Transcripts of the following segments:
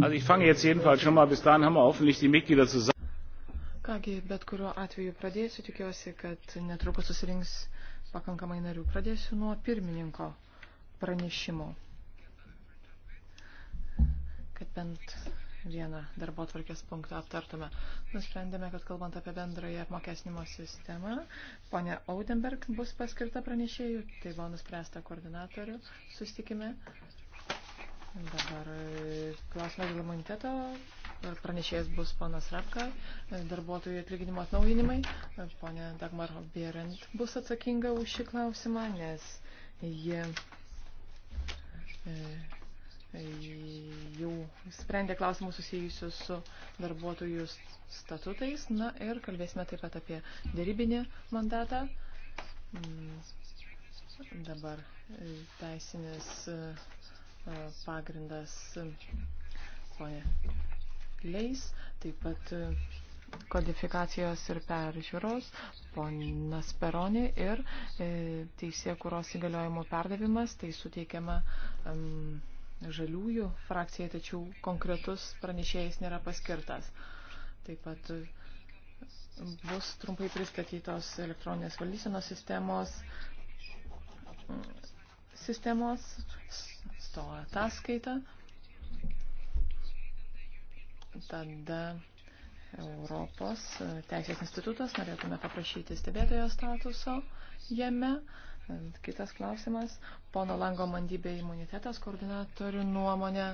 Also ich fange jetzt jedenfalls schon mal, bis dahin haben wir hoffentlich die Mitglieder zusammen. Kągi, bet kuriuo atveju pradėsiu, tikiuosi, kad netrukus susirinks pakankamai narių. Pradėsiu nuo pirmininko pranešimo, kad bent vieną darbo atvarkės punktą aptartume. Nusprendėme, kad kalbant apie bendrąją apmokesnimo sistemą, ponė Audenberg bus paskirta pranešėjų, tai buvo nuspręsta koordinatorių sustikime. Dabar e, klausimas dėl imuniteto. Pranešėjas bus ponas Rapka, e, darbuotojų atlyginimo atnaujinimai. E, Pone Dagmar Bierent bus atsakinga už šį klausimą, nes ji jau sprendė klausimus susijusius su darbuotojų statutais. Na ir kalbėsime taip pat apie dėrybinį mandatą. Mm, dabar teisinis E, pagrindas e, ponė Leis, taip pat e, kodifikacijos ir peržiūros, ponas Peroni ir teisė, kuros įgaliojimo perdavimas, tai suteikiama um, žaliųjų frakcija, tačiau konkretus pranešėjas nėra paskirtas. Taip pat bus trumpai pristatytos elektroninės valdysenos sistemos, sistemos to ataskaitą. Tada Europos teisės institutas norėtume paprašyti stebėtojo statuso jame. Kitas klausimas. Pono Lango mandybė imunitetas koordinatorių nuomonė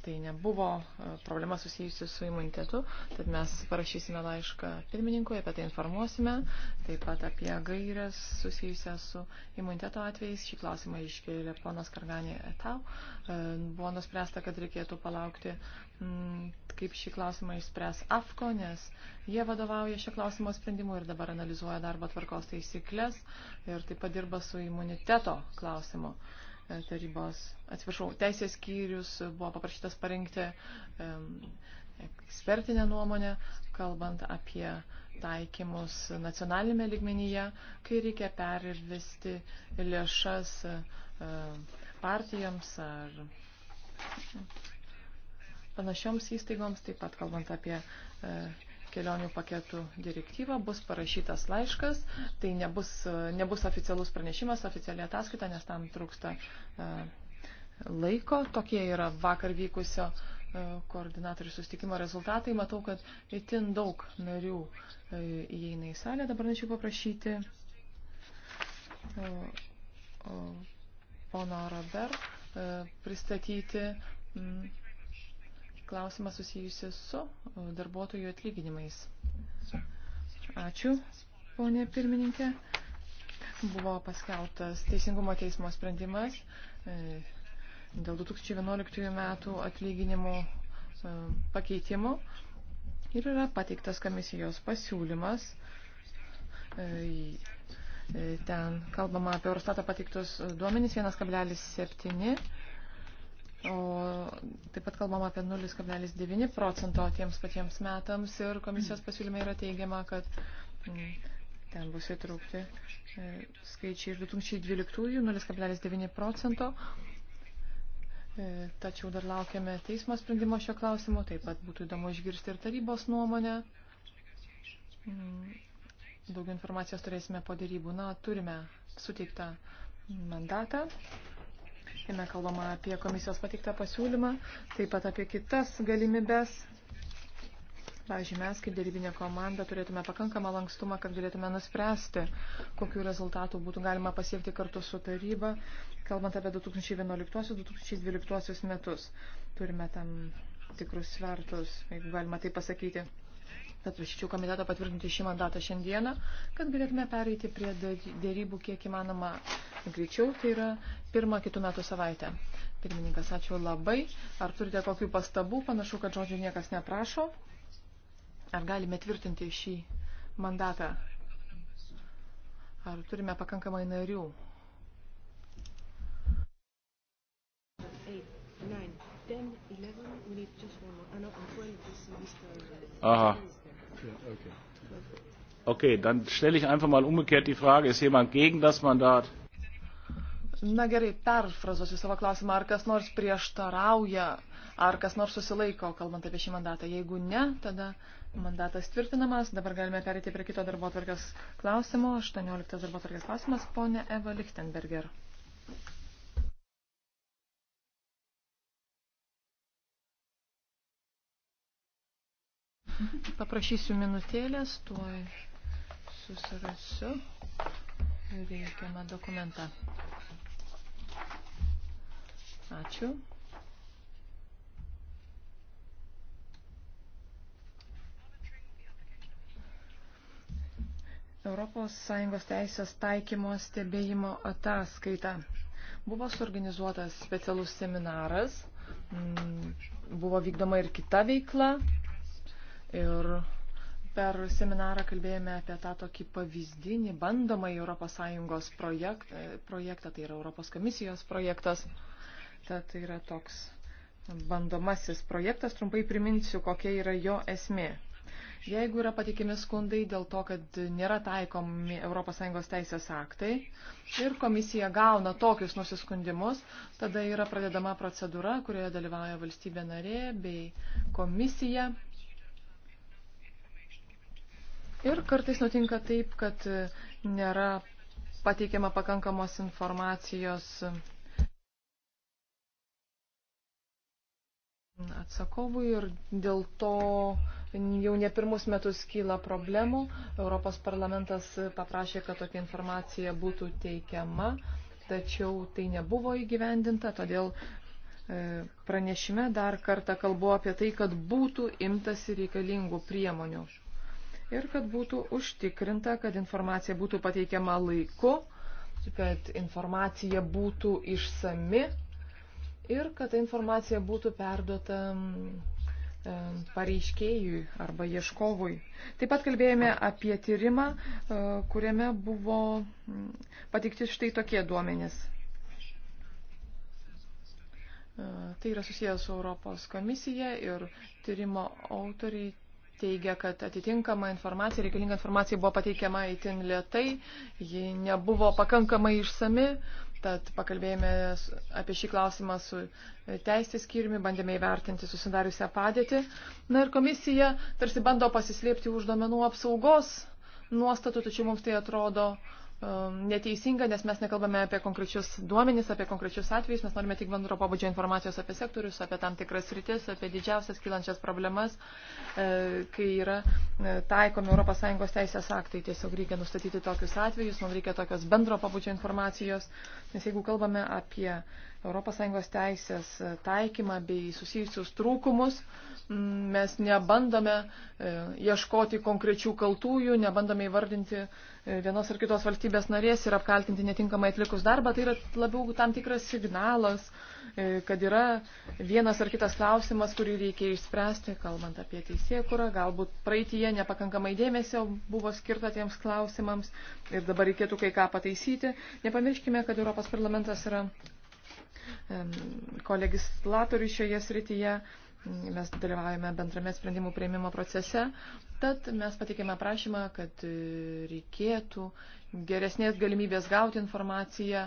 tai nebuvo e, problema susijusi su imunitetu, tad mes parašysime laišką pirmininkui, apie tai informuosime, taip pat apie gairias susijusią su imuniteto atvejais. Šį klausimą iškėlė ponas Karganė Etau. E, Buvo nuspręsta, kad reikėtų palaukti, kaip šį klausimą išspręs AFKO, nes jie vadovauja šio klausimo sprendimu ir dabar analizuoja darbo tvarkos taisyklės ir taip pat dirba su imuniteto klausimu tarybos, atsiprašau, teisės skyrius buvo paprašytas parengti ekspertinę nuomonę, kalbant apie taikymus nacionalinėme ligmenyje, kai reikia pervesti lėšas partijoms ar panašioms įstaigoms, taip pat kalbant apie kelionių paketų direktyvą, bus parašytas laiškas, tai nebus, nebus oficialus pranešimas, oficiali ataskaita, nes tam trūksta e, laiko. Tokie yra vakar vykusio e, koordinatorių sustikimo rezultatai. Matau, kad itin daug narių e, įeina į salę. Dabar norėčiau paprašyti pono Robert pristatyti klausimą susijusi su darbuotojų atlyginimais. Ačiū, ponė pirmininkė. Buvo paskeltas Teisingumo teismo sprendimas e, dėl 2011 metų atlyginimų e, pakeitimų ir yra pateiktas komisijos pasiūlymas. E, ten kalbama apie Eurostato pateiktus duomenys 1,7 O taip pat kalbam apie 0,9 procento tiems patiems metams ir komisijos pasiūlyme yra teigiama, kad mm, ten bus įtraukti e, skaičiai iš 2012 0,9 procento. E, tačiau dar laukiame teismo sprendimo šio klausimo, taip pat būtų įdomu išgirsti ir tarybos nuomonę. Mm, Daug informacijos turėsime po darybų. Na, turime suteiktą mandatą. Jame kalbama apie komisijos patiktą pasiūlymą, taip pat apie kitas galimybės. Pavyzdžiui, mes kaip dėrybinė komanda turėtume pakankamą lankstumą, kad galėtume nuspręsti, kokiu rezultatu būtų galima pasiekti kartu su taryba, kalbant apie 2011-2012 metus. Turime tam tikrus svertus, jeigu galima tai pasakyti bet prašyčiau komiteto patvirtinti šį mandatą šiandieną, kad galėtume pereiti prie dėrybų kiek įmanoma greičiau, tai yra pirmą kitų metų savaitę. Pirmininkas, ačiū labai. Ar turite kokių pastabų? Panašu, kad žodžių niekas neprašo. Ar galime tvirtinti šį mandatą? Ar turime pakankamai narių? Ah, Aha. Okay, dann stelle ich einfach mal umgekehrt die Frage, ist jemand gegen das Mandat? Na gerai, perfrazuosiu savo klausimą, ar kas nors prieštarauja, ar kas nors susilaiko, kalbant apie šį mandatą. Jeigu ne, tada mandatas tvirtinamas. Dabar galime perėti prie kito darbo tvarkės klausimo. 18 darbo tvarkės klausimas, ponė Eva Lichtenberger. Paprašysiu minutėlės, tuoj susirasiu reikiamą dokumentą. Ačiū. ES teisės taikymo stebėjimo ataskaita. Buvo suorganizuotas specialus seminaras, buvo vykdoma ir kita veikla, Ir per seminarą kalbėjome apie tą tokį pavyzdinį bandomą ES projektą, projektą, tai yra Europos komisijos projektas. Tad tai yra toks bandomasis projektas, trumpai priminsiu, kokia yra jo esmė. Jeigu yra patikimi skundai dėl to, kad nėra taikomi ES teisės aktai ir komisija gauna tokius nusiskundimus, tada yra pradedama procedūra, kurioje dalyvauja valstybė narė bei komisija Ir kartais nutinka taip, kad e, nėra pateikiama pakankamos informacijos atsakovui ir dėl to jau ne pirmus metus kyla problemų. Europos parlamentas paprašė, kad tokia informacija būtų teikiama, tačiau tai nebuvo įgyvendinta, todėl e, pranešime dar kartą kalbu apie tai, kad būtų imtasi reikalingų priemonių ir kad būtų užtikrinta, kad informacija būtų pateikiama laiku, kad informacija būtų išsami ir kad ta informacija būtų perduota pareiškėjui arba ieškovui. Taip pat kalbėjome apie tyrimą, e, kuriame buvo pateikti štai tokie duomenys. E, tai yra susijęs su Europos komisija ir tyrimo autoriai teigia, kad atitinkama informacija, reikalinga informacija buvo pateikiama įtin lietai, ji nebuvo pakankamai išsami, tad pakalbėjome apie šį klausimą su teisės skirimi, bandėme įvertinti susidariusią padėtį. Na ir komisija tarsi bando pasislėpti už domenų apsaugos nuostatų, tačiau mums tai atrodo Um, neteisinga, nes mes nekalbame apie konkrečius duomenys, apie konkrečius atvejus, mes norime tik bendro pabudžio informacijos apie sektorius, apie tam tikras rytis, apie didžiausias kylančias problemas, e, kai yra e, taikomi ES teisės aktai. Tiesiog reikia nustatyti tokius atvejus, mums reikia tokios bendro pabudžio informacijos, nes jeigu kalbame apie ES teisės taikymą bei susijusius trūkumus. Mes nebandome e, ieškoti konkrečių kaltųjų, nebandome įvardinti e, vienos ar kitos valstybės narės ir apkaltinti netinkamai atlikus darbą. Tai yra labiau tam tikras signalas, e, kad yra vienas ar kitas klausimas, kurį reikia išspręsti, kalbant apie teisėkurą. Galbūt praeitie nepakankamai dėmesio buvo skirta tiems klausimams ir dabar reikėtų kai ką pataisyti. Nepamirškime, kad Europos parlamentas yra kolegislatoriui šioje srityje. Mes dalyvaujame bendrame sprendimų prieimimo procese. Tad mes patikėme prašymą, kad e, reikėtų geresnės galimybės gauti informaciją.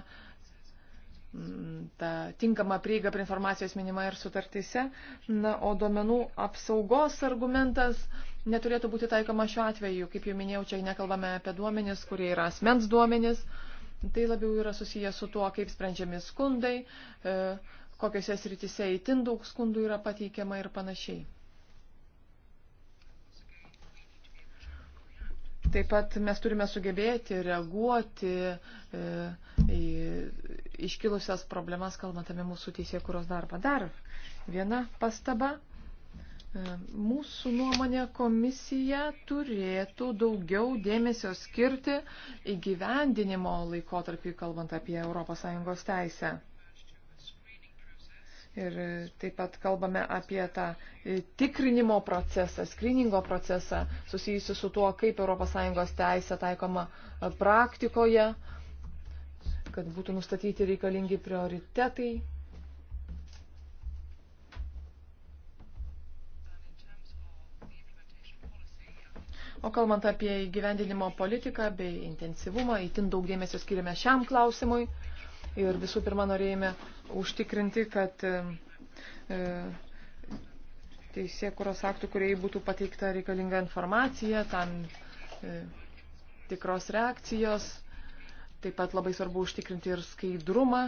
Ta tinkama prieiga prie informacijos minima ir sutartyse. Na, o duomenų apsaugos argumentas neturėtų būti taikoma šiuo atveju. Kaip jau minėjau, čia nekalbame apie duomenis, kurie yra asmens duomenis. Tai labiau yra susijęs su tuo, kaip sprendžiami skundai, e, kokiuose srityse įtin daug skundų yra pateikiama ir panašiai. Taip pat mes turime sugebėti reaguoti e, į iškilusias problemas, kalbant apie mūsų teisėkuros darbą. Dar viena pastaba. Mūsų nuomonė komisija turėtų daugiau dėmesio skirti įgyvendinimo laikotarpį, kalbant apie ES teisę. Ir taip pat kalbame apie tą tikrinimo procesą, skriningo procesą, susijusi su tuo, kaip ES teisė taikoma praktikoje, kad būtų nustatyti reikalingi prioritetai O kalbant apie įgyvendinimo politiką bei intensyvumą, įtin daug dėmesio skiriame šiam klausimui. Ir visų pirma norėjome užtikrinti, kad e, e, teisėkuros aktų, kuriai būtų pateikta reikalinga informacija, tam e, tikros reakcijos. Taip pat labai svarbu užtikrinti ir skaidrumą.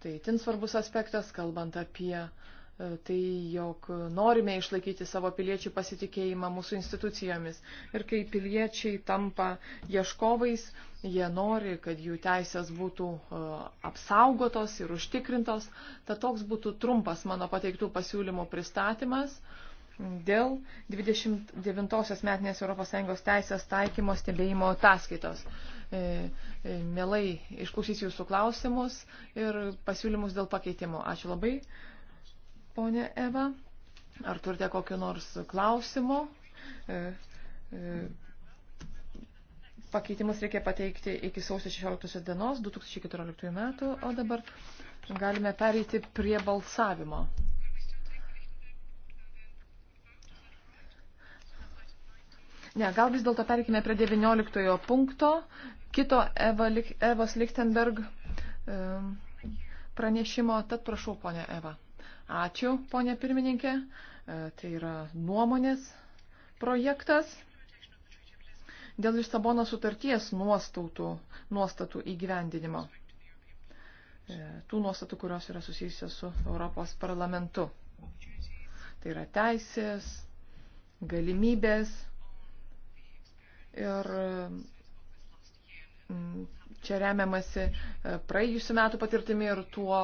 Tai itin svarbus aspektas, kalbant apie e, E, tai, jog norime išlaikyti savo piliečių pasitikėjimą mūsų institucijomis. Ir kai piliečiai tampa ieškovais, jie nori, kad jų teisės būtų e, apsaugotos ir užtikrintos. Tad toks būtų trumpas mano pateiktų pasiūlymų pristatymas dėl 29-osios metinės ES teisės taikymo stebėjimo ataskaitos. E, mielai išklausys jūsų klausimus ir pasiūlymus dėl pakeitimo. Ačiū labai ponė Eva. Ar turite kokiu nors klausimu? E, e, pakeitimus reikia pateikti iki sausio 16 dienos 2014 metų, o dabar galime pereiti prie balsavimo. Ne, gal vis dėlto pereikime prie 19 punkto, kito Eva, Evos Lichtenberg e, pranešimo. Tad prašau, ponė Eva. Ačiū, ponė pirmininkė. E, tai yra nuomonės projektas dėl Lisabono sutarties nuostatų, nuostatų įgyvendinimo. E, tų nuostatų, kurios yra susijusios su Europos parlamentu. Tai yra teisės, galimybės ir mm, čia remiamasi e, praėjusiu metu patirtimi ir tuo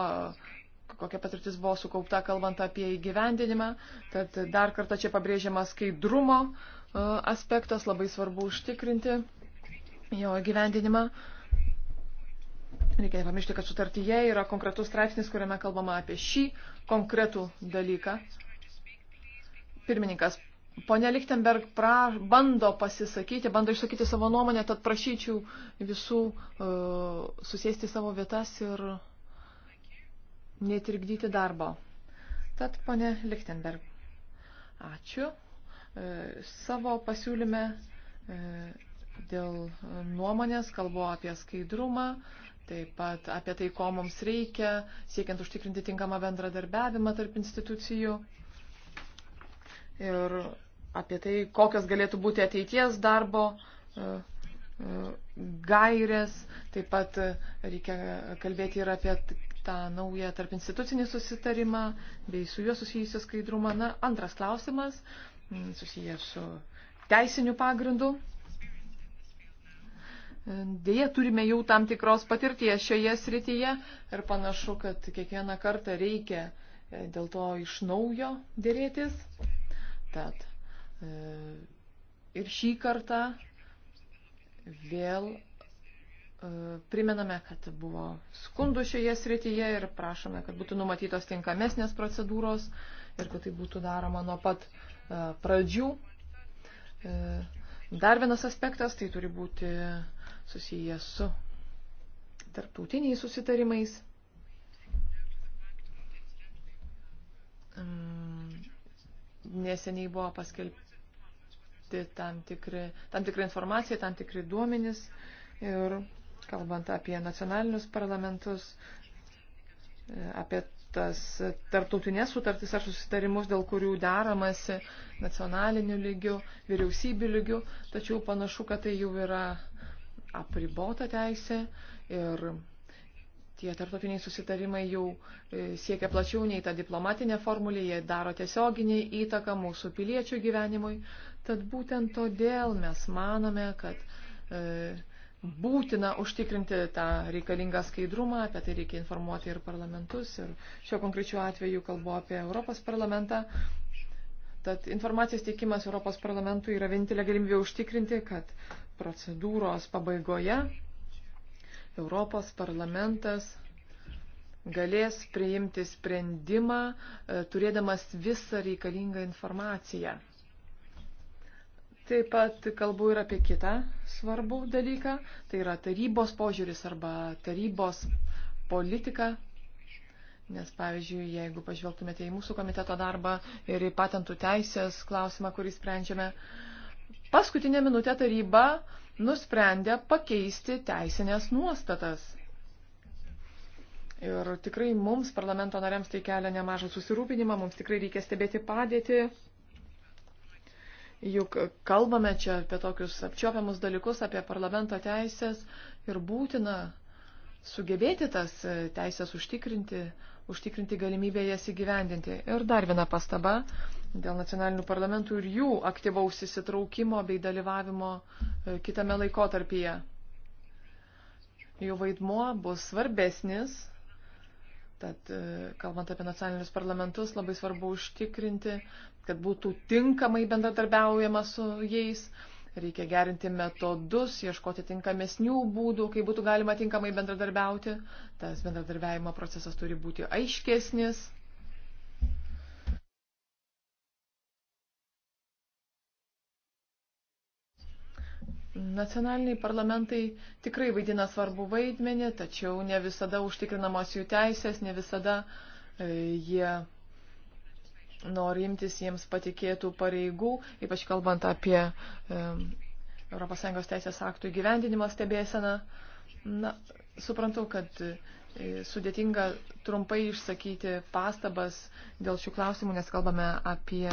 kokia patirtis buvo sukaupta kalbant apie įgyvendinimą. Tad dar kartą čia pabrėžiamas skaidrumo e, aspektas, labai svarbu užtikrinti jo įgyvendinimą. Reikia nepamiršti, kad sutartyje yra konkretus straipsnis, kuriame kalbama apie šį konkretų dalyką. Pirmininkas, ponia Lichtenberg pra, bando pasisakyti, bando išsakyti savo nuomonę, tad prašyčiau visų uh, susėsti savo vietas ir netrikdyti darbo. Tad, ponė Lichtenberg, ačiū. E, savo pasiūlyme e, dėl nuomonės kalbu apie skaidrumą, taip pat apie tai, ko mums reikia, siekiant užtikrinti tinkamą bendradarbiavimą tarp institucijų. Ir apie tai, kokios galėtų būti ateities darbo e, e, gairės, taip pat e, reikia kalbėti ir apie tą naują tarp institucinį susitarimą bei su juo susijusią skaidrumą. Na, antras klausimas mm, susijęs su teisiniu pagrindu. Deja, turime jau tam tikros patirties šioje srityje ir panašu, kad kiekvieną kartą reikia e, dėl to iš naujo dėrėtis. Tad e, ir šį kartą vėl Primename, kad buvo skundų šioje srityje ir prašome, kad būtų numatytos tinkamesnės procedūros ir kad tai būtų daroma nuo pat e, pradžių. E, dar vienas aspektas, tai turi būti susijęs su tarptautiniais susitarimais. Mm, neseniai buvo paskelbti tam, tikri, tam tikra informacija, tam tikri duomenys ir kalbant apie nacionalinius parlamentus, apie tas tarptautinės sutartys ar susitarimus, dėl kurių deramasi nacionaliniu lygiu, vyriausybių lygiu, tačiau panašu, kad tai jau yra apribota teisė ir tie tarptautiniai susitarimai jau e, siekia plačiau nei ta diplomatinė formulė, jie daro tiesioginį įtaką mūsų piliečių gyvenimui. Tad būtent todėl mes manome, kad e, būtina užtikrinti tą reikalingą skaidrumą, apie tai reikia informuoti ir parlamentus, ir šiuo konkrečiu atveju kalbu apie Europos parlamentą. Tad informacijos teikimas Europos parlamentui yra vienintelė galimybė užtikrinti, kad procedūros pabaigoje Europos parlamentas galės priimti sprendimą, e, turėdamas visą reikalingą informaciją. Taip pat kalbu ir apie kitą svarbų dalyką, tai yra tarybos požiūris arba tarybos politika. Nes, pavyzdžiui, jeigu pažvelgtumėte į mūsų komiteto darbą ir į patentų teisės klausimą, kurį sprendžiame, paskutinė minutė taryba nusprendė pakeisti teisinės nuostatas. Ir tikrai mums, parlamento nariams, tai kelia nemažą susirūpinimą, mums tikrai reikia stebėti padėtį Juk kalbame čia apie tokius apčiopiamus dalykus, apie parlamento teisės ir būtina sugebėti tas teisės užtikrinti, užtikrinti galimybę jas įgyvendinti. Ir dar viena pastaba dėl nacionalinių parlamentų ir jų aktyvaus įsitraukimo bei dalyvavimo e, kitame laikotarpyje. Jų vaidmuo bus svarbesnis Tad, e, kalbant apie nacionalinius parlamentus, labai svarbu užtikrinti, kad būtų tinkamai bendradarbiaujama su jais. Reikia gerinti metodus, ieškoti tinkamesnių būdų, kaip būtų galima tinkamai bendradarbiauti. Tas bendradarbiavimo procesas turi būti aiškesnis. Nacionaliniai parlamentai tikrai vaidina svarbu vaidmenį, tačiau ne visada užtikrinamos jų teisės, ne visada e, jie nori imtis jiems patikėtų pareigų, ypač kalbant apie e, ES teisės aktų įgyvendinimo stebėseną. Na, suprantu, kad e, sudėtinga trumpai išsakyti pastabas dėl šių klausimų, nes kalbame apie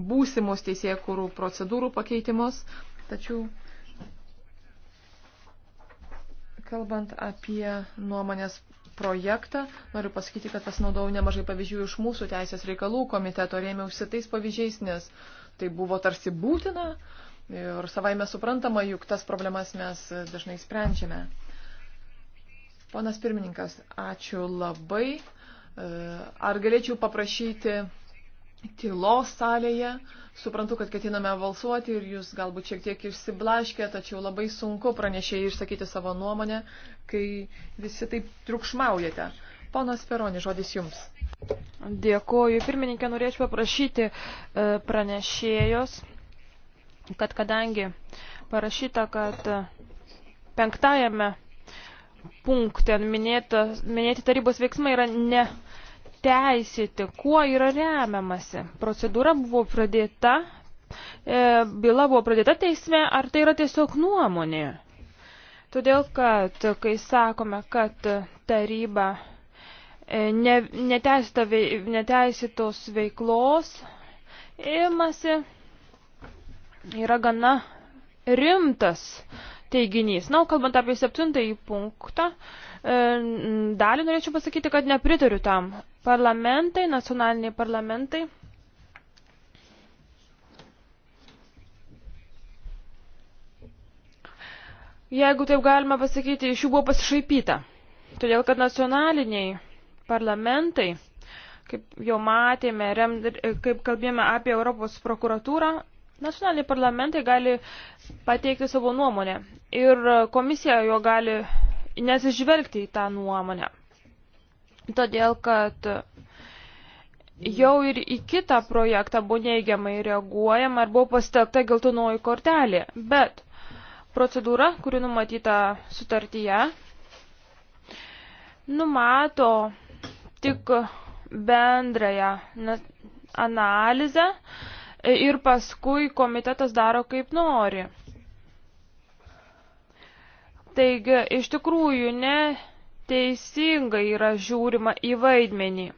būsimus teisėkūrų procedūrų pakeitimus, tačiau Kalbant apie nuomonės projektą, noriu pasakyti, kad pasinaudojau nemažai pavyzdžių iš mūsų teisės reikalų komiteto, rėmiausi tais pavyzdžiais, nes tai buvo tarsi būtina ir savai mes suprantama, juk tas problemas mes dažnai sprendžiame. Ponas pirmininkas, ačiū labai. Ar galėčiau paprašyti tylos salėje. Suprantu, kad ketiname balsuoti ir jūs galbūt šiek tiek išsiblaškė, tačiau labai sunku pranešėjai išsakyti savo nuomonę, kai visi taip triukšmaujate. Ponas Peroni, žodis jums. Dėkuoju. Pirmininkė, norėčiau paprašyti e, pranešėjos, kad kadangi parašyta, kad e, penktajame punkte minėta, minėti tarybos veiksmai yra ne teisėti, kuo yra remiamasi. Procedūra buvo pradėta, e, byla buvo pradėta teisme, ar tai yra tiesiog nuomonė. Todėl, kad kai sakome, kad taryba e, ne, neteisėta, neteisėtos veiklos imasi, yra gana rimtas teiginys. Na, kalbant apie septintąjį punktą, e, dalį norėčiau pasakyti, kad nepritariu tam. Parlamentai, nacionaliniai parlamentai. Jeigu taip galima pasakyti, iš jų buvo pasišaipyta. Todėl, kad nacionaliniai parlamentai, kaip jau matėme, rem, kaip kalbėjome apie Europos prokuratūrą, Nacionaliniai parlamentai gali pateikti savo nuomonę ir komisija jo gali nesižvelgti į tą nuomonę. Todėl, kad jau ir į kitą projektą buvo neigiamai reaguojama ir buvo pasitelkta geltonoji kortelė. Bet procedūra, kuri numatyta sutartyje, numato tik bendrąją analizę, ir paskui komitetas daro kaip nori. Taigi, iš tikrųjų, neteisingai yra žiūrima į vaidmenį.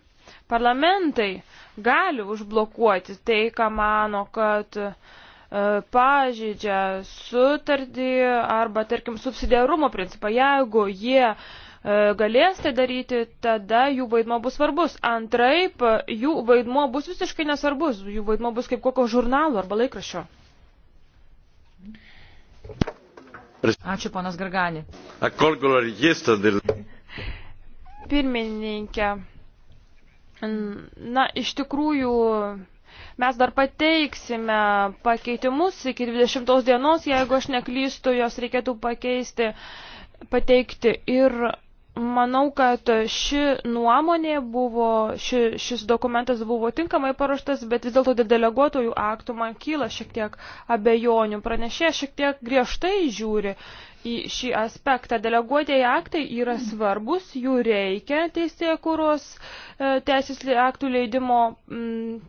Parlamentai gali užblokuoti tai, ką mano, kad e, pažydžia sutartį arba, tarkim, subsidiarumo principą, jeigu jie E, galės tai daryti, tada jų vaidmo bus svarbus. Antraip, e, jų vaidmo bus visiškai nesvarbus, jų vaidmo bus kaip kokio žurnalo arba laikraščio. Ačiū, ponas Gargani. Pirmininkė, na, iš tikrųjų, mes dar pateiksime pakeitimus iki 20 dienos, jeigu aš neklystu, jos reikėtų pakeisti, pateikti ir Manau, kad ši nuomonė buvo, ši, šis dokumentas buvo tinkamai paruoštas, bet vis dėlto dėl deleguotojų aktų man kyla šiek tiek abejonių. Pranešė šiek tiek griežtai žiūri į šį aspektą. Deleguotieji aktai yra svarbus, jų reikia teisėje kūros e, teisės aktų leidimo m,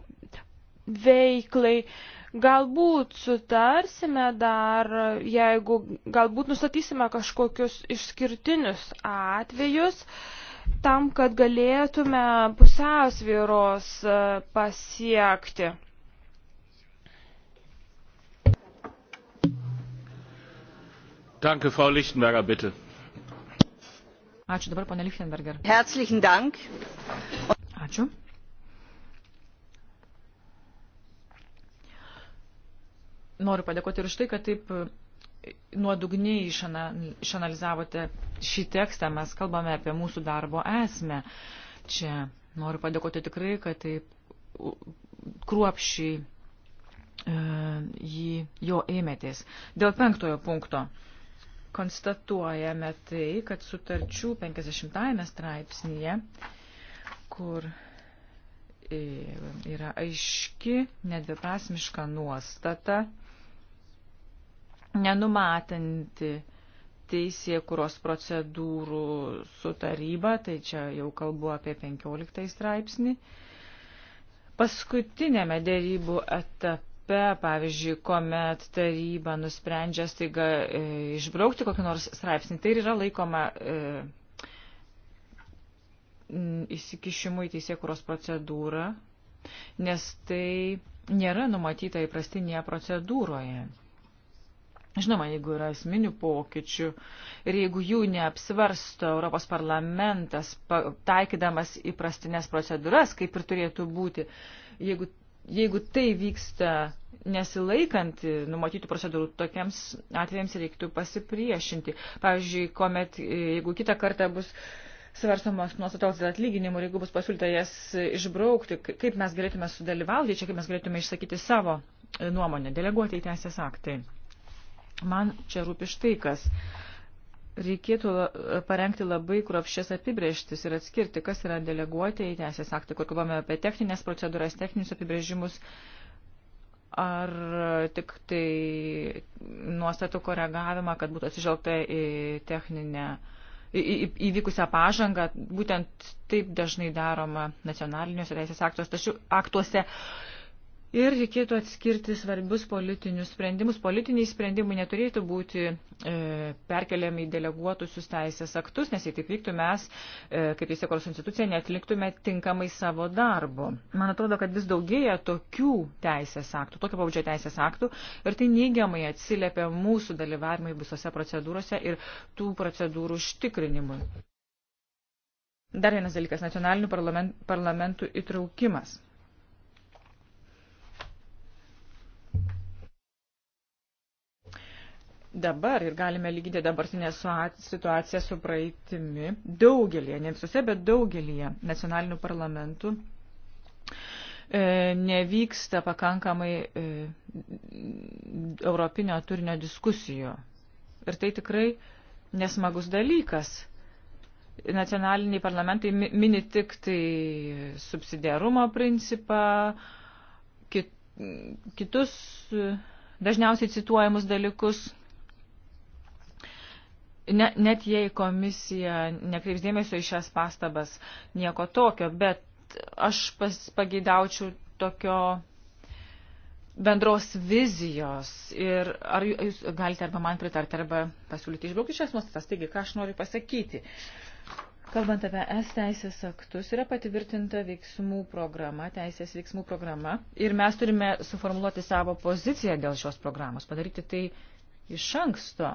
veiklai. M, Galbūt sutarsime dar, jeigu galbūt nustatysime kažkokius išskirtinius atvejus, tam, kad galėtume pusiausvyros e, pasiekti. Danke, Frau Lichtenberger, bitte. Ačiū dabar, ponė Lichtenberger. Herzlichen Dank. Ačiū. noriu padėkoti ir už tai, kad taip e, nuodugniai išanalizavote šį tekstą. Mes kalbame apie mūsų darbo esmę. Čia noriu padėkoti tikrai, kad taip kruopšiai e, jį jo ėmėtės. Dėl penktojo punkto konstatuojame tai, kad sutarčių 50-ame straipsnėje, kur e, yra aiški, nedviprasmiška nuostata, nenumatanti teisėkuros procedūrų su taryba, tai čia jau kalbu apie 15 straipsnį. Paskutinėme dėrybų etape, pavyzdžiui, kuomet taryba nusprendžia staiga e, išbraukti kokį nors straipsnį, tai yra laikoma e, įsikišimu į teisėkuros procedūrą, nes tai nėra numatyta įprastinėje procedūroje. Žinoma, jeigu yra esminių pokyčių ir jeigu jų neapsvarsto Europos parlamentas, taikydamas įprastinės procedūras, kaip ir turėtų būti, jeigu, jeigu tai vyksta nesilaikant numatytų procedūrų, tokiems atvejams reiktų pasipriešinti. Pavyzdžiui, kuomet, jeigu kitą kartą bus svarstamos nuostatos dėl atlyginimų ir jeigu bus pasiūlyta jas išbraukti, kaip mes galėtume sudalyvauti, čia kaip mes galėtume išsakyti savo nuomonę, deleguoti į teisės aktai. Man čia rūpi štai kas. Reikėtų parengti labai kruopščias apibrieštis ir atskirti, kas yra deleguotieji teisės aktai, kur kalbame apie techninės procedūras, techninius apibrėžimus, ar tik tai nuostatų koregavimą, kad būtų atsižvelgta į techninę įvykusią pažangą, būtent taip dažnai daroma nacionaliniuose teisės aktuose, tačiau aktuose Ir reikėtų atskirti svarbius politinius sprendimus. Politiniai sprendimai neturėtų būti e, perkeliami į deleguotusius teisės aktus, nes jei taip vyktų mes, e, kaip įsiekoros institucija, netliktume tinkamai savo darbo. Man atrodo, kad vis daugėja tokių teisės aktų, tokio pabudžio teisės aktų ir tai neigiamai atsiliepia mūsų dalyvavimai visose procedūrose ir tų procedūrų užtikrinimui. Dar vienas dalykas - nacionalinių parlament, parlamentų įtraukimas. dabar ir galime lyginti dabartinę situaciją su praeitimi daugelie, ne visose, bet daugelie nacionalinių parlamentų e, nevyksta pakankamai e, europinio turinio diskusijų. Ir tai tikrai nesmagus dalykas. Nacionaliniai parlamentai mini tik tai subsidiarumo principą, kitus dažniausiai cituojamus dalykus, ne, net jei komisija nekreips dėmesio į šias pastabas, nieko tokio, bet aš pas, pageidaučiau tokio bendros vizijos ir ar jūs galite arba man pritarti, arba pasiūlyti išbraukti šias nuostatas. Taigi, ką aš noriu pasakyti. Kalbant apie S teisės aktus, yra patvirtinta veiksmų programa, teisės veiksmų programa ir mes turime suformuoluoti savo poziciją dėl šios programos, padaryti tai iš anksto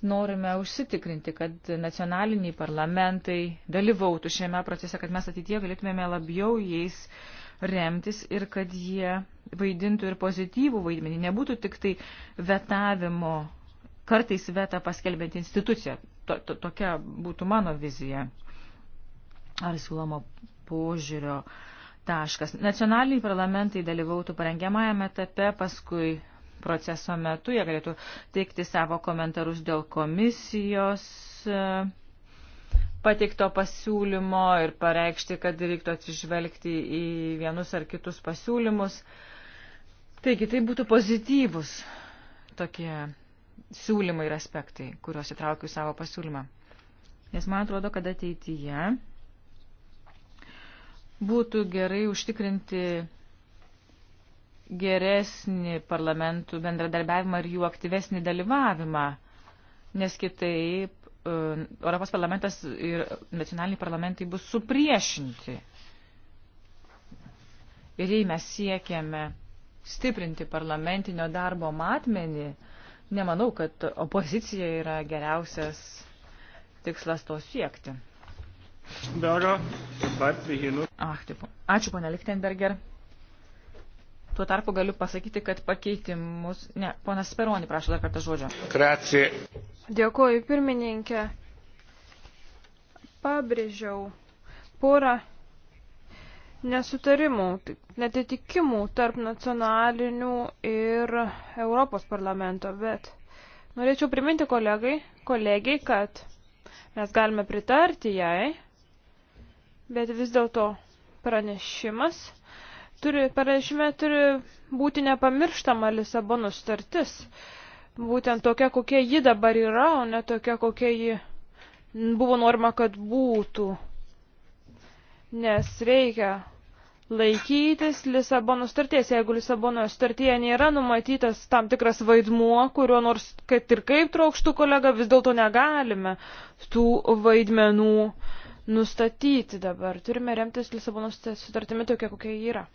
norime užsitikrinti, kad nacionaliniai parlamentai dalyvautų šiame procese, kad mes ateitie galėtumėme labiau jais remtis ir kad jie vaidintų ir pozityvų vaidmenį, nebūtų tik tai vetavimo, kartais vetą paskelbinti instituciją. To, to, tokia būtų mano vizija ar siūlomo požiūrio taškas. Nacionaliniai parlamentai dalyvautų parengiamajame etape, paskui proceso metu, jie galėtų teikti savo komentarus dėl komisijos e, pateikto pasiūlymo ir pareikšti, kad reiktų atsižvelgti į vienus ar kitus pasiūlymus. Taigi tai būtų pozityvus tokie siūlymai ir aspektai, kuriuos įtraukiu savo pasiūlymą. Nes man atrodo, kad ateityje būtų gerai užtikrinti geresnį parlamentų bendradarbiavimą ir jų aktyvesnį dalyvavimą, nes kitaip e, Europos parlamentas ir nacionaliniai parlamentai bus supriešinti. Ir jei mes siekiame stiprinti parlamentinio darbo matmenį, nemanau, kad opozicija yra geriausias tikslas to siekti. Ach, taip. Ačiū, ponia Lichtenberger. Tuo tarpu galiu pasakyti, kad pakeitimus. Ne, ponas Speroni prašo dar kartą žodžio. Gracija. Dėkuoju, pirmininkė. Pabrėžiau porą nesutarimų, netitikimų tarp nacionalinių ir Europos parlamento, bet norėčiau priminti kolegai, kolegiai, kad mes galime pritarti jai, bet vis dėlto pranešimas turi, parašyme turi būti nepamirštama Lisabono startis. Būtent tokia, kokia ji dabar yra, o ne tokia, kokia ji buvo norma, kad būtų. Nes reikia laikytis Lisabono starties. Jeigu Lisabono startyje nėra numatytas tam tikras vaidmuo, kurio nors, kad ir kaip traukštų kolega, vis dėlto negalime tų vaidmenų nustatyti dabar. Turime remtis Lisabono sutartimi tokia, kokia ji yra.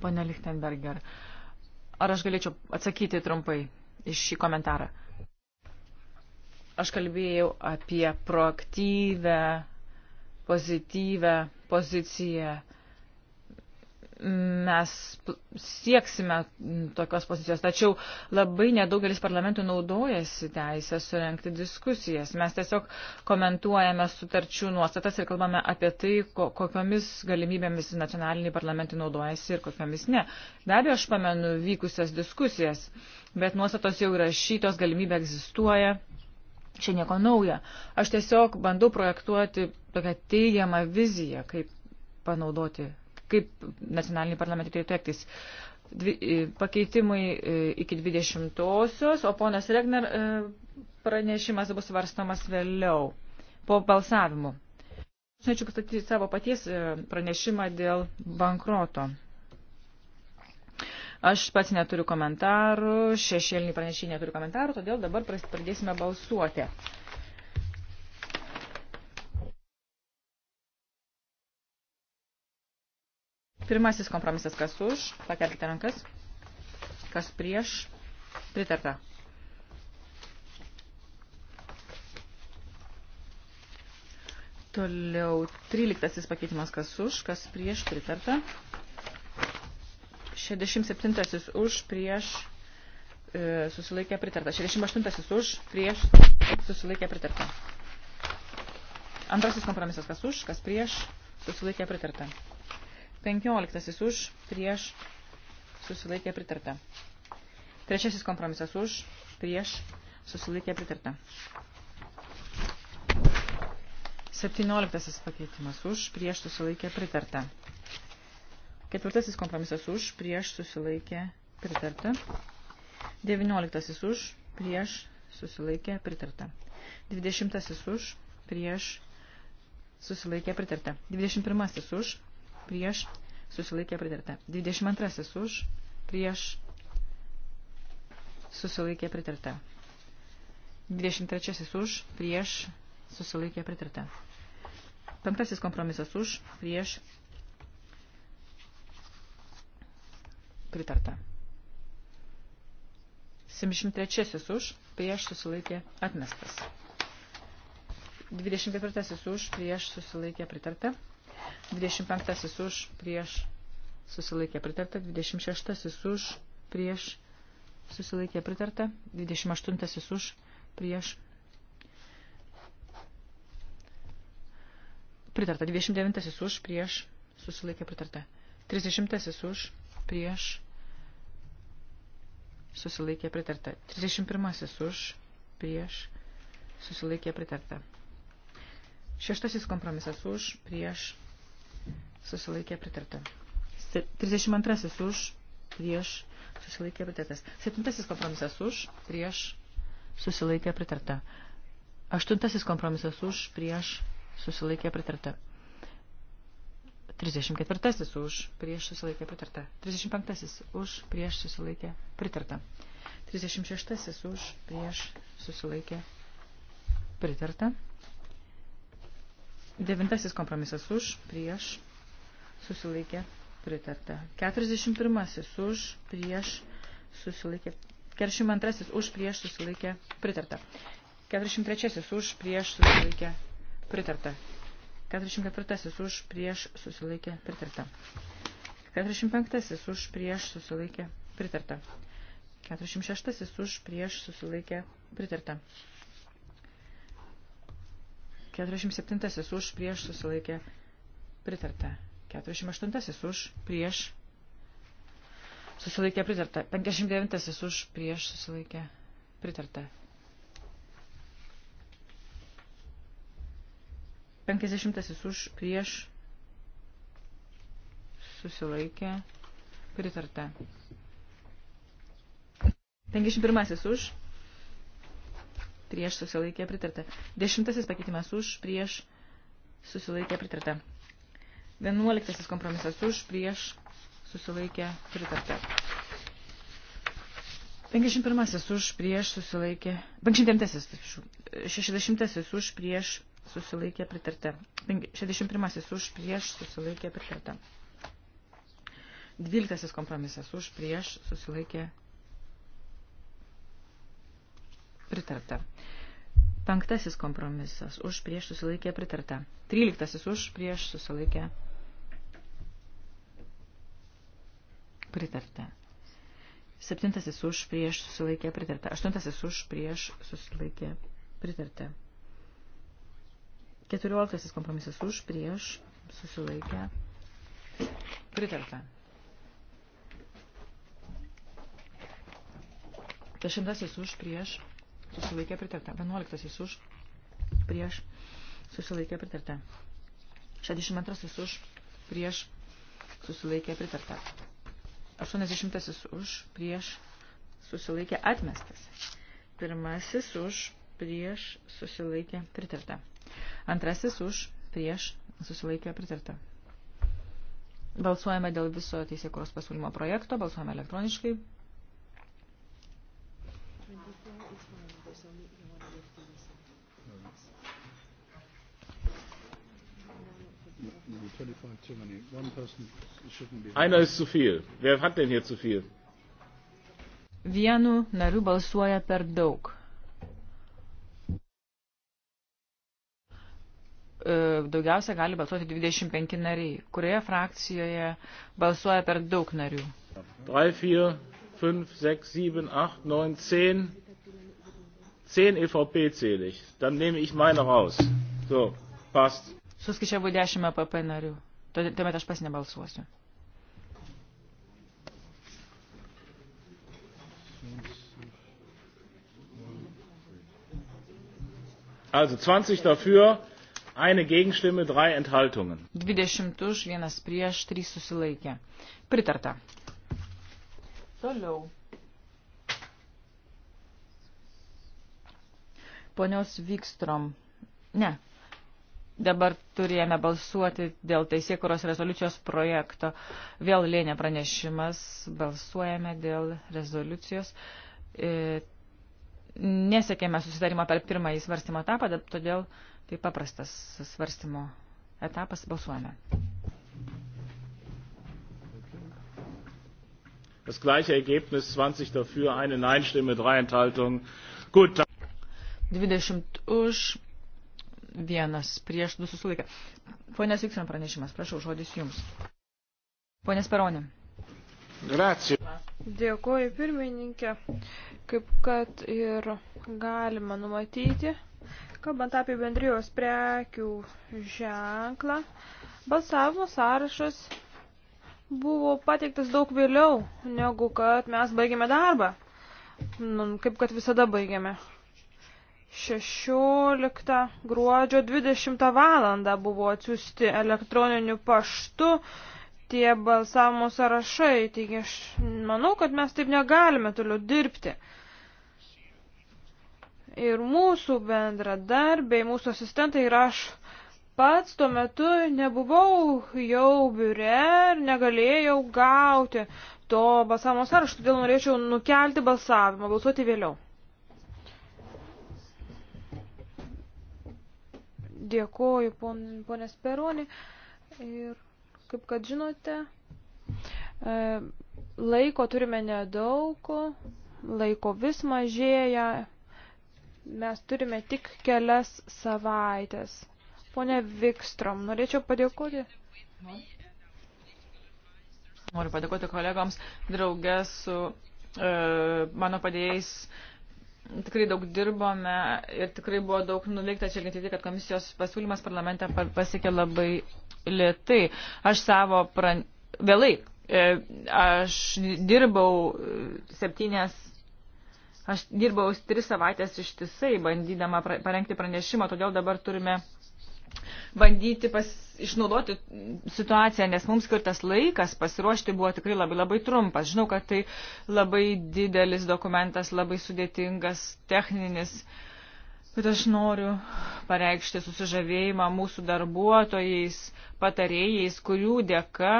Pone Lichtenberger, ar aš galėčiau atsakyti trumpai iš šį komentarą? Aš kalbėjau apie proaktyvę, pozityvę poziciją mes sieksime tokios pozicijos. Tačiau labai nedaugelis parlamentų naudojasi teisę surenkti diskusijas. Mes tiesiog komentuojame sutarčių nuostatas ir kalbame apie tai, kokiomis galimybėmis nacionaliniai parlamentai naudojasi ir kokiomis ne. Be abejo, aš pamenu vykusias diskusijas, bet nuostatos jau įrašytos, galimybė egzistuoja. Čia nieko nauja. Aš tiesiog bandau projektuoti tokią teigiamą viziją, kaip panaudoti kaip nacionaliniai parlamentai turėtų ektis. Dvi, e, pakeitimai e, iki 20-osios, o ponas Regner e, pranešimas bus varstamas vėliau, po balsavimu. Aš norėčiau pristatyti savo paties pranešimą dėl bankroto. Aš pats neturiu komentarų, šešėliniai pranešiai neturiu komentarų, todėl dabar pradėsime balsuoti. Pirmasis kompromisas, kas už, pakelkite rankas, kas prieš, pritarta. Toliau 13 pakeitimas, kas už, kas prieš, pritarta. 67 už, prieš, e, susilaikė pritarta. 68 už, prieš, susilaikė pritarta. Antrasis kompromisas, kas už, kas prieš, susilaikė pritarta. 15 už, prieš, susilaikė pritarta. Trečiasis kompromisas už, prieš, susilaikė pritarta. 17 pakeitimas už, prieš, susilaikė pritarta. Ketvirtasis kompromisas už, prieš, susilaikė pritarta. 19 už, prieš, susilaikė pritarta. 20 už, prieš, susilaikė pritarta. 21 už, prieš, susilaikė pritarta. 22 už, prieš, susilaikė pritarta. 23 už, prieš, susilaikė pritarta. Penktasis kompromisas už, prieš, pritarta. 73 už, prieš susilaikė atmestas. 24 už, prieš susilaikė pritarta. 25 už prieš susilaikė pritarta, 26 už prieš susilaikė pritarta, 28 už prieš pritarta, 29 už prieš susilaikė pritarta, 30 už prieš susilaikė pritarta, 31 už prieš susilaikė pritarta. Šeštasis kompromisas už prieš susilaikė pritarta. 32 už, prieš, susilaikė pritartas. 7 kompromisas už, prieš, susilaikė pritarta. 8 kompromisas už, prieš, susilaikė pritarta. 34 už, prieš, susilaikė pritarta. 35 už, prieš, susilaikė pritarta. 36 už, prieš, susilaikė pritarta. Devintasis kompromisas už, prieš, susilaikė pritarta. 41 už prieš susilaikė. 42 už prieš susilaikė pritarta. 43 už prieš susilaikė pritarta. 44 už prieš susilaikė pritarta. 45 už prieš susilaikė pritarta. 46 už prieš susilaikė pritarta. 47 už prieš susilaikė pritarta. 48 už prieš susilaikė pritarta. 59 už prieš susilaikė pritarta. 50 už prieš susilaikė pritarta. 51 už prieš susilaikė pritarta. 10 pakeitimas už prieš susilaikė pritarta. Vienuoliktasis kompromisas už, prieš, susilaikė, pritarta. 51 už, prieš, susilaikė. 59 60 už, prieš, susilaikė, pritarta. 61 už, prieš, susilaikė, pritarta. 12 kompromisas už, prieš, susilaikė, pritarta. Penktasis kompromisas už prieš susilaikę pritarta. Tryliktasis už prieš susilaikę pritarta. Septintasis už prieš susilaikė pritarta. Aštuntasis už prieš susilaikė pritarta. Keturioliktasis kompromisas už prieš susilaikė pritarta. Dešimtasis už prieš susilaikė pritarta. Vienuoliktasis už prieš susilaikė pritarta. 62 už prieš susilaikė pritarta. 80 už, prieš, susilaikė atmestas. Pirmasis už, prieš, susilaikė pritarta. Antrasis už, prieš, susilaikė pritarta. Balsuojame dėl viso teisėkuros pasiūlymo projekto, balsuojame elektroniškai. Einer ist zu viel. Wer hat denn hier zu viel? Vienu nariu balsuoja per daug. E, daugiausia gali balsuoti 25 nariai. Kurioje frakcijoje balsuoja per daug narių? 3, 4, 5, 6, 7, 8, 9, 10. 10 EVP zähle ich. Dann nehme ich meine raus. So, passt. Suskaičiavau 10 e PP narių. Tuomet aš pas nebalsuosiu. Also 20 dafür, eine Gegenstimme, drei Enthaltungen. 20 už, vienas prieš, trys susilaikė. Pritarta. Toliau. Ponios Vikstrom. Ne, Dabar turėjome balsuoti dėl teisėkuros rezoliucijos projekto. Vėl lėnė pranešimas, balsuojame dėl rezoliucijos. E, Nesiekėme susidarimo per pirmąjį svarstymo etapą, todėl tai paprastas svarstymo etapas, balsuojame. Das gleiche Ergebnis 20 dafür, eine Nein-Stimme, drei Enthaltungen. Gut. 20 už, vienas prieš du susilaikę. Pone Siksino pranešimas, prašau, žodis jums. Pone Speronė. Gracija. Dėkuoju pirmininkė, kaip kad ir galima numatyti, kalbant apie bendrijos prekių ženklą, balsavimo sąrašas buvo pateiktas daug vėliau, negu kad mes baigėme darbą. Nu, kaip kad visada baigėme 16 gruodžio 20 valandą buvo atsiųsti elektroniniu paštu tie balsavimo sąrašai. Taigi aš manau, kad mes taip negalime toliau dirbti. Ir mūsų bendradarbiai, mūsų asistentai ir aš pats tuo metu nebuvau jau biure ir negalėjau gauti to balsavimo sąrašo, todėl norėčiau nukelti balsavimą, balsuoti vėliau. Dėkoju, pon, ponės Peroni. Ir kaip kad žinote, e, laiko turime nedaug, laiko vis mažėja, mes turime tik kelias savaitės. Pone Vikstrom, norėčiau padėkoti. Noriu padėkoti kolegoms draugės su e, mano padėjais tikrai daug dirbome ir tikrai buvo daug nuveikta, čia tai, kad komisijos pasiūlymas parlamente pasiekė labai lietai. Aš savo pran... vėlai, e, aš dirbau e, septynės. Aš dirbau tris savaitės ištisai, bandydama parengti pranešimą, todėl dabar turime bandyti pas, išnaudoti situaciją, nes mums skirtas laikas pasiruošti buvo tikrai labai labai trumpas. Žinau, kad tai labai didelis dokumentas, labai sudėtingas, techninis. Bet aš noriu pareikšti susižavėjimą mūsų darbuotojais, patarėjais, kurių dėka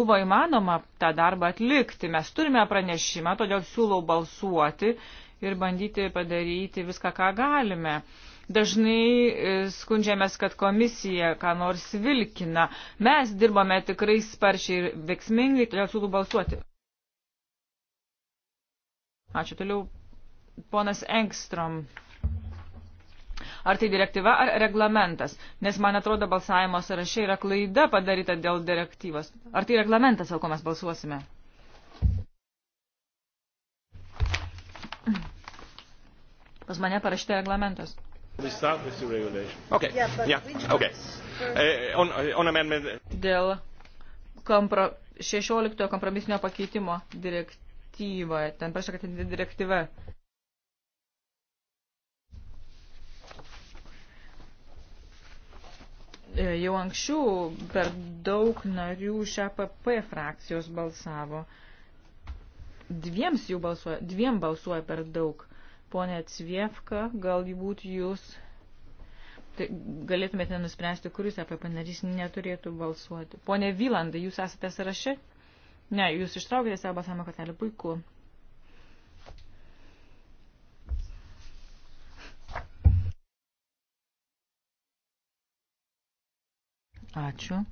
buvo įmanoma tą darbą atlikti. Mes turime pranešimą, todėl siūlau balsuoti ir bandyti padaryti viską, ką galime. Dažnai e, skundžiamės, kad komisija ką nors vilkina. Mes dirbame tikrai sparčiai ir veiksmingai, todėl siūlau balsuoti. Ačiū. Toliau ponas Engstrom. Ar tai direktyva ar reglamentas? Nes man atrodo balsavimo sąraše yra klaida padaryta dėl direktyvos. Ar tai reglamentas, dėl ko mes balsuosime? Pas mane parašyta reglamentas. Okay. Yeah, okay. Uh, uh, on, on amendment... Uh, Dėl kompro... 16 kompromisinio pakeitimo direktyvoje. Ten prašau, kad tai direktyva. E, jau anksčiau per daug narių šią PP frakcijos balsavo. Dviems jų balsuoja, dviem balsuoja per daug. Pone Cvievka, galbūt jūs tai galėtumėte nuspręsti, kuris apie panarys neturėtų balsuoti. Pone Vylandai, jūs esate sąraše? Ne, jūs ištraukėte savo balsavimo kortelę. Puiku. Ačiū.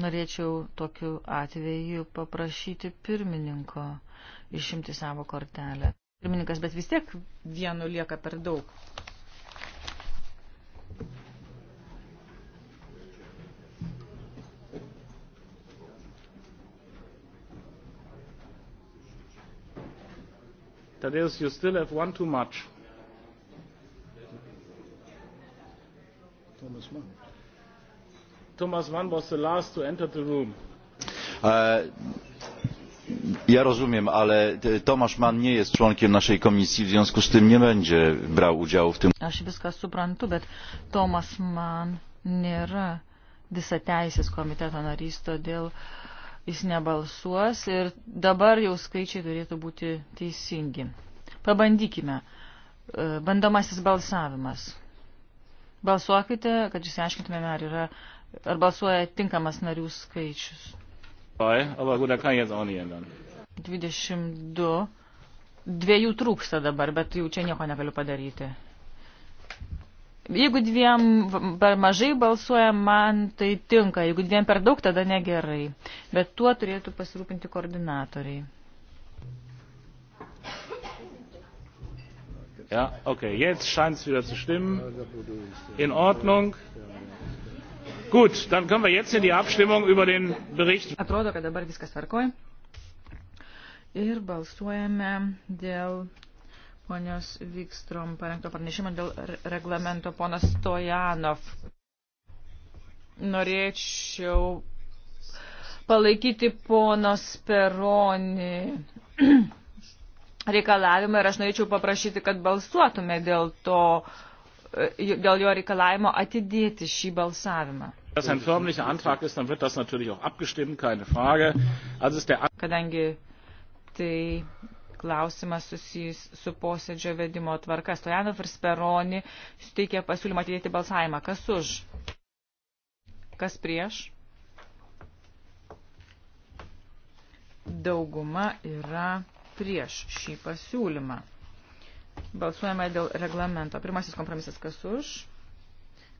Norėčiau tokiu atveju paprašyti pirmininko išimti savo kortelę. Pirmininkas, bet vis tiek vienu lieka per daug. Tadeusz, you still have one too much. Thomas Mann. Thomas Mann was the last to enter the room. Uh, ja rozumiem ale e, tomasz mann nie jest członkiem naszej komisji w związku z tym nie będzie brał udziału w tym. aš viską suprantu bet tomas mann nėra visateisės komiteto narys todėl jis nebalsuos ir dabar jau skaičiai turėtų būti teisingi. Pabandykime. E, bandomasis balsavimas. Balsuokite, kad išsiaiškintumėme, ar yra uh, ar balsuoja tinkamas narių skaičius. 22. Dviejų trūksta dabar, bet jau čia nieko negaliu padaryti. Jeigu dviem per mažai balsuoja, man tai tinka. Jeigu dviem per daug, tada negerai. Bet tuo turėtų pasirūpinti koordinatoriai. Ja, okay, jetzt scheint es wieder zu stimmen. In Ordnung. Ja. Gut, dann kommen wir jetzt in die Abstimmung über den Bericht. Atrodo, kad dabar viskas tvarkoj. Ir balsuojame dėl ponios Vikstrom parengto pranešimo dėl reglamento ponas Stojanov. Norėčiau palaikyti ponos Peroni reikalavimą ir aš norėčiau paprašyti, kad balsuotume dėl to, e, dėl jo reikalavimo atidėti šį balsavimą. Wenn das ein förmlicher Antrag ist, dann wird das natürlich auch abgestimmt, keine Frage. Also ist der Kadangi tai klausimas susijęs su posėdžio vedimo tvarka. Stojanov ir Speroni suteikė pasiūlymą atidėti balsavimą. Kas už? Kas prieš? Dauguma yra prieš šį pasiūlymą. Balsuojame dėl reglamento. Pirmasis kompromisas kas už,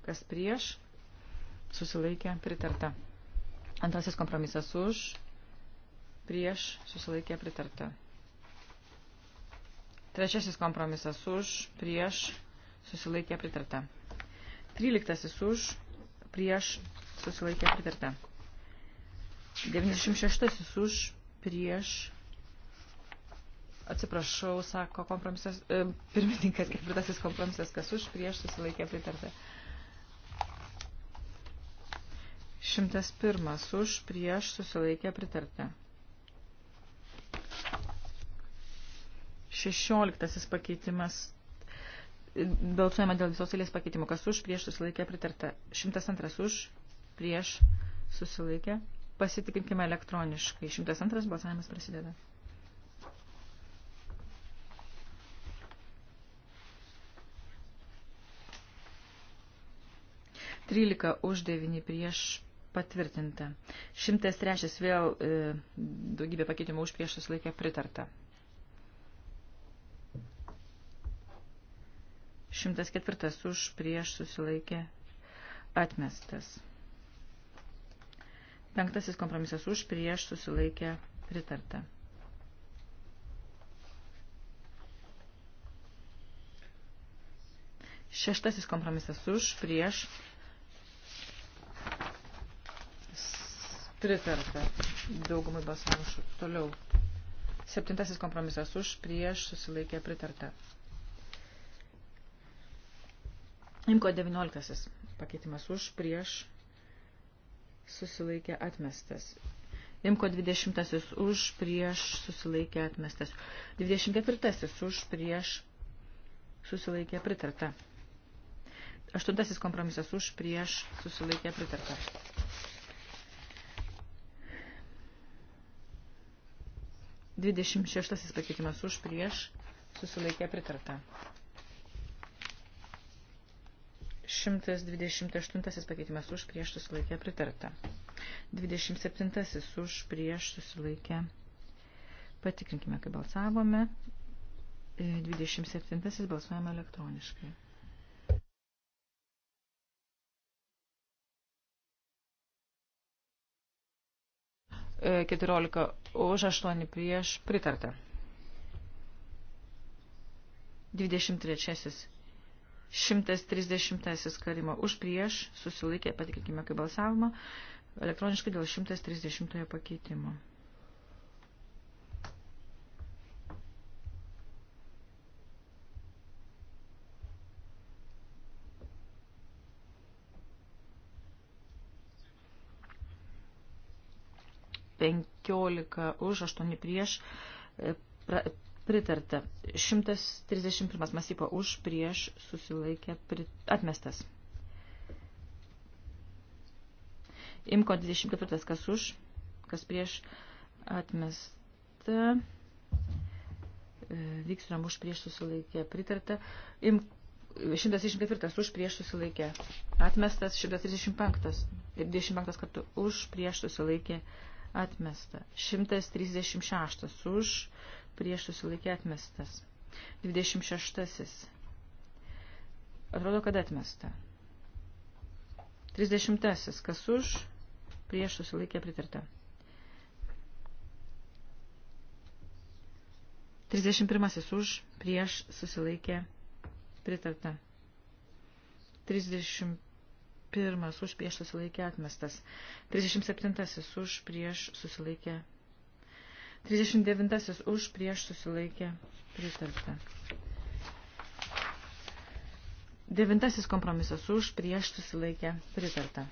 kas prieš, susilaikė pritarta. Antrasis kompromisas už, prieš susilaikė pritarta. Trečiasis kompromisas už, prieš susilaikė pritarta. Tryliktasis už, prieš susilaikė pritarta. 96 už, prieš. Atsiprašau, sako kompromisas, e, pirmininkas ketvirtasis kompromisas, kas už, prieš susilaikė pritarta. 101 už prieš susilaikę pritarta. 16 pakeitimas. Balsuojama dėl visos eilės pakeitimų. Kas už prieš susilaikę pritarta. 102 už prieš susilaikę. Pasitikrinkime elektroniškai. 102 balsavimas prasideda. Trylika už devyni prieš patvirtinta. 103 vėl e, daugybė pakeitimų už prieš susilaikę pritarta. 104 už prieš susilaikė atmestas. Penktasis kompromisas už prieš susilaikė pritarta. Šeštasis kompromisas už prieš pritarta daugumai balsavimų. Toliau. Septintasis kompromisas už, prieš, susilaikė pritarta. Imko 19. Pakeitimas už, prieš, susilaikė atmestas. Imko 20. už, prieš, susilaikė atmestas. 24. už, prieš, susilaikė pritarta. Aštuntasis kompromisas už, prieš, susilaikė pritarta. 26 pakeitimas už prieš susilaikė pritarta. 128 pakeitimas už prieš susilaikė pritarta. 27 už prieš susilaikė. Patikrinkime, kaip balsavome. 27 balsuojame elektroniškai. 14 už, 8 prieš pritarta. 23. 130 karimo už prieš susilaikė, patikrinkime, kaip balsavimo, elektroniškai dėl 130 pakeitimo. 15 už, 8 prieš, e, pra, pritarta. 131 masypo už, prieš, susilaikė, prit, atmestas. Imko 24, kas už, kas prieš, atmesta. E, Vyksram už prieš susilaikė, pritarta. Imko 124 už prieš susilaikė. Atmestas 135 ir 25 kartų už prieš susilaikė atmesta. 136 už, prieš susilaikė atmestas. 26. Atrodo, kad atmesta. 30. Kas už, prieš susilaikė pritarta. 31. Už, prieš susilaikė pritarta. 30 už prieš susilaikė atmestas. 37 už prieš susilaikė. 39 už prieš susilaikė pritarta. 9 kompromisas už prieš susilaikė pritarta.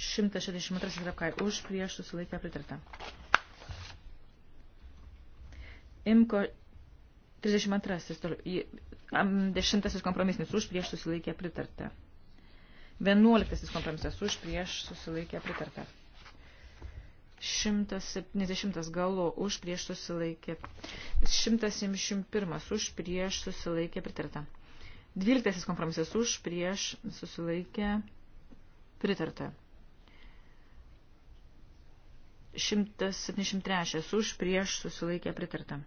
162 grapkai už prieš susilaikę pritartą. Imko 32. Dešimtasis kompromisnis už prieš susilaikė pritarta. Vienuoliktasis kompromisas už prieš susilaikė pritarta. 170 galo už prieš susilaikė. 171 už prieš susilaikė pritarta. 12 kompromisas už prieš susilaikė pritarta. 173 už prieš susilaikė pritarta.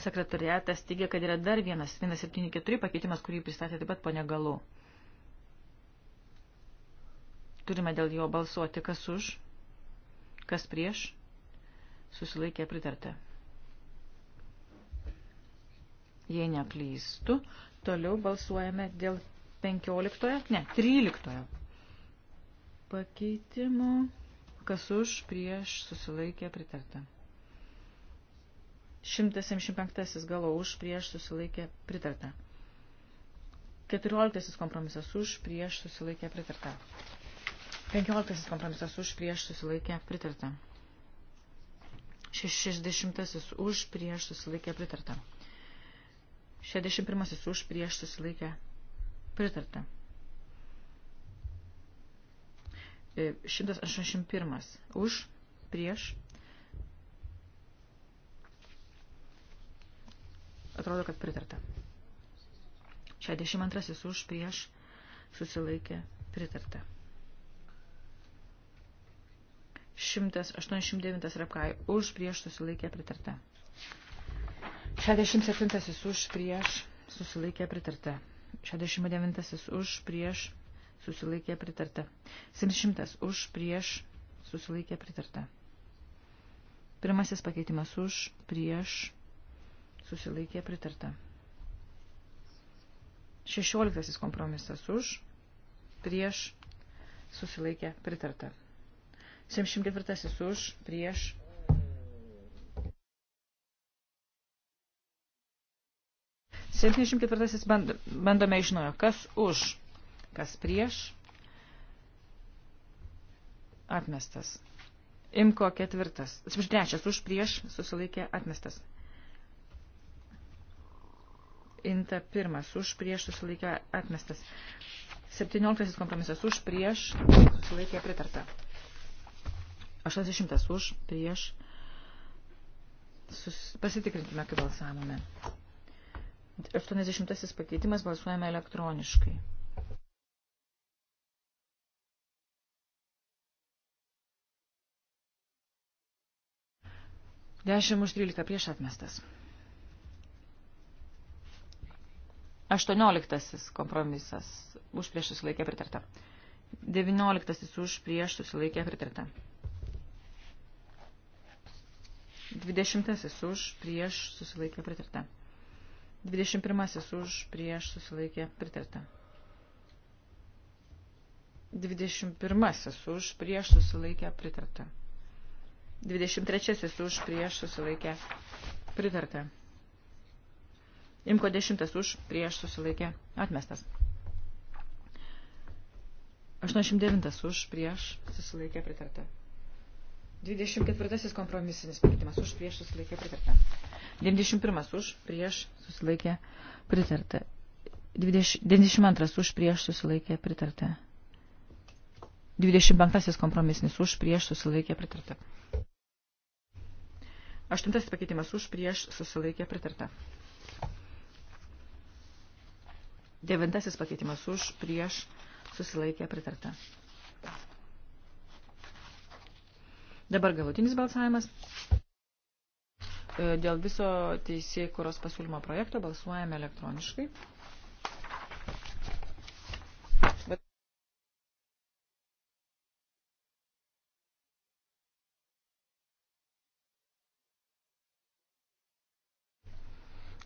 Sekretariatas teigia, kad yra dar vienas 174 pakeitimas, kurį pristatė taip pat ponia Galu. Turime dėl jo balsuoti, kas už, kas prieš, susilaikė pritartę. Jei neklystu, toliau balsuojame dėl 15, ne, 13 pakeitimo, kas už, prieš, susilaikė pritartę. 175 galo už prieš susilaikė pritarta. 14 kompromisas už prieš susilaikė pritarta. 15 kompromisas už prieš susilaikė pritarta. 60 už prieš susilaikė pritarta. 61 už prieš susilaikė pritarta. 181 e, už prieš Atrodo, kad pritarta. 62 už prieš susilaikė pritarta. 189 rapkai už prieš susilaikė pritarta. 67 už prieš susilaikė pritarta. 69 už prieš susilaikė pritarta. 700 už prieš susilaikė pritarta. Pirmasis pakeitimas už prieš susilaikė pritarta. Šešioliktasis kompromisas už, prieš, susilaikė pritarta. 74 už, prieš. Septyniasdešimt ketvirtasis bandome iš naujo, kas už, kas prieš, atmestas. Imko ketvirtas, atsiprašau, trečias už prieš susilaikė atmestas. Inta pirmas už prieš susilaikę atmestas. 17 kompromisas už prieš susilaikė pritarta. 80 už prieš. Sus... Pasitikrinkime, kaip balsavome. 80 pakeitimas balsuojame elektroniškai. Dešimt už trylika prieš atmestas. 18 kompromisas už prieš susilaikę pritarta. 19 už prieš susilaikę pritarta. 20 už prieš susilaikę pritarta. 21 už prieš susilaikę pritarta. 21 už prieš susilaikę pritarta. 23 už prieš susilaikę pritarta. Imko 10 už, prieš susilaikė, atmestas. 89 už, prieš susilaikė, pritarta. 24 kompromisinis pakeitimas už, prieš susilaikė, pritarta. 91 už, prieš susilaikė, pritarta. 20, 92 už, prieš susilaikė, pritarta. 25 kompromisinis už, prieš susilaikė, pritarta. Aštuntasis pakeitimas už prieš susilaikė pritarta. Devintasis pakeitimas už, prieš, susilaikė pritarta. Dabar galutinis balsavimas. E, dėl viso teisėjų kuros pasiūlymo projekto balsuojame elektroniškai.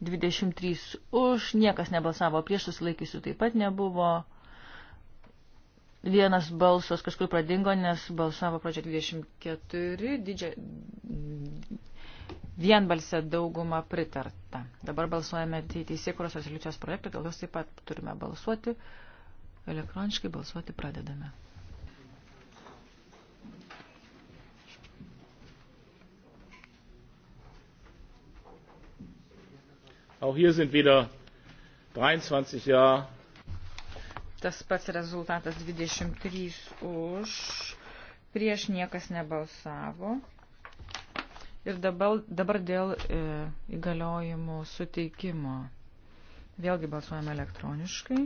23 už, niekas nebalsavo prieš, susilaikysiu taip pat nebuvo. Vienas balsas kažkur pradingo, nes balsavo pradžia 24, didžia... vienbalsė dauguma pritarta. Dabar balsuojame teisėkuros rezoliucijos projektą, dėl jos taip pat turime balsuoti. Elektroniškai balsuoti pradedame. Auch hier sind wieder 23 Ja. Tas pats rezultatas 23 už, prieš niekas nebalsavo. Ir dabar, dabar dėl e, įgaliojimų suteikimo. Vėlgi balsuojame elektroniškai.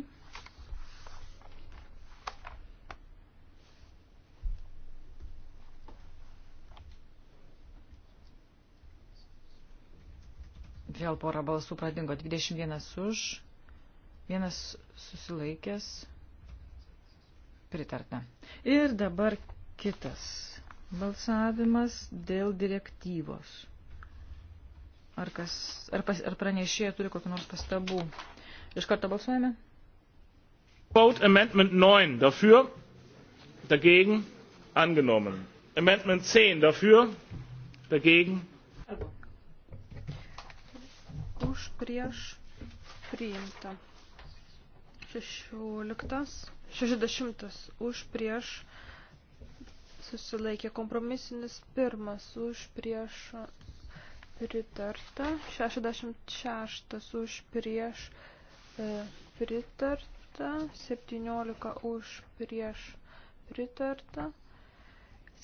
Vėl pora balsų pradingo. 21 už, vienas susilaikęs, pritarta. Ir dabar kitas balsavimas dėl direktyvos. Ar, kas, ar, pas, ar pranešėja turi kokiu nors pastabų? Iš karto balsuojame. Vote Amendment 9 dafür, dagegen angenommen. Amendment 10 dafür, dagegen angenommen prieš priimta. 16, 60 už prieš susilaikė kompromisinis pirmas už prieš pritarta, 66 už prieš e, pritarta, 17 už prieš pritarta.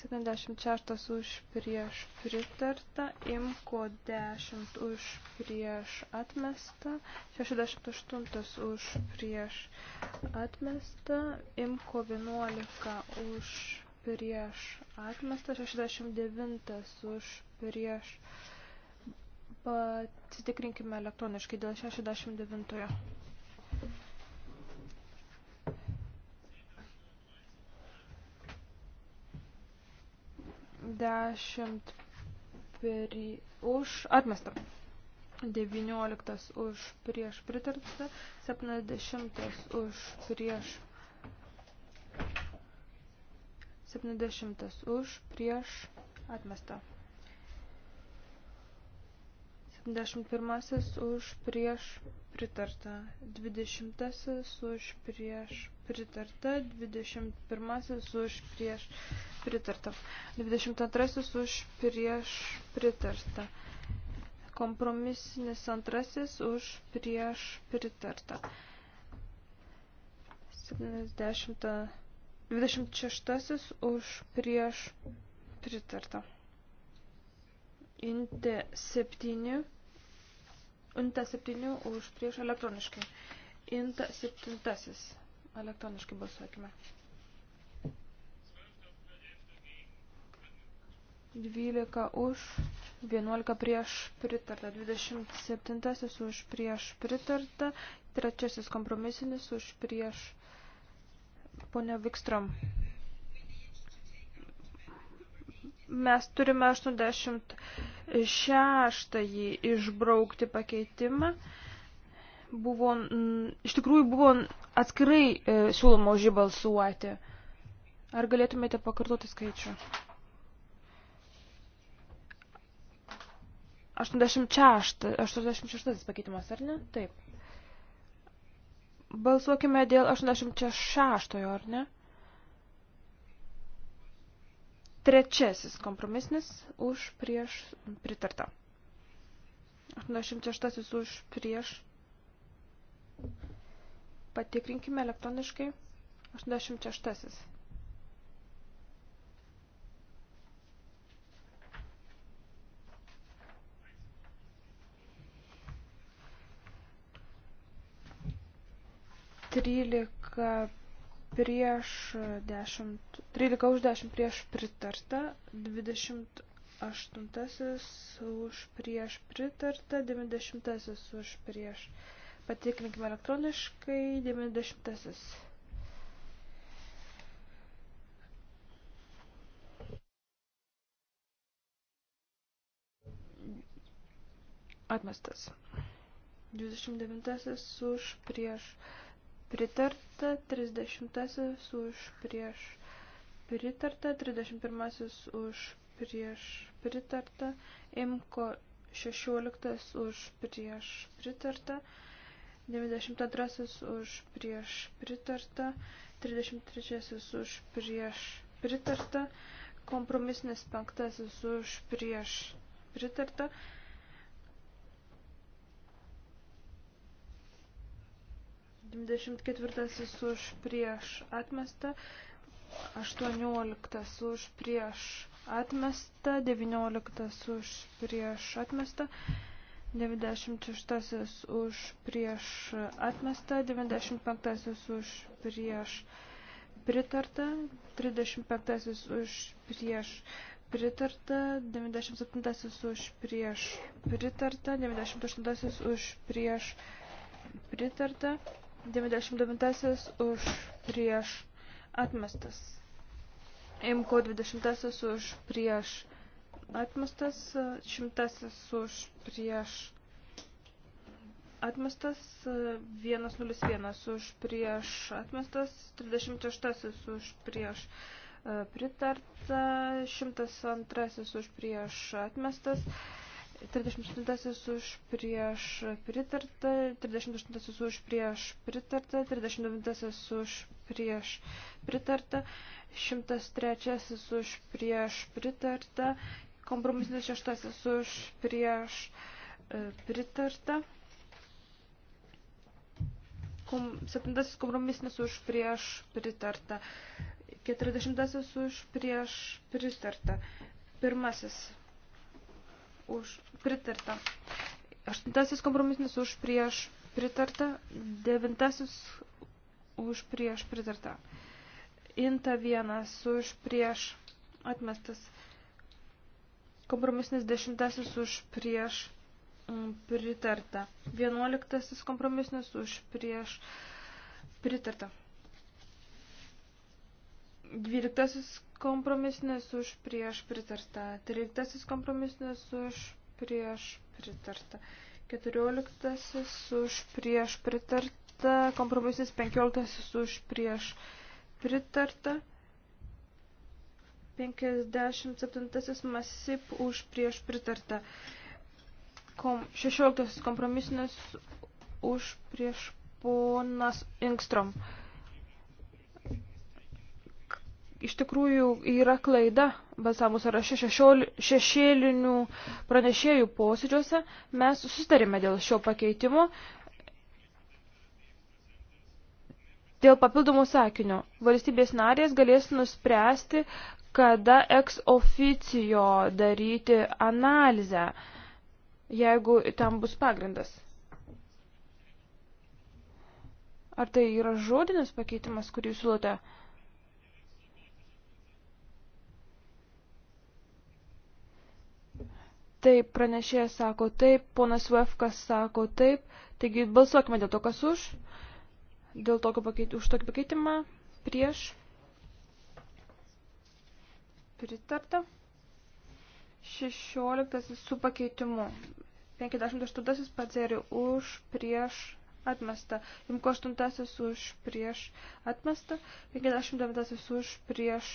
76 už prieš pritarta, imko 10 už prieš atmesta, 68 už prieš atmesta, imko 11 už prieš atmesta, 69 už prieš patikrinkime elektroniškai dėl 69. -ojo. Dešimt pri, už atmestą. 19 už prieš pritartą, 70 už prieš 70 už prieš atmestą. 21 už prieš pritarta, 20 už prieš pritarta, 21 už prieš pritarta, 22 už prieš pritarta, kompromisinis antrasis už prieš pritarta. 70, 26 už prieš pritarta. Inte 7 Inta 7 už prieš elektroniškai. Inta 7 elektroniškai balsuokime. 12 už, 11 prieš pritarta, 27 už prieš pritarta, trečiasis kompromisinis už prieš ponia Vikstrom. Mes turime 80 šeštąjį išbraukti pakeitimą. Buvo, iš tikrųjų buvo atskirai e, siūloma už jį balsuoti. Ar galėtumėte pakartoti skaičių? 86, 86 pakeitimas, ar ne? Taip. Balsuokime dėl 86, ar ne? Trečiasis kompromisnis už prieš pritarta. 86 už prieš. Patikrinkime elektroniškai. 86. Trylika prieš 10, 13 už 10 prieš pritarta, 28 už prieš pritarta, 90 už prieš. Patikrinkime elektroniškai, 90. Atmestas. 29 už prieš pritarta, 30 už prieš pritarta, 31 už prieš pritarta, imko 16 už prieš pritarta, 92 už prieš pritarta, 33 už prieš pritarta, kompromisinis penktasis už prieš pritarta, 24 už prieš atmestą, 18 už prieš atmestą, 19 už prieš atmestą, 96 už prieš atmestą, 95 už prieš pritartą, 35 už prieš pritarta, 97 už prieš pritarta, 98 už prieš pritarta, 99 už prieš atmestas. Imko 20 už prieš atmestas. 100 už prieš atmestas. 101 už prieš atmestas. 36 už prieš e, pritarta. 102 už prieš atmestas. 38 už prieš pritarta, 38 už prieš pritarta, 39 už prieš pritarta, 103 už prieš pritarta, kompromisinis 6 už prieš e, pritarta, 7 kompromisinis už prieš pritarta, 40 už prieš pritarta, pirmasis už pritarta. Aštuntasis kompromisinis už prieš pritarta. Devintasis už prieš pritarta. Inta vienas už prieš atmestas. Kompromisinis dešimtasis už prieš mm, pritarta. Vienuoliktasis kompromisinis už prieš pritarta. Dvyliktasis kompromisinis už prieš pritarta. Tryliktasis kompromisinis už prieš pritarta. Keturioliktasis už prieš pritarta. Kompromisinis penkioliktasis už prieš pritarta. 57 masip už prieš pritarta. Kom, 16 kompromisinis už prieš ponas Ingstrom. Uh, iš tikrųjų yra klaida balsavimo sąraše šešėlinių pranešėjų posėdžiuose. Mes susitarėme dėl šio pakeitimo. Dėl papildomų sakinio valstybės narės galės nuspręsti, kada ex oficio daryti analizę, jeigu tam bus pagrindas. Ar tai yra žodinis pakeitimas, kurį siūlote? Taip, pranešėjas sako taip, ponas Vefkas sako taip, taigi balsuokime dėl to, kas už, dėl tokio pakeit, už tokį pakeitimą, prieš, pritarta, 16 su pakeitimu, 58 pacerių už, prieš, atmesta. Imko 8 už prieš atmesta, 59 už prieš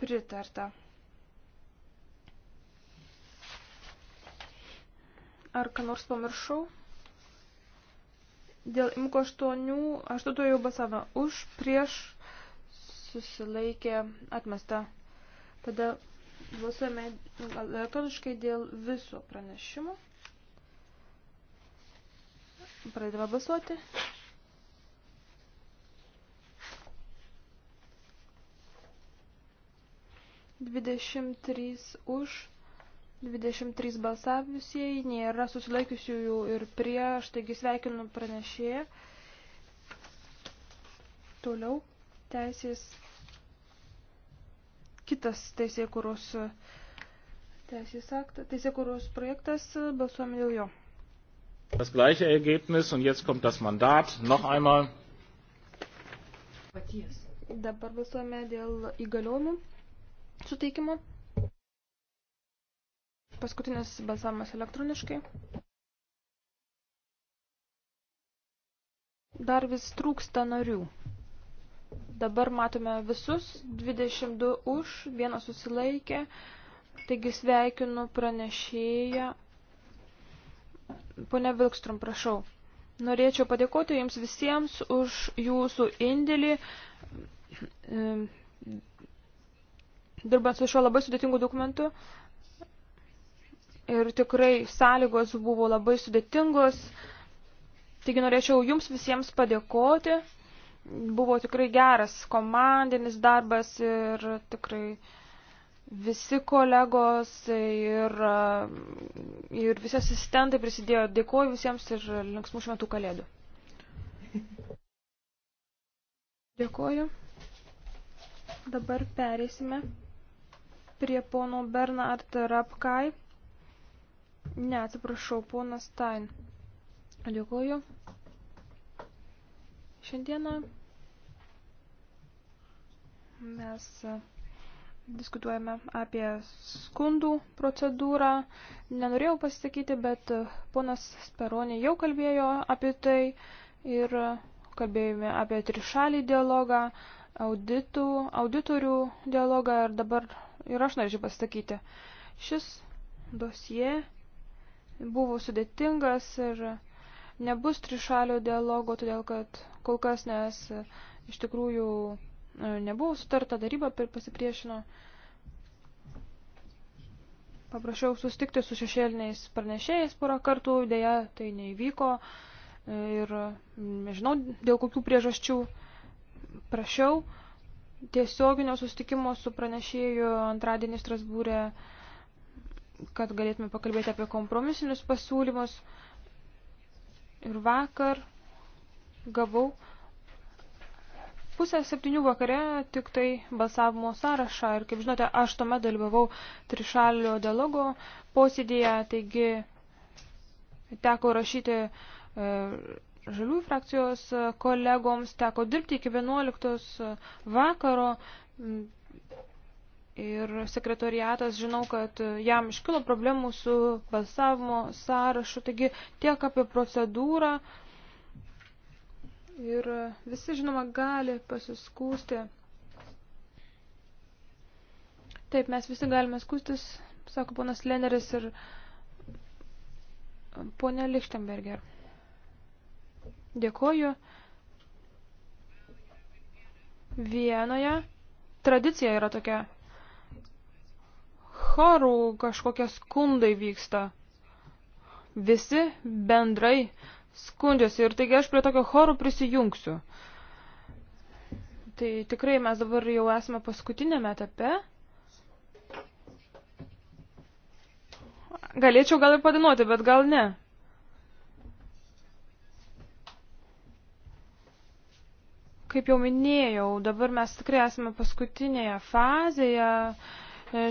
pritarta. Ar ką nors pamiršau? Dėl imko 8, 8 jau basavo už, prieš, susilaikė, atmesta. Tada balsuojame elektroniškai dėl viso pranešimo. Pradedame balsuoti. Dvidešimt trys už, 23 balsavusieji, nėra susilaikiusiųjų ir prieš, taigi sveikinu pranešėją. Toliau teisės kitas teisėkuros teisės aktas, teisėkuros projektas, balsuojame dėl jo. Das gleiche Ergebnis und jetzt kommt das Mandat noch einmal. Paties. Dabar balsuojame dėl įgaliojimų suteikimo. Paskutinis balsavimas elektroniškai. Dar vis trūksta narių. Dabar matome visus, 22 už, vienas susilaikė, taigi sveikinu pranešėją. Pone Vilkstrom, prašau. Norėčiau padėkoti Jums visiems už Jūsų indėlį. Ehm, dirbant su šiuo labai sudėtingu dokumentu, ir tikrai sąlygos buvo labai sudėtingos. Taigi norėčiau jums visiems padėkoti. Buvo tikrai geras komandinis darbas ir tikrai visi kolegos ir, ir visi asistentai prisidėjo. Dėkuoju visiems ir linksmų šventų kalėdų. Dėkuoju. Dabar pereisime prie pono Bernard Rapkai Ne, atsiprašau, ponas Stein. Dėkuoju. Šiandieną mes diskutuojame apie skundų procedūrą. Nenorėjau pasisakyti, bet ponas Speronė jau kalbėjo apie tai ir kalbėjome apie trišalį dialogą, auditų, auditorių dialogą ir dabar ir aš norėčiau pasisakyti. Šis dosie buvo sudėtingas ir nebus trišalio dialogo, todėl kad kol kas nes e, iš tikrųjų e, nebuvo sutarta, daryba pasipriešino. Paprašiau sustikti su šešėliniais pranešėjais porą kartų, dėja tai neįvyko e, ir nežinau dėl kokių priežasčių prašiau tiesioginio sustikimo su pranešėju antradienį Strasbūrė kad galėtume pakalbėti apie kompromisinius pasiūlymus. Ir vakar gavau pusę septynių vakare tik tai balsavimo sąrašą. Ir kaip žinote, aš tuomet dalyvavau trišalio dialogo posėdėje, taigi teko rašyti e, žalių frakcijos kolegoms, teko dirbti iki 11 vakaro. M, ir sekretoriatas, žinau, kad jam iškilo problemų su balsavimo sąrašu, taigi tiek apie procedūrą ir visi, žinoma, gali pasiskūsti. Taip, mes visi galime skūstis, sako ponas Leneris ir ponė Lichtenberger. Dėkoju. Vienoje tradicija yra tokia chorų kažkokie skundai vyksta. Visi bendrai skundžiasi ir taigi aš prie tokio chorų prisijungsiu. Tai tikrai mes dabar jau esame paskutinėme etape. Galėčiau gal ir padinuoti, bet gal ne. Kaip jau minėjau, dabar mes tikrai esame paskutinėje fazėje. Uh,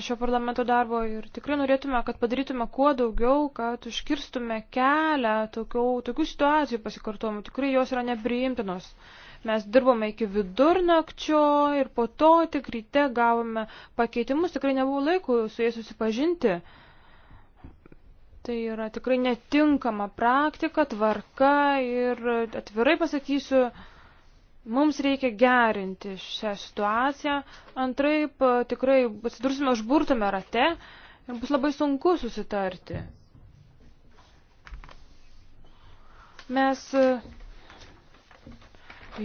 šio parlamento darbo ir tikrai norėtume, kad padarytume kuo daugiau, kad užkirstume kelią tokių, tokių situacijų pasikartojimų. Tikrai jos yra nepriimtinos. Mes dirbome iki vidurnakčio ir po to tik ryte gavome pakeitimus, tikrai nebuvo laiko su jais susipažinti. Tai yra tikrai netinkama praktika, tvarka ir atvirai pasakysiu, Mums reikia gerinti šią situaciją, antraip e, tikrai pasidursime užburtame rate ir bus labai sunku susitarti. Mes e,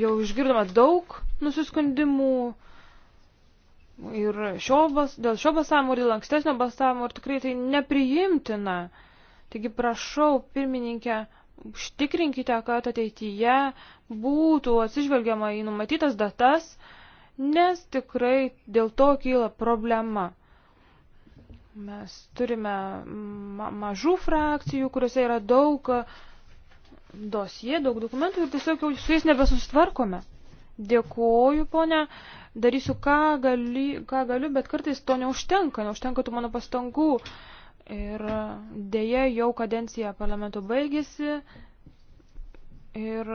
jau išgirdome daug nusiskundimų ir šio bas, dėl šio balsavimo ir dėl ankstesnio balsavimo ir tikrai tai nepriimtina. Taigi prašau, pirmininkė, užtikrinkite, kad ateityje būtų atsižvelgiama į numatytas datas, nes tikrai dėl to kyla problema. Mes turime ma mažų frakcijų, kuriuose yra daug dosie, daug dokumentų ir tiesiog jau su jais nebesusitvarkome. Dėkuoju, ponia, darysiu ką, gali, ką galiu, bet kartais to neužtenka, neužtenka tų mano pastangų. Uh, Ir dėje jau kadencija parlamento baigėsi ir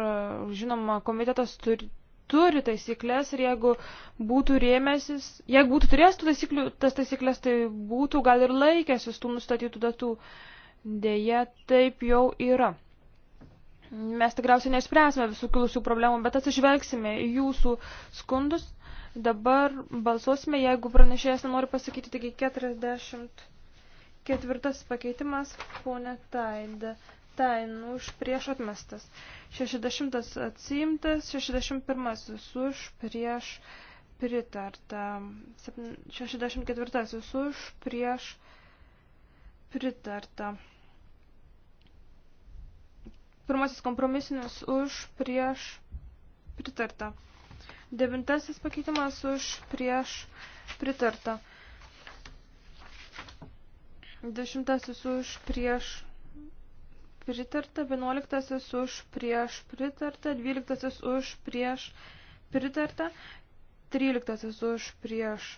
žinoma, komitetas turi, turi taisyklės ir jeigu būtų rėmėsis, jeigu būtų turėjęs tų taisyklių, tas taisyklės, tai būtų gal ir laikęsis tų nustatytų datų. Dėje taip jau yra. Mes tikriausiai nespręsime visų kilusių problemų, bet atsižvelgsime į jūsų skundus. Dabar balsuosime, jeigu pranešėjas nenori pasakyti, taigi 40 Ketvirtas pakeitimas, ponė Taidė. Tain už prieš atmestas. 60 atsiimtas, 61 už prieš pritarta. 64 už prieš pritarta. Pirmasis kompromisinis už prieš pritarta. Devintasis pakeitimas už prieš pritarta. Dešimtasis už prieš pritarta, vienuoliktasis už prieš pritarta, dvyliktasis už prieš pritarta, tryliktasis už prieš.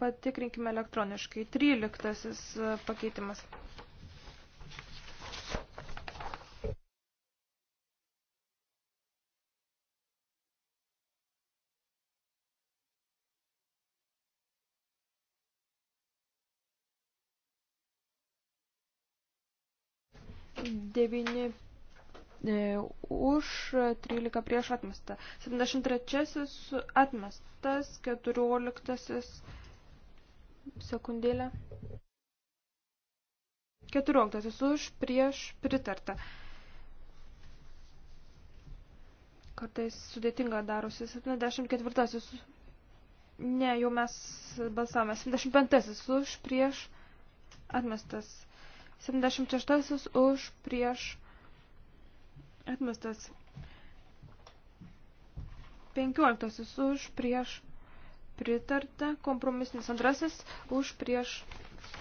Patikrinkime elektroniškai. Tryliktasis e, pakeitimas. 9 e, už, 13 prieš atmestą. 73 atmestas, 14 sekundėlė. 14 už, prieš pritarta. Kartais sudėtinga darosi. 74 Ne, jau mes balsavome. 75 už, prieš atmestas. 76 už prieš atmestas. 15 už prieš pritarta. Kompromisinis antrasis už prieš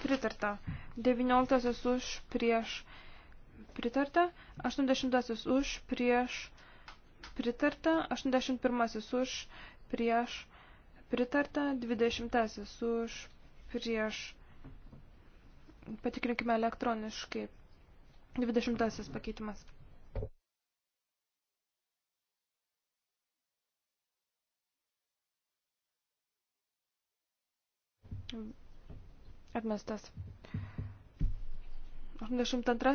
pritarta. 19 už prieš pritarta. 80 už prieš pritarta. 81 už prieš pritarta. 20 už prieš pritarta patikrinkime elektroniškai. 20 pakeitimas. Atmestas. 82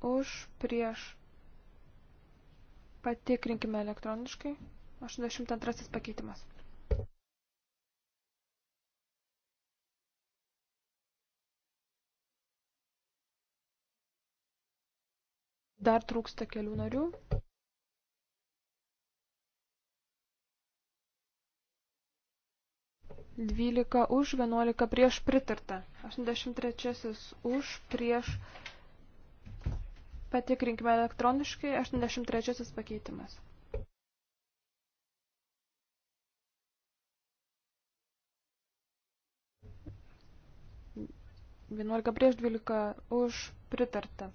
už prieš. Patikrinkime elektroniškai. 82 pakeitimas. Dar trūksta kelių narių. Dvylika už, vienuolika prieš pritarta. 83 už, prieš patikrinkime elektroniškai, 83 pakeitimas. Vienuolika prieš, dvylika už, pritarta.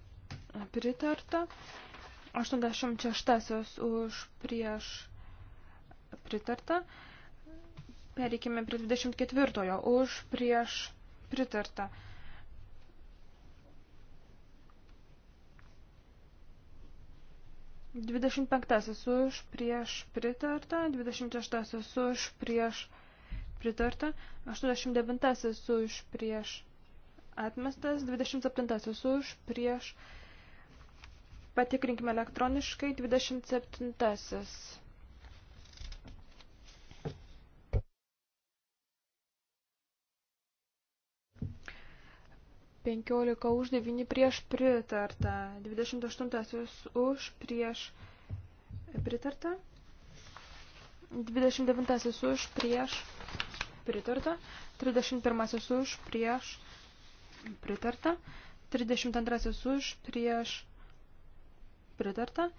pritarta. 86 už prieš pritarta. Pereikime prie 24 už prieš pritarta. Dvidešimt penktasis už prieš pritarta, dvidešimt šeštasis už prieš pritarta, aštuoniasdešimt devintasis už prieš atmestas, dvidešimt septintasis už prieš pritarta. Patikrinkime elektroniškai 27. Penkiolika už devyni prieš pritarta. 28 už prieš pritarta. 29 už prieš pritarta. 31 už prieš pritarta. 32 už prieš pritarta pritarta.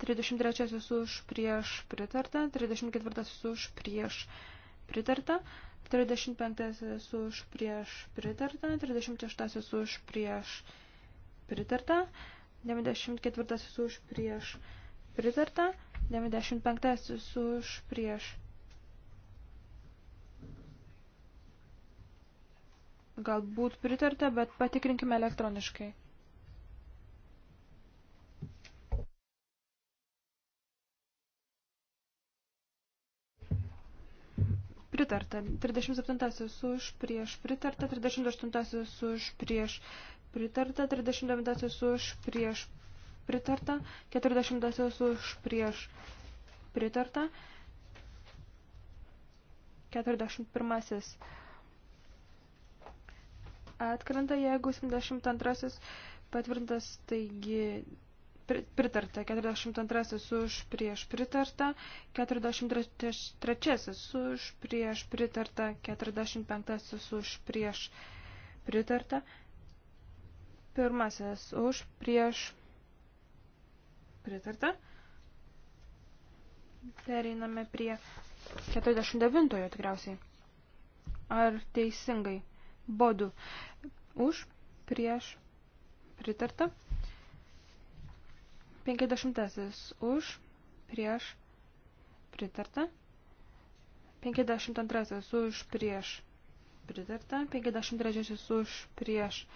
33 už prieš pritarta, 34 už prieš pritarta, 35 už prieš pritarta, 36 už prieš pritarta, 94 už prieš pritarta, 95 už prieš. Galbūt pritarta, bet patikrinkime elektroniškai. pritarta. 37 už prieš pritarta, 38 už prieš pritarta, 39 už prieš pritarta, 40 už prieš pritarta, 41 atkrenta, jeigu 72 patvirtintas, taigi pritarta, 42 už prieš pritarta, 43 už prieš pritarta, 45 už prieš pritarta, pirmasis už prieš pritarta. Pereiname prie 49-ojo tikriausiai. Ar teisingai? Bodu. Už prieš pritarta. 50 už, prieš, pritarta. 52 už, prieš, pritarta. 53 už, prieš,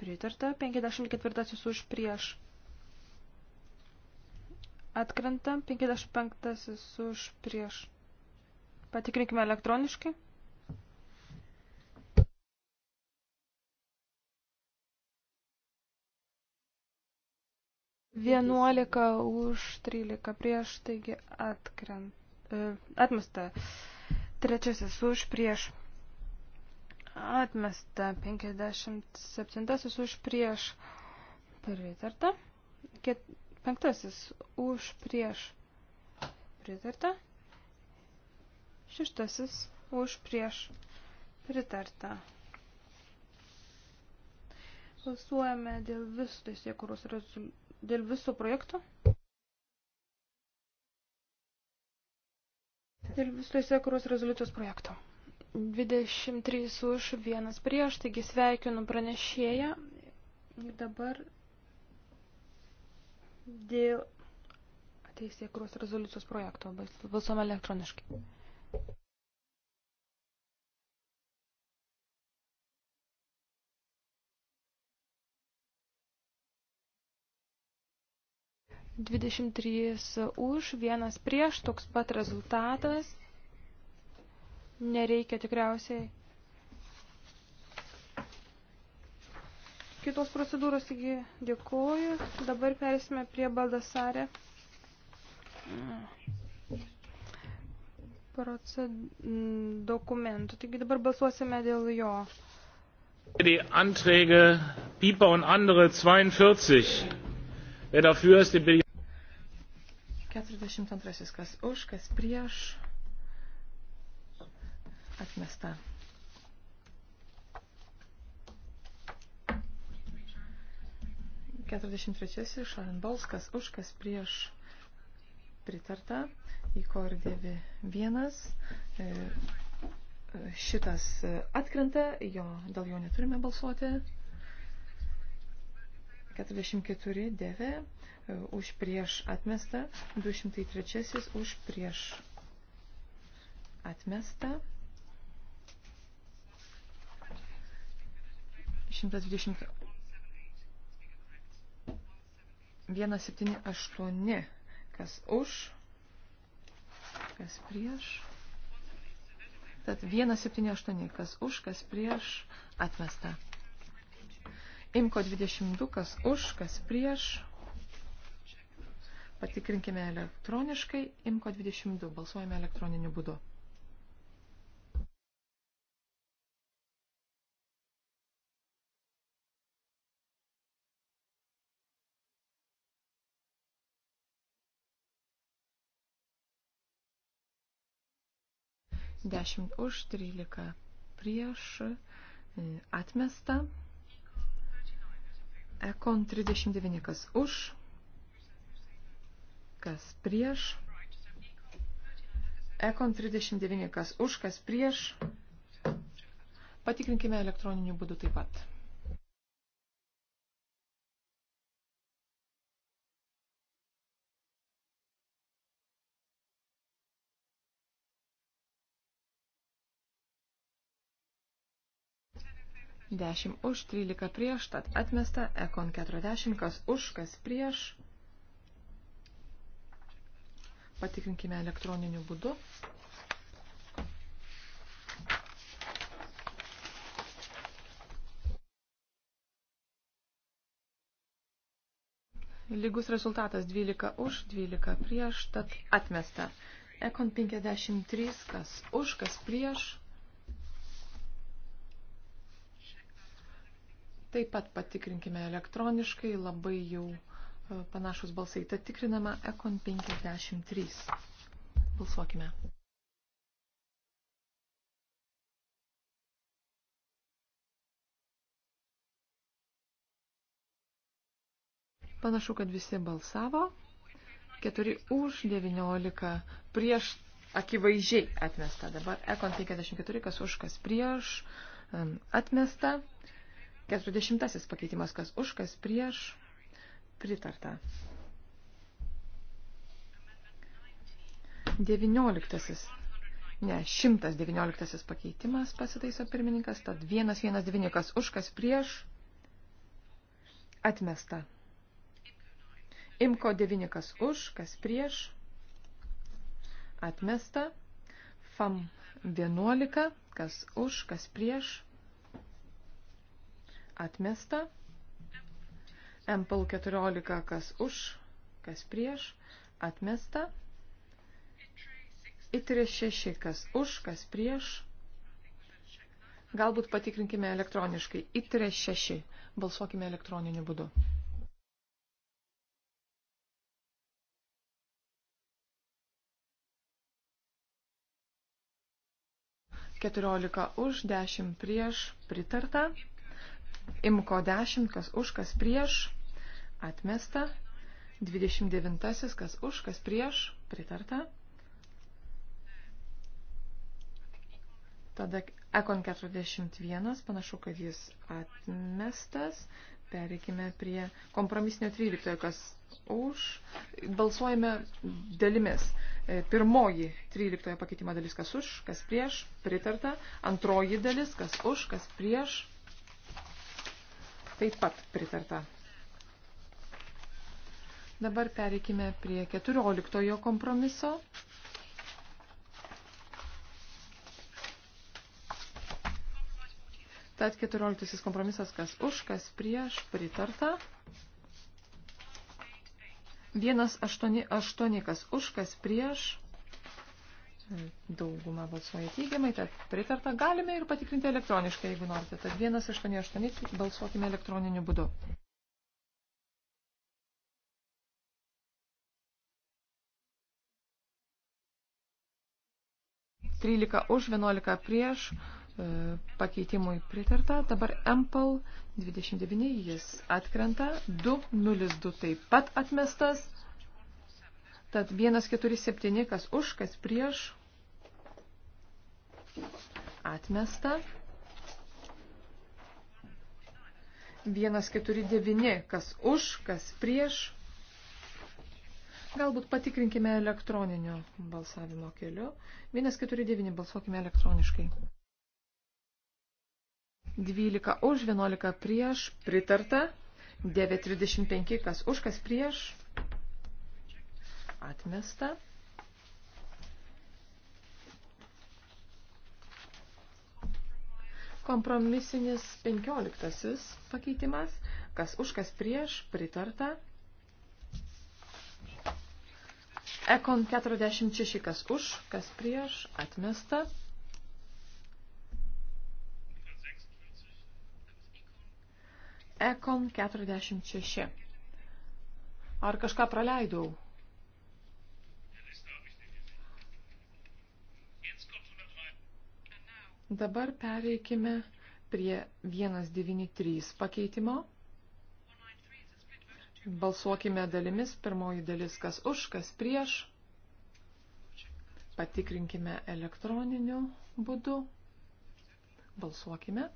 pritarta. 54 už, prieš, atkrenta. 55 už, prieš. Patikrinkime elektroniškai. 11 už 13 prieš, taigi atkrent, e, atmesta. Trečiasis už prieš. Atmesta. 57 už prieš. Pritarta. Ket, penktasis už prieš. Pritarta. Šeštasis už prieš. Pritarta. Balsuojame dėl visų teisėkuros rezultatų dėl viso projekto? Dėl viso įsiekuros rezoliucijos projekto. 23 už, 1 prieš, taigi sveikinu pranešėją. Ir dabar dėl ateisėkuros rezoliucijos projekto balsuom elektroniškai. 23 už, vienas prieš, toks pat rezultatas. Nereikia tikriausiai kitos procedūros, taigi dėkoju. Dabar persime prie Baldasarė. Proced... dokumentų. Taigi dabar balsuosime dėl jo. Die Anträge Pieper und andere 42. Wer dafür ist, den will ich. 42. Kas už, kas prieš. Atmesta. Keturiasdešimt trečiasis Šarin Balskas už, kas prieš pritarta į kordėvi vienas. E, e, šitas e, atkrenta, jo, dėl jo neturime balsuoti. 44 dėvė e, už prieš atmestą, 203 už prieš atmestą, 120. 178, kas už, kas prieš. Tad 178, kas už, kas prieš, atmesta. Imko 22, kas už, kas prieš. Patikrinkime elektroniškai. Imko 22. Balsuojame elektroniniu būdu. Dešimt už, trylika prieš, atmesta. Ekon 39, kas už, kas prieš. Ekon 39, kas už, kas prieš. Patikrinkime elektroniniu būdu taip pat. 10 už, 13 prieš, tad atmesta Ekon 40, kas už, kas prieš. Patikrinkime elektroniniu būdu. Lygus rezultatas 12 už, 12 prieš, tad atmesta. Ekon 53, kas už, kas prieš. Taip pat patikrinkime elektroniškai, labai jau e, panašus balsai. Tad tikrinama Ekon 53. Balsuokime. Panašu, kad visi balsavo. 4 už 19 prieš akivaizdžiai atmesta. Dabar Ekon 54, kas už, kas prieš atmesta. Keturiasdešimtasis pakeitimas, kas už, kas prieš, pritarta. Devynioliktasis, ne, šimtas devynioliktasis pakeitimas pasitaiso pirmininkas, tad vienas vienas devyni, kas už, kas prieš, atmesta. Imko devyni, kas už, kas prieš, atmesta. FAM 11, kas už, kas prieš, atmesta. MPL 14 kas už, kas prieš, atmesta. ITRI 6 kas už, kas prieš. Galbūt patikrinkime elektroniškai. ITRI 6. Balsuokime elektroniniu būdu. Keturiolika už, dešimt prieš, pritarta. Imko 10, kas už, kas prieš, atmesta. 29, kas už, kas prieš, pritarta. Tada Ekon 41, panašu, kad jis atmestas. Pereikime prie kompromisinio 13, kas už. Balsuojame dalimis. E, pirmoji 13 pakeitimo dalis, kas už, kas prieš, pritarta. Antroji dalis, kas už, kas prieš, Taip pat pritarta. Dabar pereikime prie 14 kompromiso. Tad 14 kompromisas, kas už, kas prieš, pritarta. 188, kas už, kas prieš, Dauguma balsuoja teigiamai, tad pritarta. Galime ir patikrinti elektroniškai, jeigu norite. Tad 188 balsuokime elektroniniu būdu. Trylika už, vienuolika prieš, e, pakeitimui pritarta. Dabar Empel 29, jis atkrenta, 202 taip pat atmestas. Tad 147, kas už, kas prieš, Atmesta. 149, kas už, kas prieš. Galbūt patikrinkime elektroninio balsavimo keliu. 149 balsuokime elektroniškai. 12 už, 11 prieš, pritarta. 9.35, kas už, kas prieš. Atmesta. Kompromisinis penkioliktasis pakeitimas, kas už, kas prieš, pritarta. Ekon 46, kas už, kas prieš, atmesta. Ekon 46. Ar kažką praleidau? Dabar pereikime prie 193 pakeitimo. Balsuokime dalimis. Pirmoji dalis kas už, kas prieš. Patikrinkime elektroniniu būdu. Balsuokime.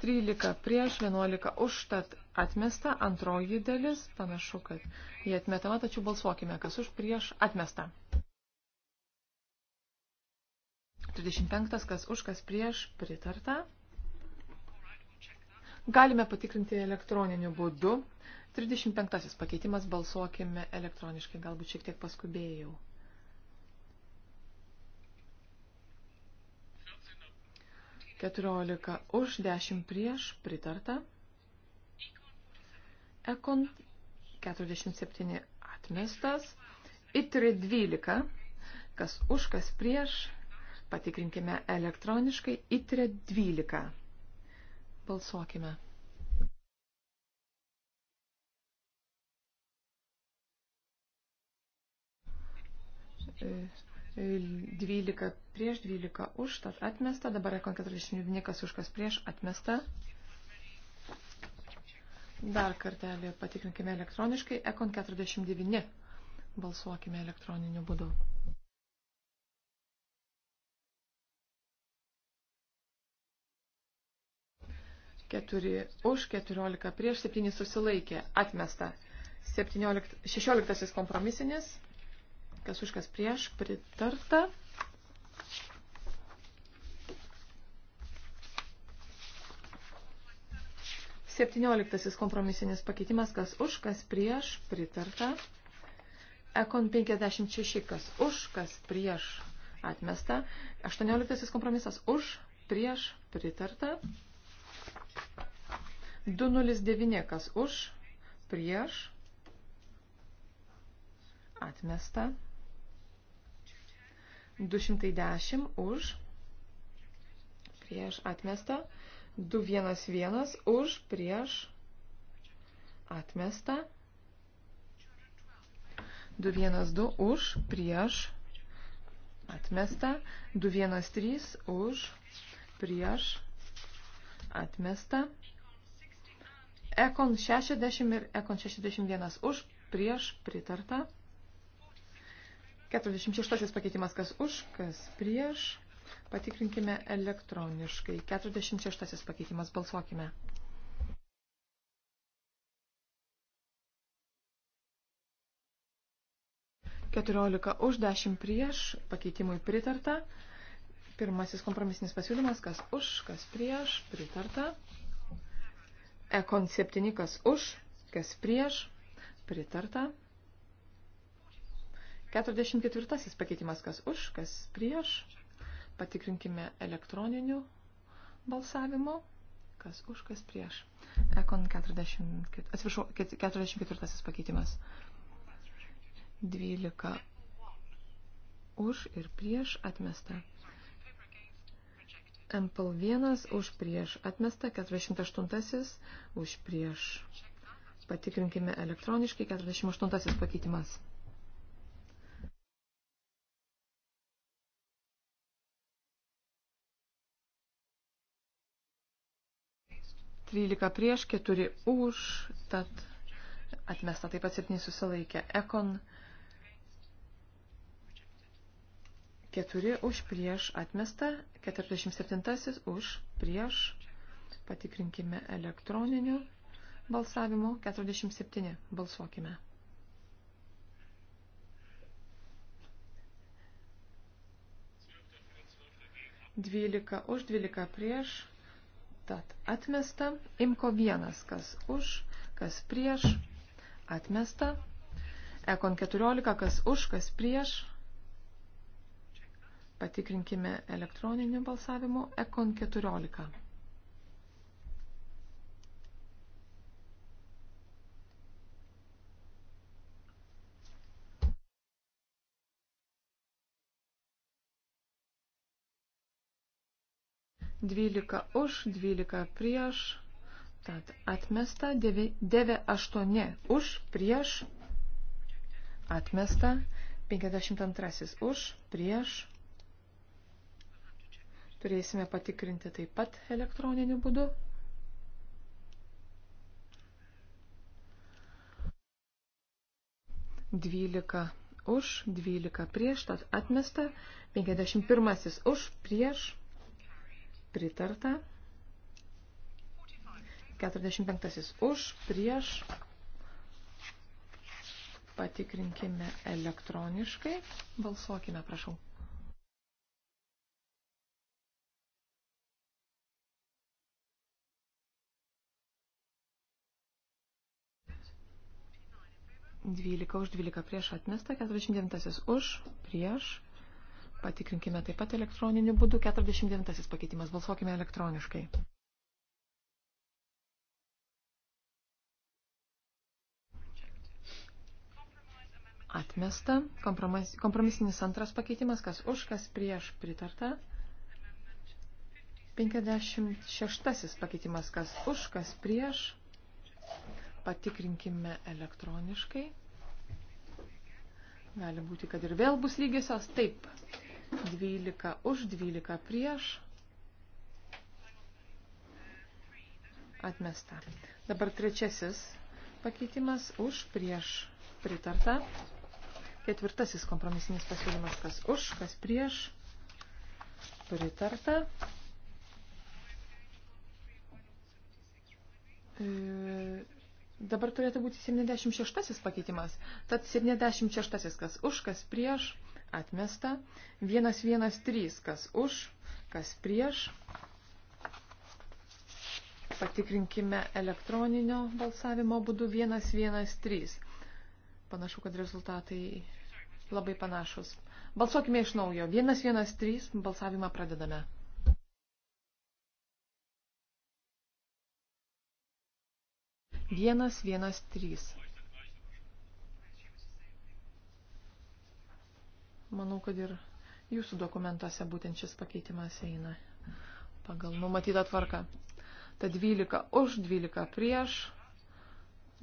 Trylika prieš, vienuolika už, tad atmesta, antroji dalis, panašu, kad jie atmetama, tačiau balsuokime, kas už prieš atmesta. 35, kas už, kas prieš pritarta. Galime patikrinti elektroniniu būdu. 35 pakeitimas balsuokime elektroniškai, galbūt šiek tiek paskubėjau. Keturiolika už, dešimt prieš, pritarta. Ekon 47 atmestas. Itri 12. Kas už, kas prieš. Patikrinkime elektroniškai. Itri 12. Balsuokime. E, 12 e, prieš, 12 už, tad atmesta, dabar ekon 41, kas už kas prieš, atmesta, Dar kartelį patikrinkime elektroniškai. Ekon 49. Balsuokime elektroniniu būdu. Keturi už, keturiolika prieš, septyni susilaikė. Atmesta. 17, 16 kompromisinis. Kas už, kas prieš, pritarta. 17 kompromisinis pakeitimas, kas už, kas prieš, pritarta. Ekon 56, kas už, kas prieš, atmesta. 18 kompromisas už, prieš, pritarta. 209, kas už, prieš, atmesta. 210 už, prieš, atmesta. 211 už prieš atmestą. 212 už prieš atmestą. 213 už prieš atmestą. Ekon 60 ir Ekon 61 už prieš pritartą. 46 pakeitimas kas už, kas prieš Patikrinkime elektroniškai. 46 pakeitimas. Balsuokime. Keturiolika už, dešimt prieš, pakeitimui pritarta. Pirmasis kompromisinis pasiūlymas, kas už, kas prieš, pritarta. Ekon septyni, kas už, kas prieš, pritarta. 44 pakeitimas, kas už, kas prieš, patikrinkime elektroniniu balsavimu. Kas už, kas prieš. Ekon 40, atsiprašau, 44 pakeitimas. 12 už ir prieš atmesta. MPL 1 už prieš atmesta, 48 už prieš. Patikrinkime elektroniškai, 48 pakeitimas. 13 prieš, 4 už, tad atmesta taip pat 7 susilaikė. Ekon 4 už prieš atmesta, 47 už prieš, patikrinkime elektroniniu balsavimu, 47 balsuokime. Dvylika už, dvylika prieš. Tad atmesta. Imko vienas, kas už, kas prieš. Atmesta. Ekon 14, kas už, kas prieš. Patikrinkime elektroninio balsavimo. Ekon 14. 12 už, 12 prieš. Tad atmesta 9, 8 už, prieš. Atmesta 52 už, prieš. Turėsime patikrinti taip pat elektroniniu būdu. Dvylika už, dvylika prieš, tad atmesta, penkiasdešimt pirmasis už, prieš, pritarta. 45 už, prieš. Patikrinkime elektroniškai. Balsuokime, prašau. Dvylika už, dvylika prieš atmesta, keturiasdešimt devintasis už, prieš, Patikrinkime taip pat elektroniniu būdu. 49 pakeitimas. Balsuokime elektroniškai. Atmesta. Kompromis, kompromisinis antras pakeitimas. Kas už, kas prieš pritarta. 56 pakeitimas. Kas už, kas prieš. Patikrinkime elektroniškai. Gali būti, kad ir vėl bus lygiosios. Taip. 12 už, 12 prieš. Atmesta. Dabar trečiasis pakeitimas už, prieš pritarta. Ketvirtasis kompromisinis pasiūlymas, kas už, kas prieš pritarta. E, dabar turėtų būti 76 pakeitimas. Tad 76 kas už, kas prieš atmesta. 113, kas už, kas prieš. Patikrinkime elektroninio balsavimo būdu 113. Panašu, kad rezultatai labai panašus. Balsuokime iš naujo. 113 balsavimą pradedame. Vienas, vienas, trys. Manau, kad ir jūsų dokumentuose būtent šis pakeitimas eina pagal numatytą tvarką. Ta 12 už, 12 prieš.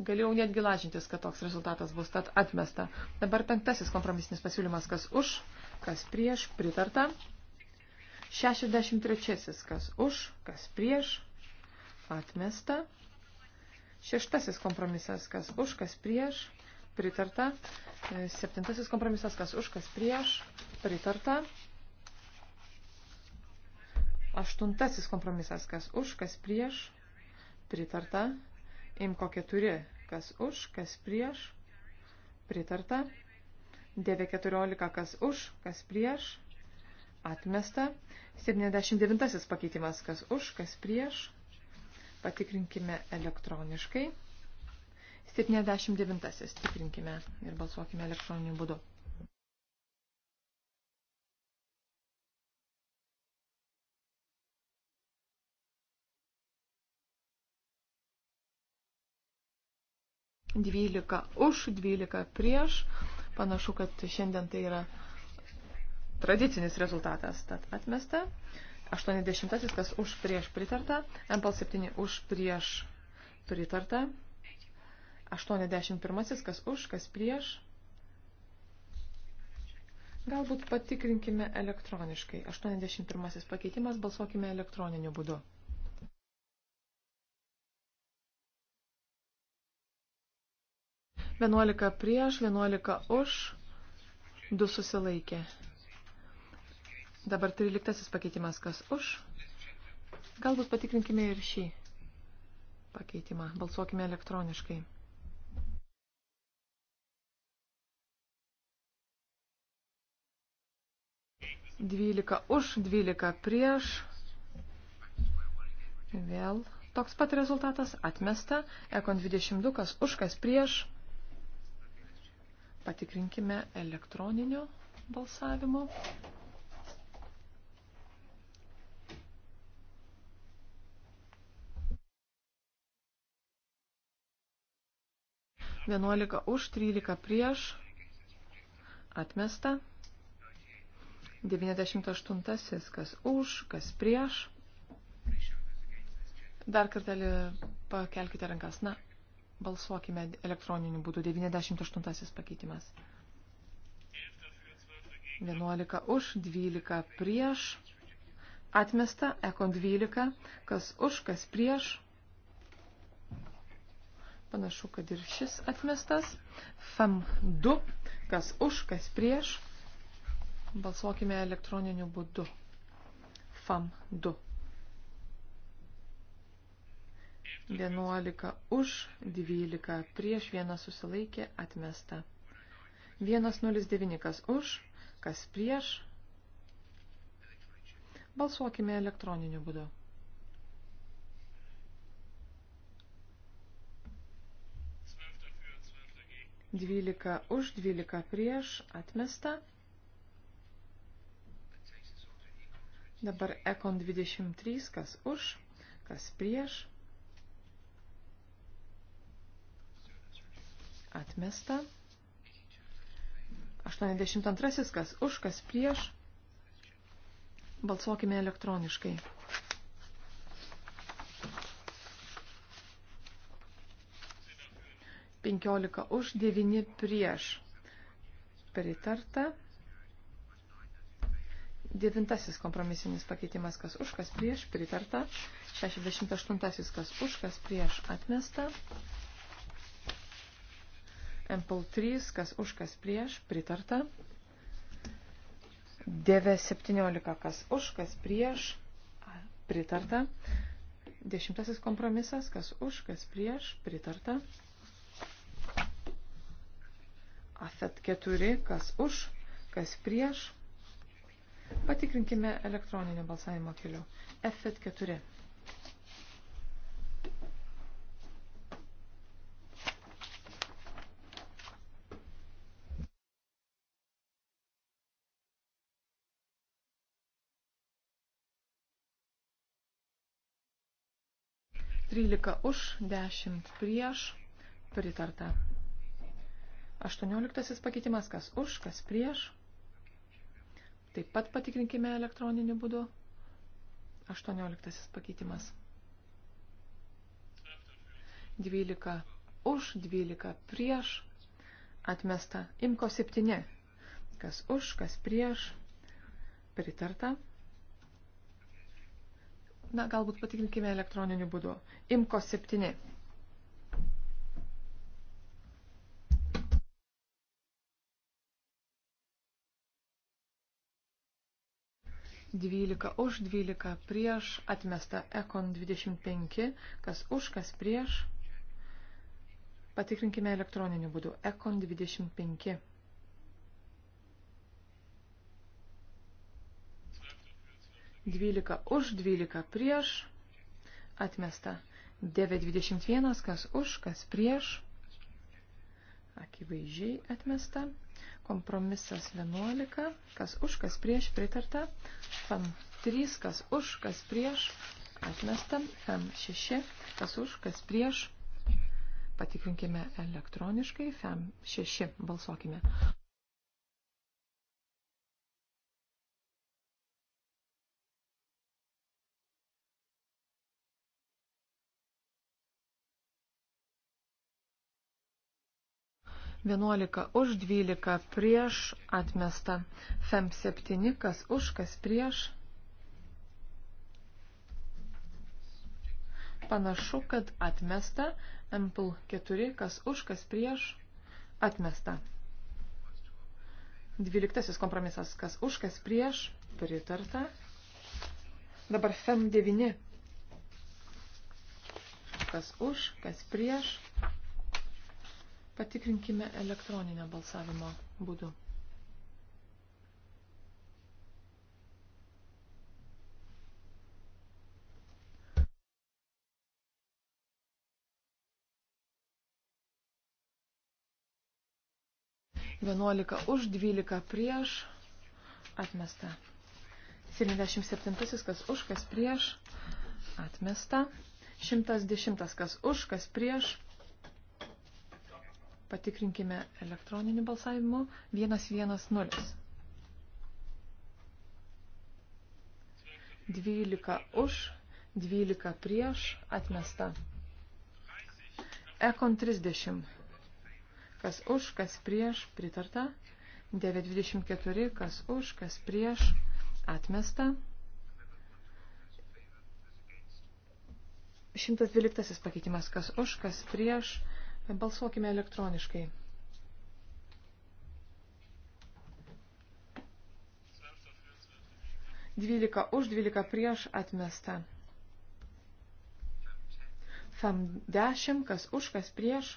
Galėjau netgi lažintis, kad toks rezultatas bus, tad atmesta. Dabar penktasis kompromisinis pasiūlymas, kas už, kas prieš, pritarta. 63, kas už, kas prieš, atmesta. Šeštasis kompromisas, kas už, kas prieš, pritarta. E, septintasis kompromisas, kas už, kas prieš, pritarta. Aštuntasis kompromisas, kas už, kas prieš, pritarta. Imko keturi, kas už, kas prieš, pritarta. Dėvė keturiolika, kas už, kas prieš, atmesta. 79 pakeitimas, kas už, kas prieš. Patikrinkime elektroniškai. 79. Tikrinkime ir balsuokime elektroniniu būdu. Dvylika už, dvylika prieš. Panašu, kad šiandien tai yra tradicinis rezultatas. Tad atmesta. 80. kas už prieš pritarta. MPL 7 už prieš pritarta. 81. Kas už, kas prieš. Galbūt patikrinkime elektroniškai. 81. pakeitimas balsuokime elektroniniu būdu. Vienuolika prieš, vienuolika už, du susilaikė. Dabar tryliktasis pakeitimas kas už. Galbūt patikrinkime ir šį pakeitimą. Balsuokime elektroniškai. 12 už, 12 prieš. Vėl toks pat rezultatas atmesta. Ekon 22, kas už, kas prieš. Patikrinkime elektroniniu balsavimu. Vienuolika už, trylika prieš, atmesta. 98. Kas už, kas prieš. Dar kartelį pakelkite rankas. Na, balsuokime elektroniniu būdu. 98. pakeitimas. 11 už, 12 prieš. Atmesta, ekon 12. Kas už, kas prieš. Panašu, kad ir šis atmestas. FAM 2. Kas už, kas prieš. Balsuokime elektroniniu būdu. FAM 2. 11 už, 12 prieš, 1 susilaikė, atmesta. 109 kas už, kas prieš. Balsuokime elektroniniu būdu. Dvylika už, dvylika prieš, atmesta. Dabar Ekon 23, kas už, kas prieš. Atmesta. 82, kas už, kas prieš. Balsuokime elektroniškai. Penkiolika už, devini prieš. Pritarta. Devintasis kompromisinis pakeitimas kas už, kas prieš, pritarta. 68 kas už, kas prieš, atmesta. MPL 3 kas už, kas prieš, pritarta. 917 kas už, kas prieš, pritarta. Dešimtasis kompromisas kas už, kas prieš, pritarta. Afet 4 kas už, kas prieš, Patikrinkime elektroninio balsavimo keliu. FET 4. Trylika už, dešimt prieš, pritarta. Aštuonioliktasis pakeitimas, kas už, kas prieš, Taip pat patikrinkime elektroniniu būdu. 18 pakeitimas. 12 už, 12 prieš. Atmesta. Imko 7. Kas už, kas prieš. Pritarta. Na, galbūt patikrinkime elektroniniu būdu. Imko 7. 12 už, 12 prieš, atmesta Ekon 25, kas už, kas prieš. Patikrinkime elektroniniu būdu. Ekon 25. Dvylika už, dvylika prieš, atmesta. 9.21, kas už, kas prieš akivaizdžiai atmesta. Kompromisas 11, kas už, kas prieš pritarta. FAM 3, kas už, kas prieš atmesta. FAM 6, kas už, kas prieš. Patikrinkime elektroniškai. FAM 6 balsuokime. 11 už 12 prieš atmesta. FEM 7 kas už, kas prieš. Panašu, kad atmesta. MPL 4 kas už, kas prieš. Atmesta. 12 kompromisas kas už, kas prieš. Pritarta. Dabar FEM 9 kas už, kas prieš Patikrinkime elektroninio balsavimo būdu. Vienuolika už, dvylika prieš, atmesta. 77 kas už, kas prieš, atmesta. 110 kas už, kas prieš, Patikrinkime elektroninį balsavimą 110. 12 už, 12 prieš, atmesta. Ekon 30. Kas už, kas prieš, pritarta. 924, kas už, kas prieš, atmesta. 112 pakeitimas, kas už, kas prieš, atmesta. Balsuokime elektroniškai. Dvylika už, dvylika prieš atmesta. Fam dešimt, kas už, kas prieš.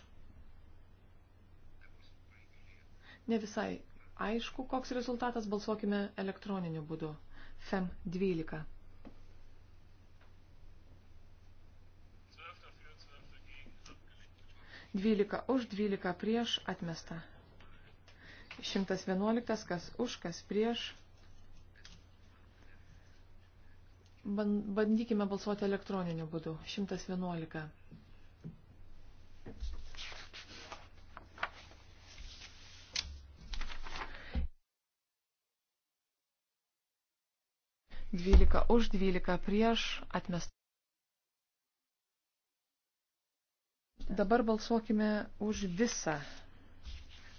Ne visai aišku, koks rezultatas balsuokime elektroniniu būdu. FEM 12. 12 už, 12 prieš atmesta. 111 kas už, kas prieš. Bandykime balsuoti elektroniniu būdu. 111. Dvylika už, dvylika prieš, atmest. Dabar balsuokime už visą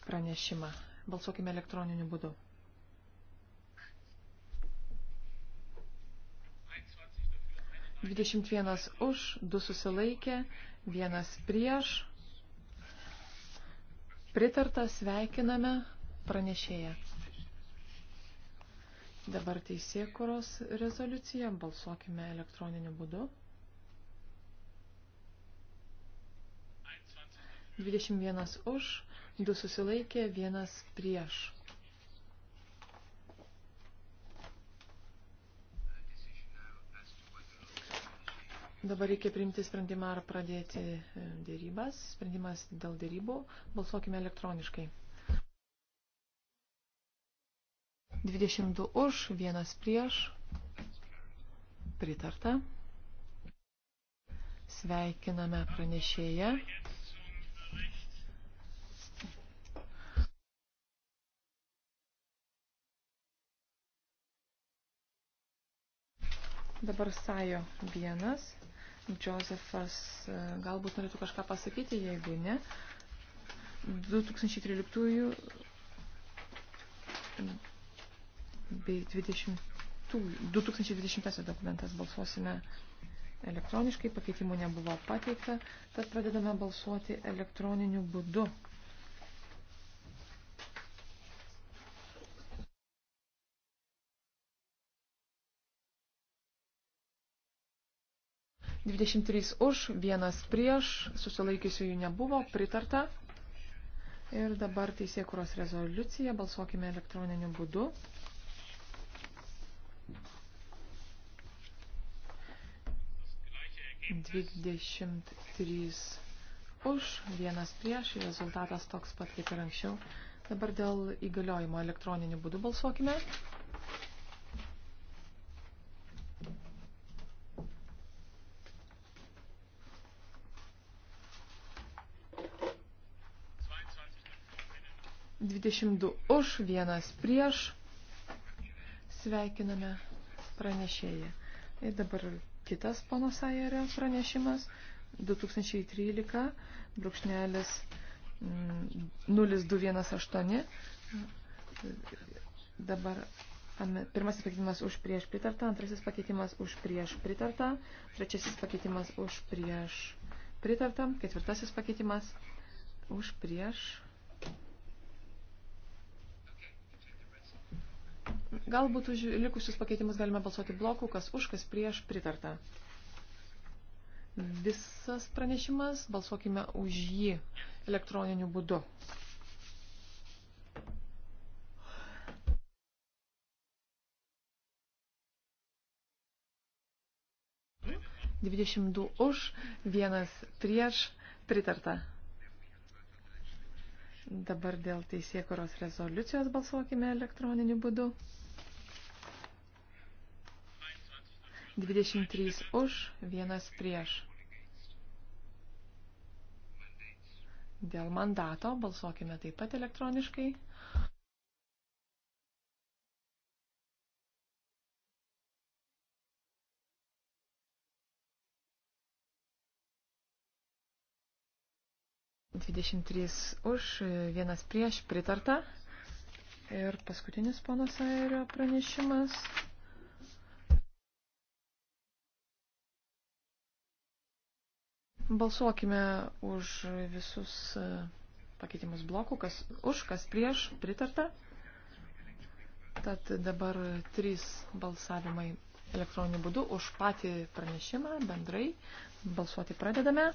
pranešimą. Balsuokime elektroniniu būdu. Dvidešimt vienas už, du susilaikė, vienas prieš. Pritarta, sveikiname pranešėją. Dabar teisėkuros rezoliucija, balsuokime elektroniniu būdu. 21 už, 2 susilaikė, 1 prieš. Dabar reikia priimti sprendimą ar pradėti e, dėrybas. Sprendimas dėl dėrybų. Balsuokime elektroniškai. 22 už, 1 prieš. Pritarta. Sveikiname pranešėją. Dabar Sajo vienas. Josefas e, galbūt norėtų kažką pasakyti, jeigu ne. 2013 bei 20, 2020 dokumentas balsuosime elektroniškai, pakeitimų nebuvo pateikta, tad pradedame balsuoti elektroniniu būdu. 23 už, vienas prieš, susilaikiusių jų nebuvo, pritarta. Ir dabar teisėkuros rezoliucija, balsuokime elektroniniu būdu. Dvidešimt trys už, vienas prieš, rezultatas toks pat kaip ir anksčiau. Dabar dėl įgaliojimo elektroniniu būdu balsuokime. Balsuokime. 22 už, vienas prieš. Sveikiname pranešėją. Ir dabar kitas pono Sajerio pranešimas. 2013 brūkšnelis 0218. Mm, dabar pirmasis pakeitimas už prieš pritartą, antrasis pakeitimas už prieš pritartą, trečiasis pakeitimas už prieš pritartą, ketvirtasis pakeitimas už prieš pritartą Galbūt už likusius pakeitimus galime balsuoti blokų, kas už, kas prieš pritarta. Visas pranešimas, balsuokime už jį elektroniniu būdu. Dvidešimt du už, vienas prieš pritarta. Dabar dėl teisėkuros rezoliucijos balsuokime elektroniniu būdu. 23 už, 1 prieš. Dėl mandato balsuokime taip pat elektroniškai. Dvidešimt trys už, vienas prieš pritarta. Ir paskutinis pono Sairio pranešimas. Balsuokime už visus e, pakeitimus blokų, kas už, kas prieš, pritarta. Tad dabar trys balsavimai elektroniniu būdu už patį pranešimą bendrai. Balsuoti pradedame.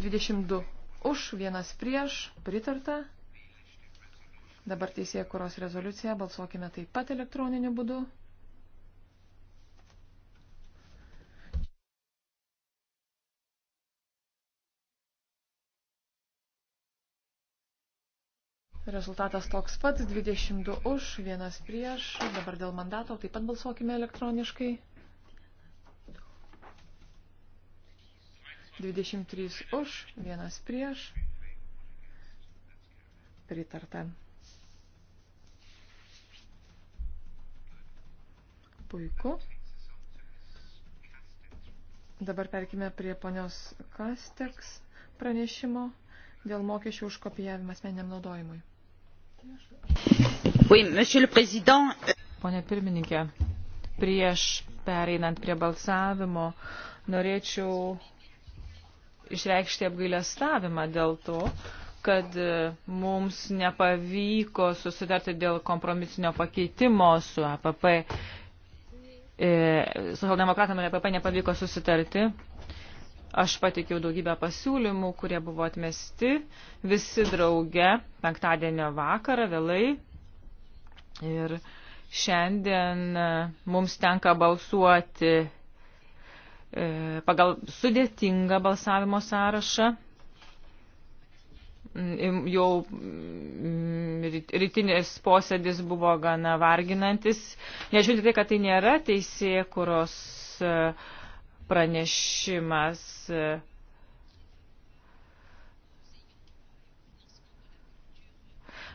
22 už, vienas prieš, pritarta. Dabar teisėje kuros rezoliucija balsuokime taip pat elektroniniu būdu. Rezultatas toks pat, 22 už, vienas prieš. Dabar dėl mandato taip pat balsuokime elektroniškai. 23 už, vienas prieš. Pritarta. Puiku. Dabar perkime prie ponios Kasteks pranešimo dėl mokesčių už kopijavimą asmeniam naudojimui. Pone pirmininkė, prieš pereinant prie balsavimo, norėčiau išreikšti apgailestavimą dėl to, kad mums nepavyko susidarti dėl kompromisinio pakeitimo su APP. E, Socialdemokratams ir APP nepavyko susitarti Aš pateikiau daugybę pasiūlymų, kurie buvo atmesti visi drauge penktadienio vakarą vėlai. Ir šiandien e, mums tenka balsuoti e, pagal sudėtingą balsavimo sąrašą. Mm, jau mm, rytinės posėdis buvo gana varginantis. Nežiūrint tai, kad tai nėra teisė, kurios uh, e, pranešimas.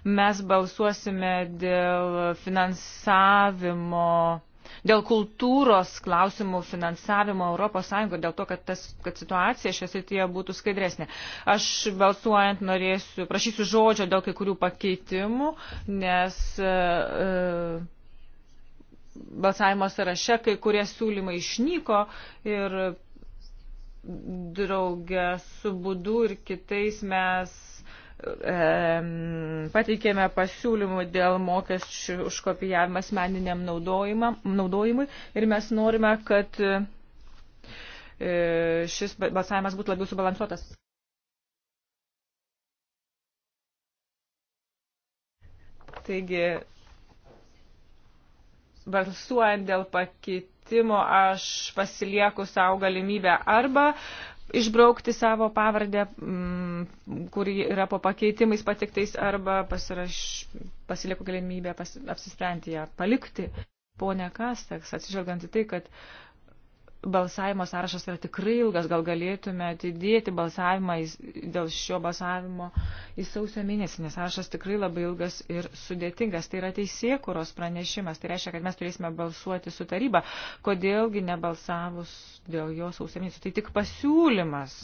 Mes balsuosime dėl finansavimo, dėl kultūros klausimų finansavimo ES, dėl to, kad, tas, kad situacija šios rytyje būtų skaidresnė. Aš balsuojant norėsiu, prašysiu žodžio dėl kai kurių pakeitimų, nes. Uh, balsavimo sąraše kai kurie siūlymai išnyko ir draugę su būdu ir kitais mes e, pateikėme pasiūlymų dėl mokesčių už kopijavimą asmeniniam naudojimui ir mes norime, kad e, šis balsavimas būtų labiau subalansuotas. Taigi balsuojant dėl pakeitimo aš pasilieku savo galimybę arba išbraukti savo pavardę, mm, kuri yra po pakeitimais patiktais, arba pasiraš, pasilieku galimybę pas, apsisprendti ją palikti. Pone Kasteks, atsižvelgiant į tai, kad uh, balsavimo sąrašas yra tikrai ilgas, gal galėtume atidėti balsavimą dėl šio balsavimo į sausio mėnesį, nes sąrašas tikrai labai ilgas ir sudėtingas. Tai yra teisėkuros pranešimas, tai reiškia, kad mes turėsime balsuoti su taryba. Kodėlgi nebalsavus dėl jo sausio mėnesį? Tai tik pasiūlymas.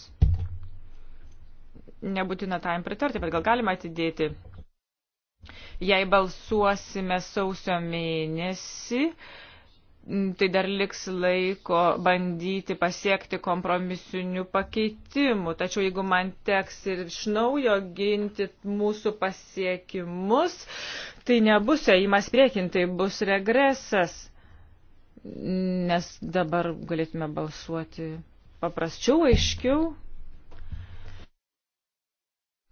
Nebūtina tam pritarti, bet gal galima atidėti. Jei balsuosime sausio mėnesį, uh, tai dar liks laiko bandyti pasiekti kompromisinių pakeitimų. Tačiau jeigu man teks ir iš naujo ginti mūsų pasiekimus, tai nebus ėjimas priekin, tai bus regresas. Nes dabar galėtume balsuoti paprasčiau, aiškiau.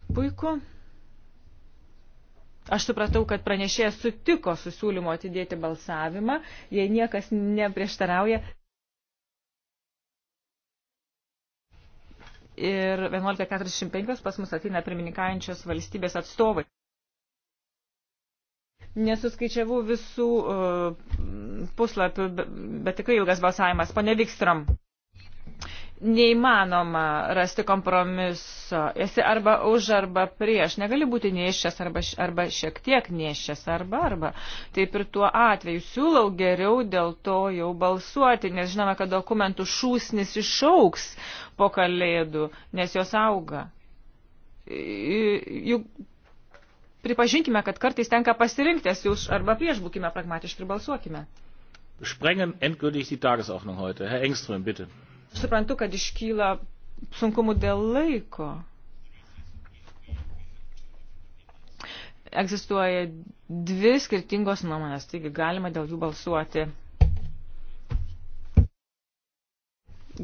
Puiku. Aš supratau, kad pranešėjas sutiko su siūlymu atidėti balsavimą, jei niekas neprieštarauja. Ir 11.45 pas mus ateina pirmininkaujančios valstybės atstovai. Nesuskaičiavau visų uh, puslapių, bet tikrai ilgas balsavimas. Pone Vikstram, neįmanoma rasti kompromiso. Esi arba už, arba prieš. Negali būti nieščias arba, arba šiek tiek nieščias arba arba. Taip ir tuo atveju siūlau geriau dėl to jau balsuoti, nes žinome, kad dokumentų šūsnis išauks po kalėdų, nes jos auga. Juk pripažinkime, kad kartais tenka pasirinkti, esi už arba prieš, būkime pragmatiški ir balsuokime. Sprengen endgültig die Tagesordnung heute. Herr Engström, bitte. Aš suprantu, kad iškyla sunkumų dėl laiko. Egzistuoja dvi skirtingos nuomonės, taigi galima dėl jų balsuoti.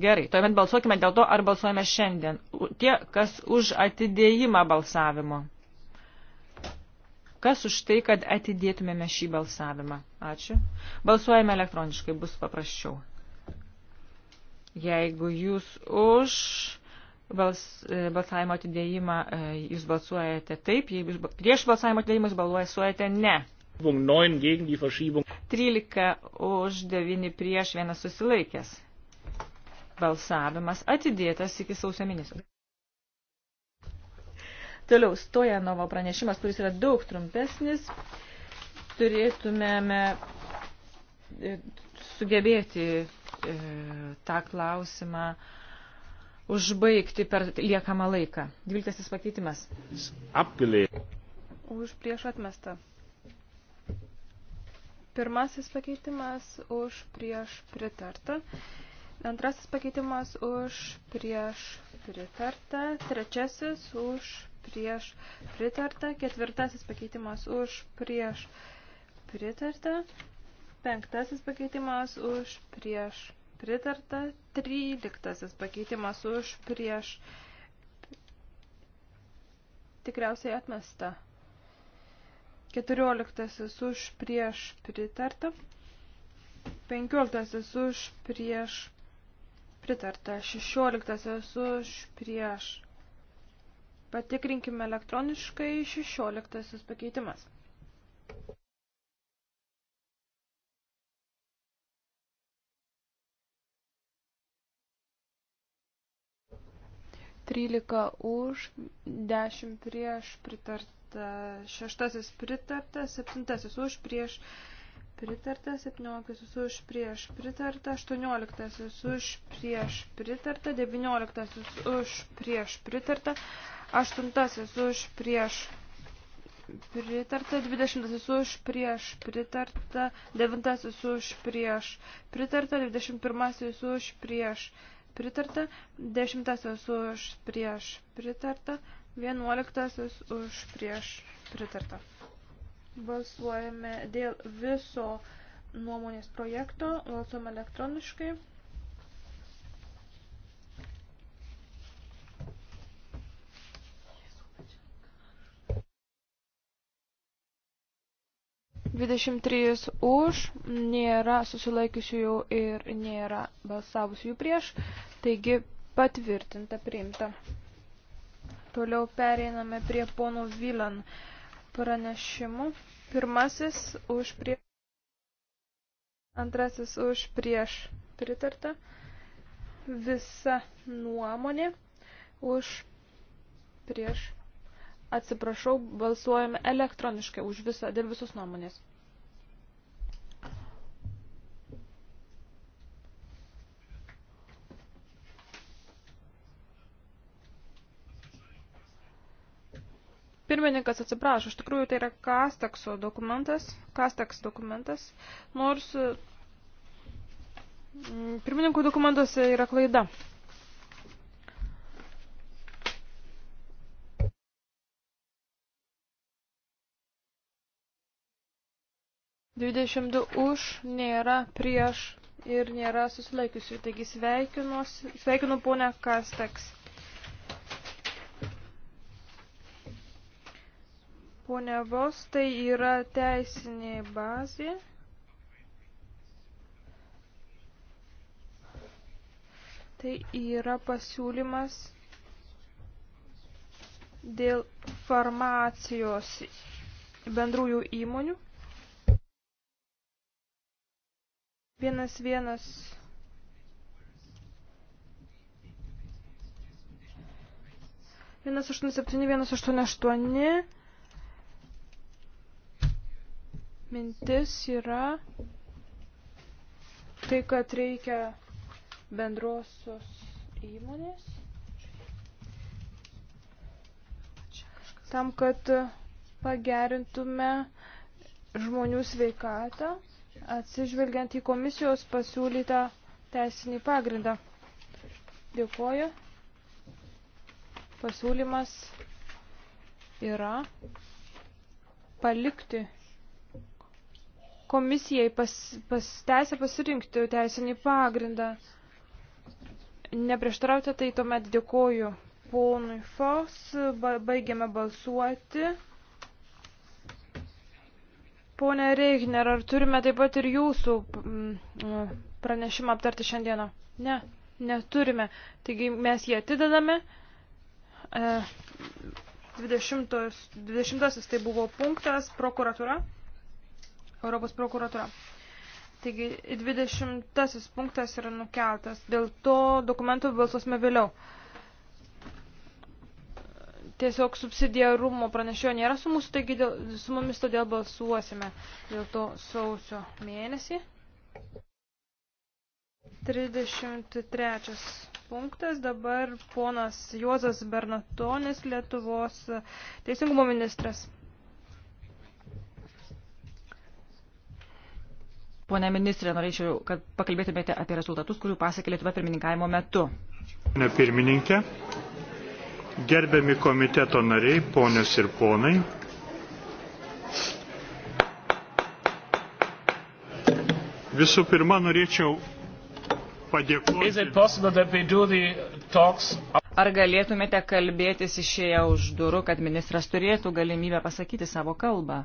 Gerai, tuomet balsuokime dėl to, ar balsuojame šiandien. Tie, kas už atidėjimą balsavimo. Kas už tai, kad atidėtumėme šį balsavimą? Ačiū. Balsuojame elektroniškai, bus paprasčiau. Jeigu jūs už bals, e, balsavimo atidėjimą, e, jūs balsuojate taip, jeigu prieš balsavimo atidėjimą jūs balsuojate ne. 13 už 9 prieš 1 susilaikęs. Balsavimas atidėtas iki sausio mėnesio. Toliau Stojanovo pranešimas, kuris yra daug trumpesnis, turėtumėme e, sugebėti E, tą klausimą užbaigti per liekamą laiką. Dvyliktasis pakeitimas. Apgalė. Už prieš atmestą. Pirmasis pakeitimas už prieš pritartą. Antrasis pakeitimas už prieš pritartą. Trečiasis už prieš pritartą. Ketvirtasis pakeitimas už prieš pritartą. Penktasis pakeitimas už prieš pritarta. Tryliktasis pakeitimas už prieš tikriausiai atmesta. Keturioliktasis už prieš pritarta. Penkioliktasis už prieš pritarta. Šešioliktasis už prieš. Patikrinkime elektroniškai šešioliktasis pakeitimas. 13 už, 10 prieš pritarta, 6 pritarta, 7 už prieš pritarta, 17 už prieš pritarta, 18 už prieš pritarta, 19 už prieš pritarta, 8 už prieš pritarta, 20 už prieš pritarta, 9 už prieš pritarta, 21 už prieš pritarta pritarta, dešimtasis už prieš pritarta, vienuoliktasis už prieš pritarta. Balsuojame dėl viso nuomonės projekto, balsuojame elektroniškai. 23 už, nėra susilaikiusiųjų ir nėra balsavusiųjų prieš, taigi patvirtinta priimta. Toliau pereiname prie pono Vilan pranešimų. Pirmasis už prie. Antrasis už prieš pritarta. Visa nuomonė už prieš. Atsiprašau, balsuojame elektroniškai už visą, dėl visus nuomonės. Pirmininkas atsiprašo, iš tikrųjų tai yra Kastakso dokumentas, Kastaks dokumentas, nors mm, pirmininkų dokumentuose yra klaida. Dvidešimt du už, nėra prieš ir nėra susilaikiusių, taigi sveikinu ponę Kastaks. Hunevos, tai yra teisinė bazė. Tai yra pasiūlymas dėl farmacijos bendrųjų įmonių. Vienas vienas Vienas aštuoni septyni, vienas aštuoni aštuoni. Mintis yra tai, kad reikia bendrosios įmonės. Tam, kad pagerintume žmonių sveikatą, atsižvelgiant į komisijos pasiūlytą teisinį pagrindą. Dėkuoju. Pasiūlymas yra palikti komisijai pas, pas teisę pasirinkti teisinį pagrindą. Neprieštarauti, tai tuomet dėkoju ponui Fos, ba, baigiame balsuoti. Pone Reigner, ar turime taip pat ir jūsų mm, pranešimą aptarti šiandieną? Ne, neturime. Taigi mes jį atidedame. 20, e, 20 tai buvo punktas, prokuratura. Europos prokuratūra. Taigi 20 punktas yra nukeltas. Dėl to dokumentų balsuosime vėliau. Tiesiog subsidiarumo pranešėjo nėra su mūsų, taigi dėl, su mumis todėl balsuosime. Dėl to sausio mėnesį. 33 punktas. Dabar ponas Juozas Bernatonis, Lietuvos teisingumo ministras. Pone ministrė, norėčiau, kad pakalbėtumėte apie rezultatus, kurių pasiekė Lietuva pirmininkavimo metu. Ne pirmininkė, gerbiami komiteto nariai, ponios ir ponai. Visų pirma, norėčiau padėkoti. Ar galėtumėte kalbėtis išėję už durų, kad ministras turėtų galimybę pasakyti savo kalbą?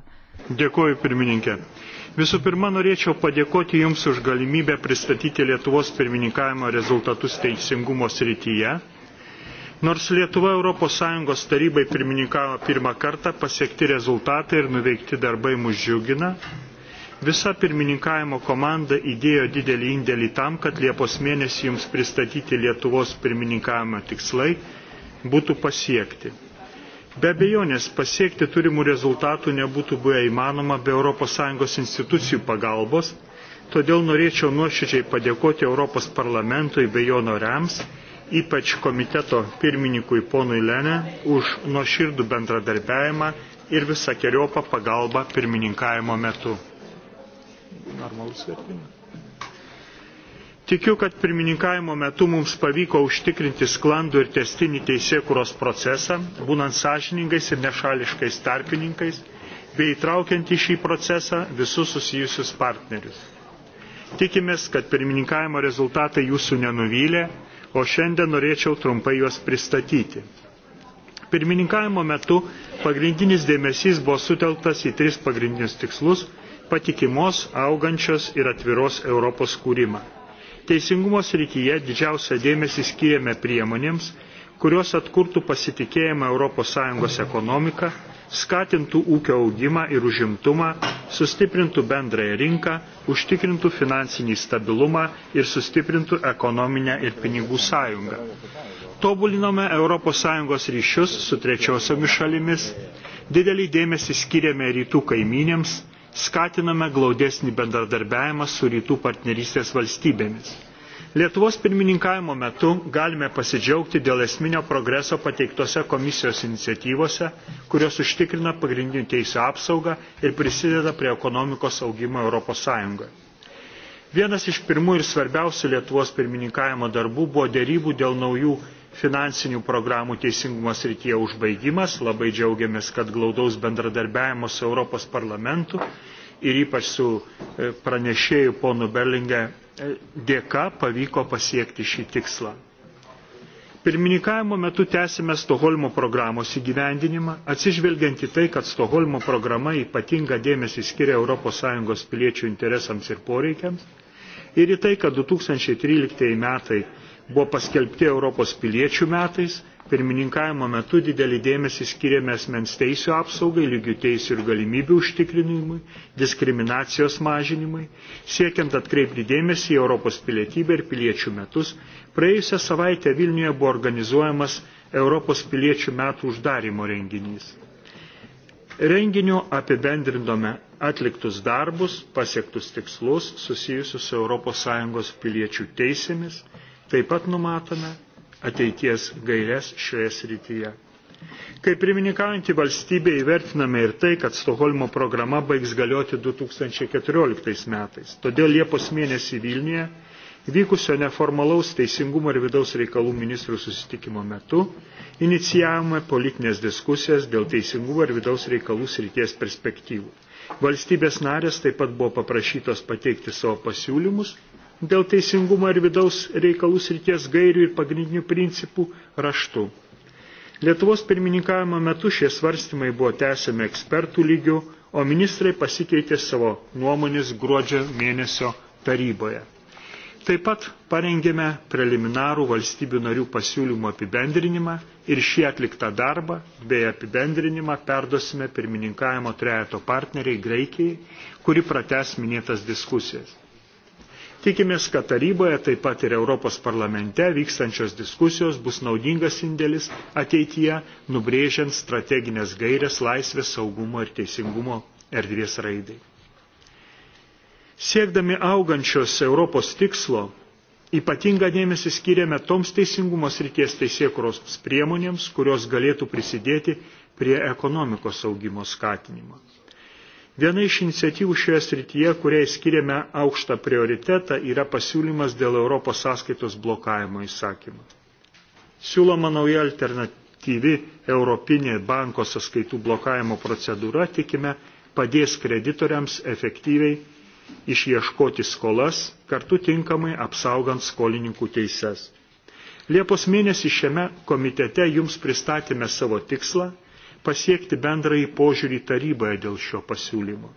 Dėkuoju, pirmininkė. Visų pirma, norėčiau padėkoti Jums už galimybę pristatyti Lietuvos pirmininkavimo rezultatus teisingumo srityje. Nors Lietuva ES tarybai pirmininkavo pirmą kartą, pasiekti rezultatai ir nuveikti darbai mus džiugina, Visa pirmininkavimo komanda įdėjo didelį indėlį tam, kad Liepos mėnesį jums pristatyti Lietuvos pirmininkavimo tikslai būtų pasiekti. Be abejonės pasiekti turimų rezultatų nebūtų buvę įmanoma be ES institucijų pagalbos, todėl norėčiau nuoširdžiai padėkoti Europos parlamentui bei jo noriams, ypač komiteto pirmininkui ponui Lenė, už nuoširdų bendradarbiavimą ir visą keriopą pagalbą pirmininkavimo metu normalus vertimas. Tikiu, kad pirmininkavimo metu mums pavyko užtikrinti sklandų ir testinį teisėkuros procesą, būnant sąžiningais ir nešališkais tarpininkais, bei įtraukiant į šį procesą visus susijusius partnerius. Tikimės, kad pirmininkavimo rezultatai jūsų nenuvylė, o šiandien norėčiau trumpai juos pristatyti. Pirmininkavimo metu pagrindinis dėmesys buvo sutelktas į tris pagrindinius tikslus patikimos, augančios ir atviros Europos kūrimą. Teisingumo srityje didžiausią dėmesį skiriame priemonėms, kurios atkurtų pasitikėjimą ES ekonomiką, skatintų ūkio augimą ir užimtumą, sustiprintų bendrąją rinką, užtikrintų finansinį stabilumą ir sustiprintų ekonominę ir pinigų sąjungą. Tobulinome ES ryšius su trečiosiomis šalimis, didelį dėmesį skiriame rytų kaiminėms, skatiname glaudesnį bendradarbiavimą su rytų partnerystės valstybėmis. Lietuvos pirmininkavimo metu galime pasidžiaugti dėl esminio progreso pateiktose komisijos iniciatyvose, kurios užtikrina pagrindinių teisų apsaugą ir prisideda prie ekonomikos augimo ES. Vienas iš pirmų ir svarbiausių Lietuvos pirmininkavimo darbų buvo dėrybų dėl naujų finansinių programų teisingumo srityje užbaigimas. Labai džiaugiamės, kad glaudaus bendradarbiavimo su Europos parlamentu ir ypač su e, pranešėju ponu Berlinge e, dėka pavyko pasiekti šį tikslą. Pirmininkavimo metu tęsime Stoholmo programos įgyvendinimą, atsižvelgiant į tai, kad Stoholmo programa ypatinga dėmesį skiria ES piliečių interesams ir poreikiams ir į tai, kad 2013 metai buvo paskelbti Europos piliečių metais. Pirmininkavimo metu didelį dėmesį skiriame asmens teisų apsaugai, lygių teisų ir galimybių užtikrinimui, diskriminacijos mažinimui, siekiant atkreipti dėmesį į Europos pilietybę ir piliečių metus. Praėjusią savaitę Vilniuje buvo organizuojamas Europos piliečių metų uždarimo renginys. Renginiu apibendrindome atliktus darbus, pasiektus tikslus susijusius su ES piliečių teisėmis, Taip pat numatome ateities gairias šioje srityje. Kaip pirmininkaujantį valstybę įvertiname ir tai, kad Stoholmo programa baigs galioti 2014 metais. Todėl Liepos mėnesį Vilniuje vykusio neformalaus teisingumo ir vidaus reikalų ministrų susitikimo metu inicijavome politinės diskusijas dėl teisingumo ir vidaus reikalų srities perspektyvų. Valstybės narės taip pat buvo paprašytos pateikti savo pasiūlymus dėl teisingumo ir vidaus reikalų srities gairių ir pagrindinių principų raštu. Lietuvos pirmininkavimo metu šie svarstymai buvo tęsiami ekspertų lygių, o ministrai pasikeitė savo nuomonės gruodžio mėnesio taryboje. Taip pat parengėme preliminarų valstybių narių pasiūlymų apibendrinimą ir šį atliktą darbą bei apibendrinimą perdosime pirmininkavimo trejato partneriai Graikijai, kuri prates minėtas diskusijas. Tikimės, kad taryboje, taip pat ir Europos parlamente vykstančios diskusijos bus naudingas indėlis ateityje, nubrėžiant strateginės gairias laisvės, saugumo ir teisingumo erdvės raidai. Siekdami augančios Europos tikslo, Ypatingą dėmesį skiriame toms teisingumo srities teisėkuros priemonėms, kurios galėtų prisidėti prie ekonomikos augimo skatinimo. Viena iš iniciatyvų šioje srityje, kuriai skiriame aukštą prioritetą, yra pasiūlymas dėl Europos sąskaitos blokavimo įsakymą. Siūloma nauja alternatyvi Europinė banko sąskaitų blokavimo procedūra, tikime, padės kreditoriams efektyviai išieškoti skolas, kartu tinkamai apsaugant skolininkų teises. Liepos mėnesį šiame komitete jums pristatėme savo tikslą pasiekti bendrąjį požiūrį taryboje dėl šio pasiūlymo.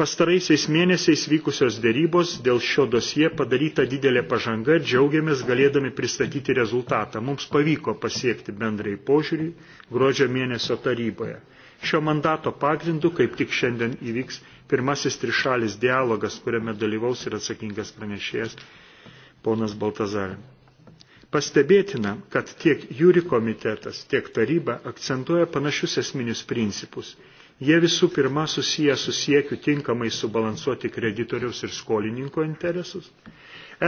Pastaraisiais mėnesiais vykusios dėrybos dėl šio dosie padaryta didelė pažanga ir džiaugiamės galėdami pristatyti rezultatą. Mums pavyko pasiekti bendrai požiūrį gruodžio mėnesio taryboje. Šio mandato pagrindu kaip tik šiandien įvyks pirmasis trišalis dialogas, kuriame dalyvaus ir atsakingas pranešėjas ponas Baltazarė. Pastebėtina, kad tiek jūri komitetas, tiek taryba akcentuoja panašius esminius principus. Jie visų pirma susiję su siekiu tinkamai subalansuoti kreditoriaus ir skolininko interesus.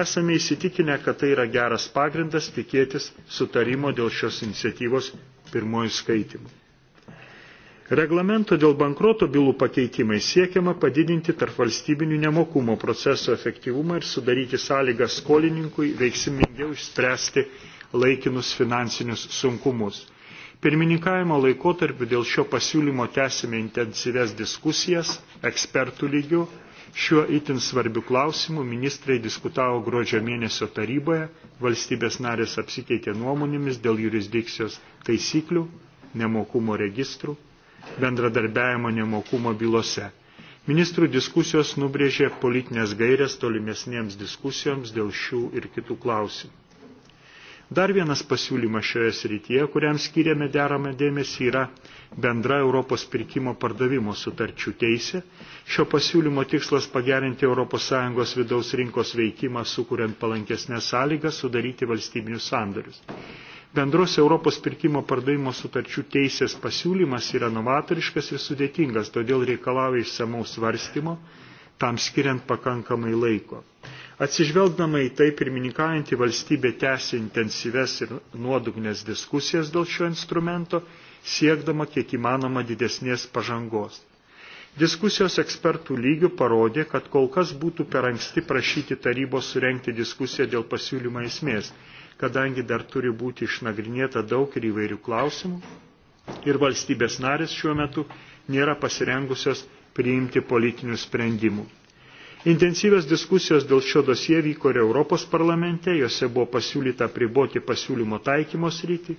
Esame įsitikinę, kad tai yra geras pagrindas tikėtis sutarimo dėl šios iniciatyvos pirmojų skaitimų. Reglamento dėl bankroto bylų pakeitimai siekiama padidinti tarp valstybinių nemokumo proceso efektyvumą ir sudaryti sąlygas skolininkui veiksmingiau išspręsti laikinus finansinius sunkumus. Pirmininkavimo laikotarpiu dėl šio pasiūlymo tęsime intensyves diskusijas ekspertų lygių. Šiuo itin svarbiu klausimu ministrai diskutavo gruodžio mėnesio taryboje, valstybės narės apsikeitė nuomonėmis dėl jurisdikcijos taisyklių, nemokumo registrų bendradarbiavimo nemokumo bylose. Ministrų diskusijos nubrėžė politinės gairės tolimesniems diskusijoms dėl šių ir kitų klausimų. Dar vienas pasiūlymas šioje srityje, kuriam skiriame deramą dėmesį, yra bendra Europos pirkimo pardavimo sutarčių teisė. Šio pasiūlymo tikslas pagerinti ES vidaus rinkos veikimą, sukuriant palankesnės sąlygas sudaryti valstybinius sandorius. Bendros Europos pirkimo pardavimo sutarčių teisės pasiūlymas yra novatoriškas ir sudėtingas, todėl reikalauja išsamaus svarstymo, tam skiriant pakankamai laiko. Atsižvelgdama į tai, pirmininkaujantį valstybę tęsė intensyves ir nuodugnės diskusijas dėl šio instrumento, siekdama kiek įmanoma didesnės pažangos. Diskusijos ekspertų lygių parodė, kad kol kas būtų per anksti prašyti tarybos surenkti diskusiją dėl pasiūlymo esmės kadangi dar turi būti išnagrinėta daug ir įvairių klausimų, ir valstybės narės šiuo metu nėra pasirengusios priimti politinių sprendimų. Intensyvios diskusijos dėl šio dosie vyko ir Europos parlamente, jose buvo pasiūlyta priboti pasiūlymo taikymos rytį.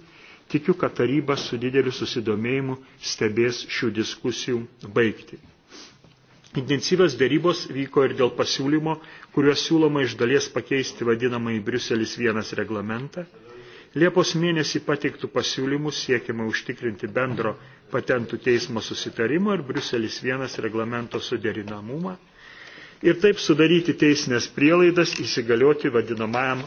Tikiu, kad taryba su dideliu susidomėjimu stebės šių diskusijų baigti. Intensyvios dėrybos vyko ir dėl pasiūlymo, kuriuo siūloma iš dalies pakeisti vadinamąjį Briuselis I reglamentą. Liepos mėnesį pateiktų pasiūlymų siekiama užtikrinti bendro patentų teismo susitarimo ir Briuselis I reglamento suderinamumą ir taip sudaryti teisinės prielaidas įsigalioti vadinamajam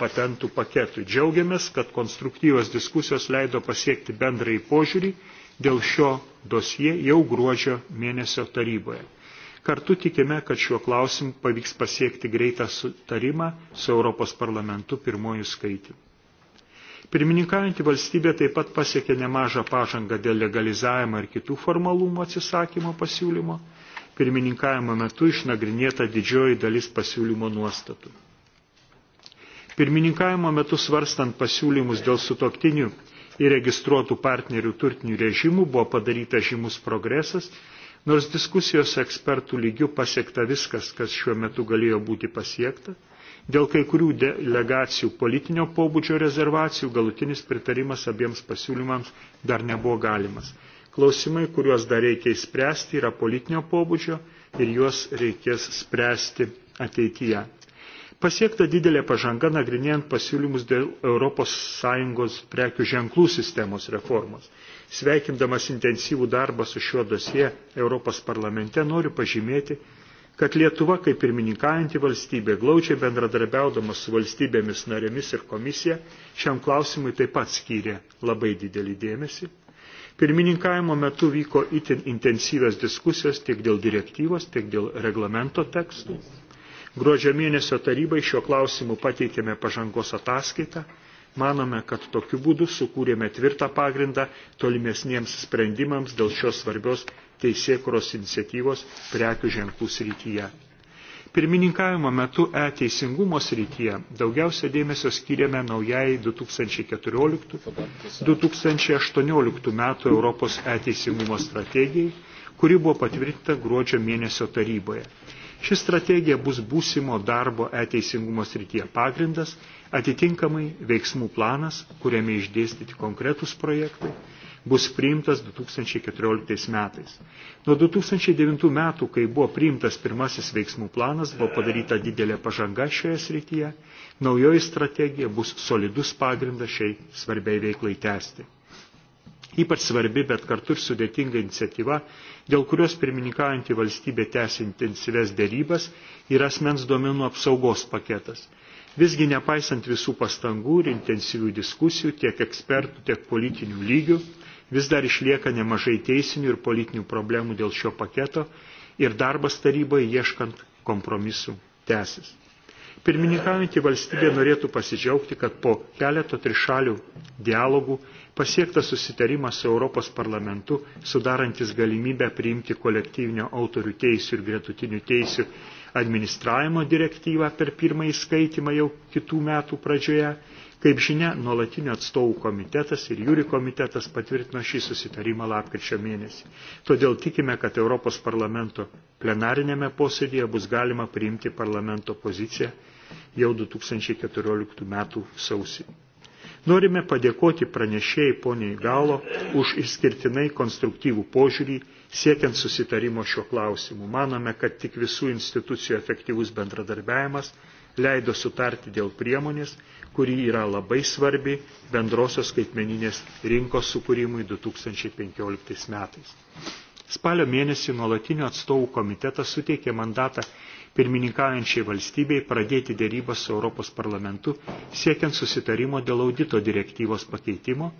patentų paketui. Džiaugiamės, kad konstruktyvios diskusijos leido pasiekti bendrąjį požiūrį dėl šio dosie jau gruodžio mėnesio taryboje. Kartu tikime, kad šiuo klausimu pavyks pasiekti greitą sutarimą su Europos parlamentu pirmojų skaitimų. Pirmininkaujantį valstybę taip pat pasiekė nemažą pažangą dėl legalizavimo ir kitų formalumų atsisakymo pasiūlymo. Pirmininkavimo metu išnagrinėta didžioji dalis pasiūlymo nuostatų. Pirmininkavimo metu svarstant pasiūlymus dėl sutoktinių įregistruotų partnerių turtinių režimų buvo padarytas žymus progresas Nors diskusijos ekspertų lygių pasiekta viskas, kas šiuo metu galėjo būti pasiekta, dėl kai kurių delegacijų politinio pobūdžio rezervacijų galutinis pritarimas abiems pasiūlymams dar nebuvo galimas. Klausimai, kuriuos dar reikia įspręsti, yra politinio pobūdžio ir juos reikės spręsti ateityje. Pasiekta didelė pažanga nagrinėjant pasiūlymus dėl ES prekių ženklų sistemos reformos. Sveikindamas intensyvų darbą su šiuo dosie Europos parlamente noriu pažymėti, kad Lietuva kaip pirmininkaujanti valstybė glaučiai bendradarbiaudama su valstybėmis narėmis ir komisija šiam klausimui taip pat skyrė labai didelį dėmesį. Pirmininkavimo metu vyko itin intensyvios diskusijos tiek dėl direktyvos, tiek dėl reglamento tekstų. Gruodžio mėnesio tarybai šiuo klausimu pateikėme pažangos ataskaitą Manome, kad tokiu būdu sukūrėme tvirtą pagrindą tolimesniems sprendimams dėl šios svarbios teisėkuros iniciatyvos prekių ženklų srityje. Pirmininkavimo metu e-teisingumo srityje daugiausia dėmesio skiriame naujai 2014-2018 metų Europos e-teisingumo strategijai, kuri buvo patvirtinta gruodžio mėnesio taryboje. Ši strategija bus būsimo darbo e-teisingumo srityje pagrindas Atitinkamai veiksmų planas, kuriame išdėstyti konkretus projektai, bus priimtas 2014 metais. Nuo 2009 metų, kai buvo priimtas pirmasis veiksmų planas, buvo padaryta didelė pažanga šioje srityje, naujoji strategija bus solidus pagrindas šiai svarbiai veiklai tęsti. Ypač svarbi, bet kartu ir sudėtinga iniciatyva, dėl kurios pirmininkaujantį valstybę tęs intensyves dėrybas, yra asmens duomenų apsaugos paketas – Visgi nepaisant visų pastangų ir intensyvių diskusijų tiek ekspertų, tiek politinių lygių, vis dar išlieka nemažai teisinių ir politinių problemų dėl šio paketo ir darbas taryboje ieškant kompromisų tęsis. Pirmininkaujantį valstybę norėtų pasidžiaugti, kad po keleto trišalių dialogų pasiektas susitarimas su Europos parlamentu, sudarantis galimybę priimti kolektyvinio autorių teisų ir gretutinių teisų administravimo direktyvą per pirmąjį skaitimą jau kitų metų pradžioje. Kaip žinia, nuolatinio atstovų komitetas ir jūri komitetas patvirtino šį susitarimą lapkričio mėnesį. Todėl tikime, kad Europos parlamento plenarinėme posėdėje bus galima priimti parlamento poziciją jau 2014 metų sausį. Norime padėkoti pranešėjai poniai Galo už išskirtinai konstruktyvų požiūrį siekiant susitarimo šiuo klausimu. Manome, kad tik visų institucijų efektyvus bendradarbiavimas leido sutarti dėl priemonės, kuri yra labai svarbi bendrosios skaitmeninės rinkos sukūrimui 2015 metais. Spalio mėnesį nuolatinio atstovų komitetas suteikė mandatą pirmininkaujančiai valstybei pradėti dėrybas su Europos parlamentu, siekiant susitarimo dėl audito direktyvos pakeitimo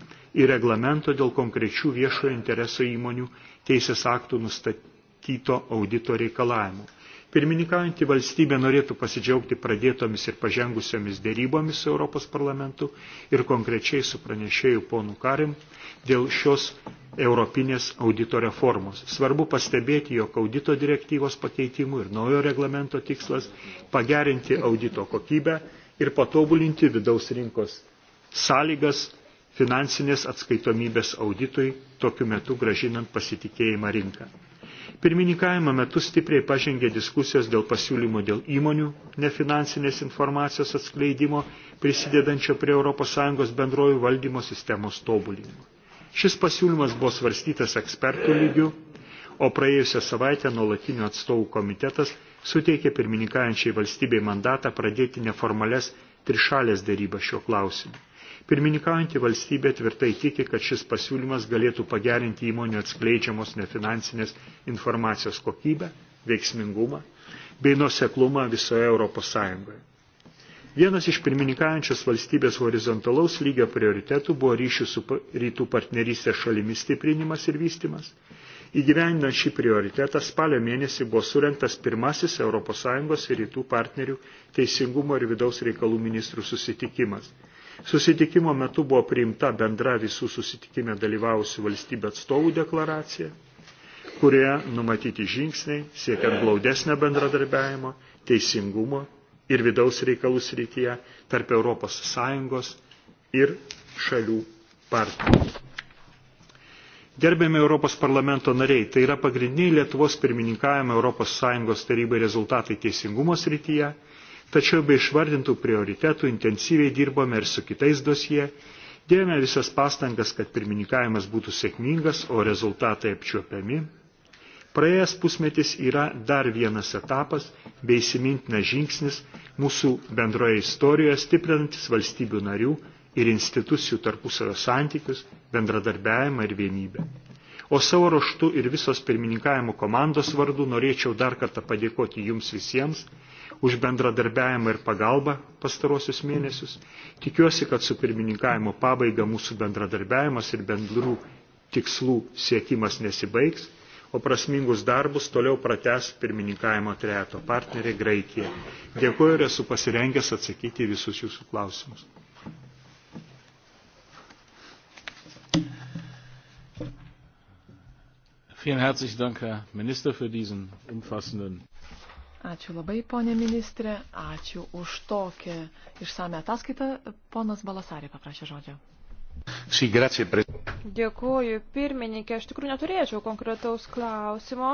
ir reglamento dėl konkrečių viešojo intereso įmonių teisės aktų nustatyto audito reikalavimų. Pirmininkaujantį valstybę norėtų pasidžiaugti pradėtomis ir pažengusiomis dėrybomis su Europos parlamentu ir konkrečiai su pranešėju ponu Karim dėl šios Europinės audito reformos. Svarbu pastebėti, jog audito direktyvos pakeitimų ir naujo reglamento tikslas pagerinti audito kokybę ir patobulinti vidaus rinkos sąlygas finansinės atskaitomybės auditui, tokiu metu gražinant pasitikėjimą rinką. Pirmininkavimo metu stipriai pažengė diskusijos dėl pasiūlymo dėl įmonių nefinansinės informacijos atskleidimo, prisidedančio prie ES bendrojų valdymo sistemos tobulinimo. Šis pasiūlymas buvo svarstytas ekspertų lygių, o praėjusią savaitę nuolatinio atstovų komitetas suteikė pirmininkaujančiai valstybei mandatą pradėti neformales trišalės dėrybas šiuo klausimu. Pirmininkaujantį valstybę tvirtai tiki, kad šis pasiūlymas galėtų pagerinti įmonių atskleidžiamos nefinansinės informacijos kokybę, veiksmingumą bei nuoseklumą visoje Europos Sąjungoje. Vienas iš pirmininkaujančios valstybės horizontalaus lygio prioritetų buvo ryšių su rytų partnerystės šalimis stiprinimas ir vystimas. Įgyvendinant šį prioritetą spalio mėnesį buvo surinktas pirmasis ES ir rytų partnerių teisingumo ir vidaus reikalų ministrų susitikimas. Susitikimo metu buvo priimta bendra visų susitikime dalyvavusių valstybių atstovų deklaracija, kurioje numatyti žingsniai siekiant glaudesnio bendradarbiavimo, teisingumo ir vidaus reikalų srityje tarp ES ir šalių partnerių. Gerbėme Europos parlamento nariai, tai yra pagrindiniai Lietuvos pirmininkavimo ES tarybai rezultatai teisingumo srityje, tačiau be išvardintų prioritetų intensyviai dirbome ir su kitais dosie, dėjome visas pastangas, kad pirmininkavimas būtų sėkmingas, o rezultatai apčiuopiami Praėjęs pusmetis yra dar vienas etapas bei įsimintinas žingsnis mūsų bendroje istorijoje stiprinantis valstybių narių ir institucijų tarpusavio santykius, bendradarbiavimą ir vienybę. O savo raštu ir visos pirmininkavimo komandos vardu norėčiau dar kartą padėkoti jums visiems už bendradarbiavimą ir pagalbą pastarosius mėnesius. Tikiuosi, kad su pirmininkavimo pabaiga mūsų bendradarbiavimas ir bendrų tikslų siekimas nesibaigs o prasmingus darbus toliau prates pirmininkavimo trejato partnerė Graikija. Dėkuoju ir esu pasirengęs atsakyti visus jūsų klausimus. Vielen herzlichen Dank, Herr Minister, für diesen umfassenden. Ačiū labai, ponė ministrė, ačiū už tokią išsame ataskaitą. Ponas Balasarė paprašė žodžio. Dėkuoju, pirmininkė. Aš tikrųjų neturėčiau konkretaus klausimo,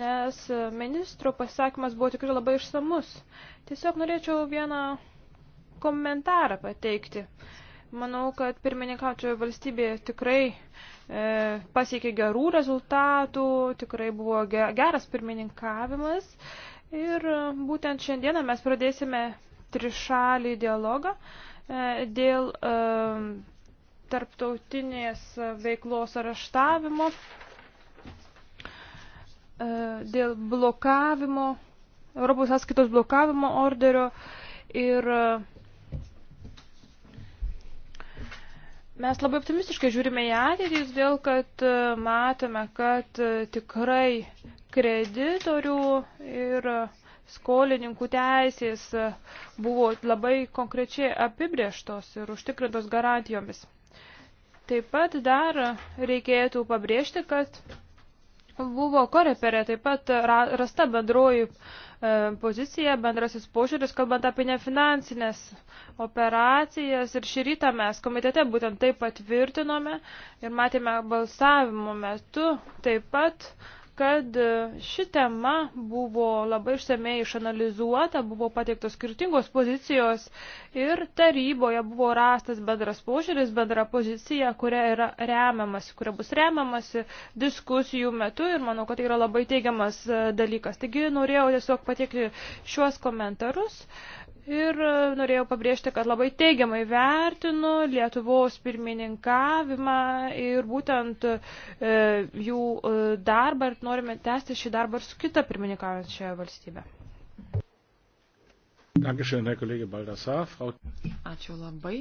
nes ministro pasakymas buvo tikrai labai išsamus. Tiesiog norėčiau vieną komentarą pateikti. Manau, kad pirmininkaučioje valstybėje tikrai e, pasiekė gerų rezultatų, tikrai buvo geras pirmininkavimas. Ir būtent šiandieną mes pradėsime trišalį dialogą e, dėl e, tarptautinės veiklos areštavimo, e, dėl blokavimo, Europos sąskaitos blokavimo orderio ir e, mes labai optimistiškai žiūrime į ateitį, dėl kad e, matome, kad tikrai kreditorių ir skolininkų teisės buvo labai konkrečiai apibrieštos ir užtikrintos garantijomis. Taip pat dar reikėtų pabrėžti, kad buvo koreperė taip pat rasta bendroji e, pozicija, bendrasis požiūris, kalbant apie nefinansinės operacijas. Ir šį rytą mes komitete būtent tai patvirtinome ir matėme balsavimo metu taip pat kad e, ši tema buvo labai išsamei išanalizuota, buvo pateiktos skirtingos pozicijos ir taryboje buvo rastas bendras požiūris, bendra pozicija, kuria yra remiamasi, kuria bus remiamasi diskusijų metu ir manau, kad tai yra labai teigiamas e, dalykas. Taigi norėjau tiesiog pateikti šiuos komentarus. Uh, Ir e, norėjau pabrėžti, kad labai teigiamai vertinu Lietuvos pirmininkavimą ir būtent e, jų e, darbą ir norime tęsti šį darbą ir su kita pirmininkaujančia valstybė. Ačiū labai.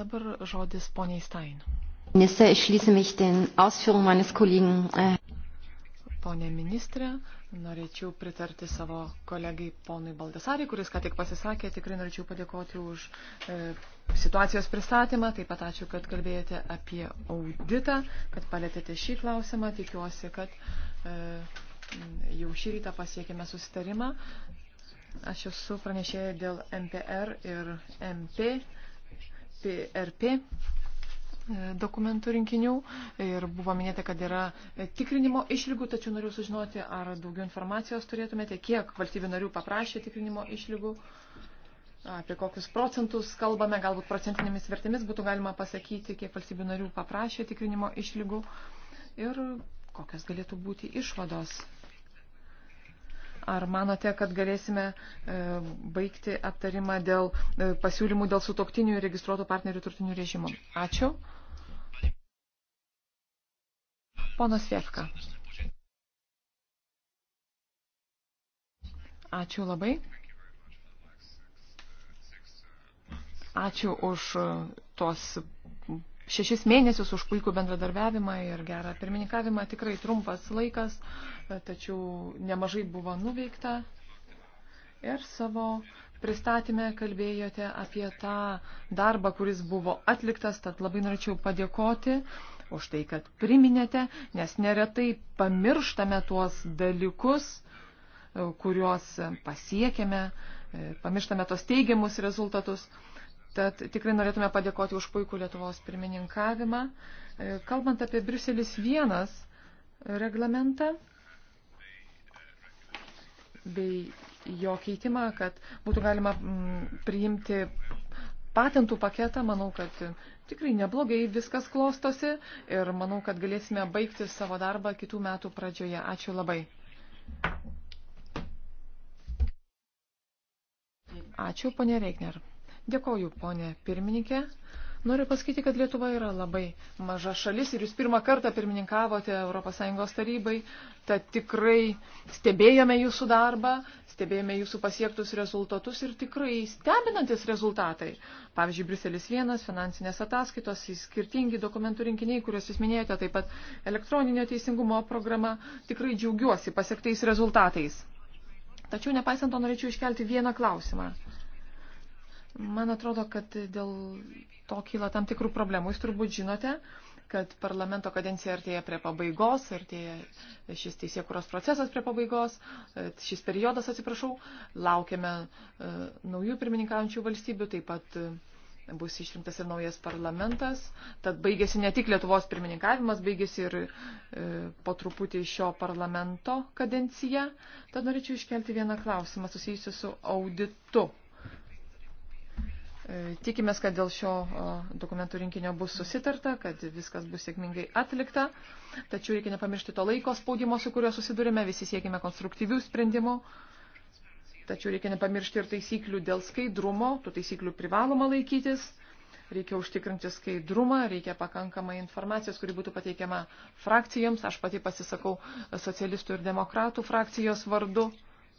Dabar žodis poniai Stein. Minister, ich schließe mich den Ausführungen meines Kollegen. Äh, Pone ministrė, Norėčiau pritarti savo kolegai ponui Baldesarį, kuris ką tik pasisakė. Tikrai norėčiau padėkoti už e, situacijos pristatymą. Taip pat ačiū, kad kalbėjote apie auditą, kad palėtėte šį klausimą. Tikiuosi, kad e, jau šį rytą pasiekime susitarimą. Aš esu pranešėję dėl MPR ir MP, PRP dokumentų rinkinių ir buvo minėta, kad yra tikrinimo išlygų, tačiau noriu sužinoti, ar daugiau informacijos turėtumėte, kiek valstybių narių paprašė tikrinimo išlygų, apie kokius procentus kalbame, galbūt procentinėmis vertėmis būtų galima pasakyti, kiek valstybių narių paprašė tikrinimo išlygų ir kokios galėtų būti išvados Ar manote, kad galėsime e, baigti aptarimą dėl e, pasiūlymų dėl sutoktinių ir registruotų partnerių turtinių režimų? Ačiū. Ponas Jefka. Ačiū labai. Ačiū už tos šešis mėnesius už puikų bendradarbiavimą ir gerą pirmininkavimą. Tikrai trumpas laikas, tačiau nemažai buvo nuveikta. Ir savo pristatymę kalbėjote apie tą darbą, kuris buvo atliktas, tad labai norėčiau padėkoti už tai, kad priminėte, nes neretai pamirštame tuos dalykus, kuriuos pasiekėme, pamirštame tos teigiamus rezultatus. Tad tikrai norėtume padėkoti už puikų Lietuvos pirmininkavimą. E, kalbant apie Briuselis vienas reglamentą bei jo keitimą, kad būtų galima mm, priimti patentų paketą, manau, kad tikrai neblogai viskas klostosi ir manau, kad galėsime baigti savo darbą kitų metų pradžioje. Ačiū labai. Ačiū, ponė Reikner. Dėkoju, ponė pirmininkė. Noriu pasakyti, kad Lietuva yra labai maža šalis ir jūs pirmą kartą pirmininkavote ES tarybai, tad tikrai stebėjome jūsų darbą, stebėjome jūsų pasiektus rezultatus ir tikrai stebinantis rezultatai. Pavyzdžiui, Briselis vienas, finansinės ataskaitos, skirtingi dokumentų rinkiniai, kuriuos jūs minėjote, taip pat elektroninio teisingumo programa, tikrai džiaugiuosi pasiektais rezultatais. Tačiau nepaisant to norėčiau iškelti vieną klausimą. Man atrodo, kad dėl to kyla tam tikrų problemų. Jūs turbūt žinote, kad parlamento kadencija artėja prie pabaigos, artėja šis teisėkuros procesas prie pabaigos, šis periodas, atsiprašau, laukiame e, naujų pirmininkaujančių valstybių, taip pat e, bus išrinktas ir naujas parlamentas. Tad baigėsi ne tik Lietuvos pirmininkavimas, baigėsi ir e, po truputį šio parlamento kadencija. Tad norėčiau iškelti vieną klausimą susijusiu su auditu. E, tikimės, kad dėl šio dokumentų rinkinio bus susitarta, kad viskas bus sėkmingai atlikta, tačiau reikia nepamiršti to laiko spaudimo, su kuriuo susidurime, visi siekime konstruktyvių sprendimų, tačiau reikia nepamiršti ir taisyklių dėl skaidrumo, tų taisyklių privaloma laikytis, reikia užtikrinti skaidrumą, reikia pakankamai informacijos, kuri būtų pateikiama frakcijoms, aš pati pasisakau socialistų ir demokratų frakcijos vardu.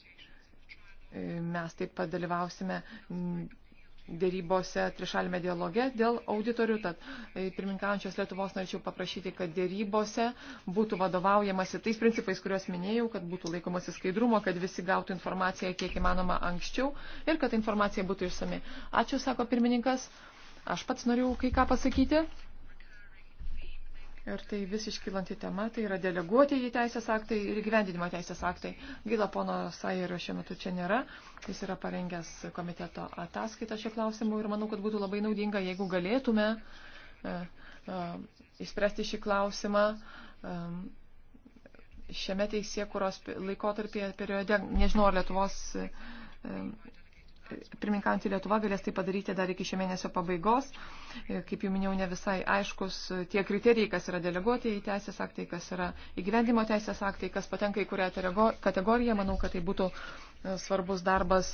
E, mes taip pat dalyvausime dėrybose trišalime dialoge dėl auditorių. Tad e, pirminkančios Lietuvos norėčiau paprašyti, kad dėrybose būtų vadovaujamasi tais principais, kuriuos minėjau, kad būtų laikomasi skaidrumo, kad visi gautų informaciją kiek įmanoma anksčiau ir kad informacija būtų išsami. Ačiū, sako pirmininkas. Aš pats norėjau kai ką pasakyti. Ir tai vis iškylanti tema, tai yra deleguoti į teisės aktai ir gyvendinimo teisės aktai. Gila pono Sairio šiuo metu čia nėra, jis yra parengęs komiteto ataskaitą šiuo klausimu ir manau, kad būtų labai naudinga, jeigu galėtume e, e, išspręsti šį klausimą e, šiame teisėkuros laikotarpėje periode, nežinau, ar Lietuvos e, pirmininkaujantį Lietuvą galės tai padaryti dar iki šio mėnesio pabaigos. E, kaip jau minėjau, ne visai aiškus e, tie kriterijai, kas yra deleguoti į teisės aktai, kas yra įgyvendimo teisės aktai, kas patenka į kurią kategoriją. Manau, kad tai būtų e, svarbus darbas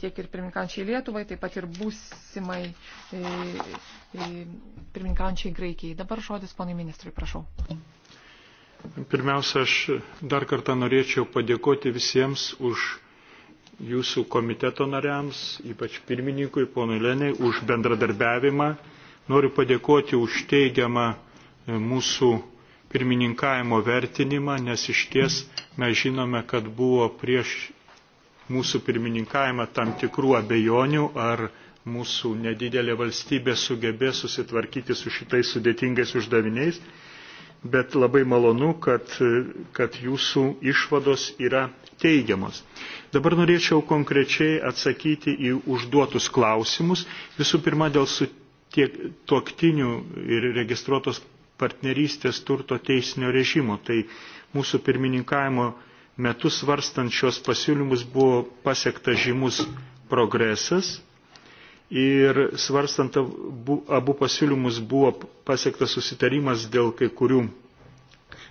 tiek ir pirmininkančiai Lietuvai, taip pat ir būsimai pirmininkančiai Graikijai. Dabar žodis ponai ministrui, prašau. Pirmiausia, aš dar kartą norėčiau padėkoti visiems už jūsų komiteto nariams, ypač pirmininkui, ponui Leniai, už bendradarbiavimą. Noriu padėkoti už teigiamą e, mūsų pirmininkavimo vertinimą, nes iš ties mes žinome, kad buvo prieš mūsų pirmininkavimą tam tikrų abejonių, ar mūsų nedidelė valstybė sugebės susitvarkyti su šitais sudėtingais uždaviniais bet labai malonu, kad, kad jūsų išvados yra teigiamos. Dabar norėčiau konkrečiai atsakyti į užduotus klausimus. Visų pirma, dėl tiek tuoktinių ir registruotos partnerystės turto teisinio režimo. Tai mūsų pirmininkavimo metu svarstant šios pasiūlymus buvo pasiektas žymus progresas ir svarstant abu, abu pasiūlymus buvo pasiektas susitarimas dėl kai kurių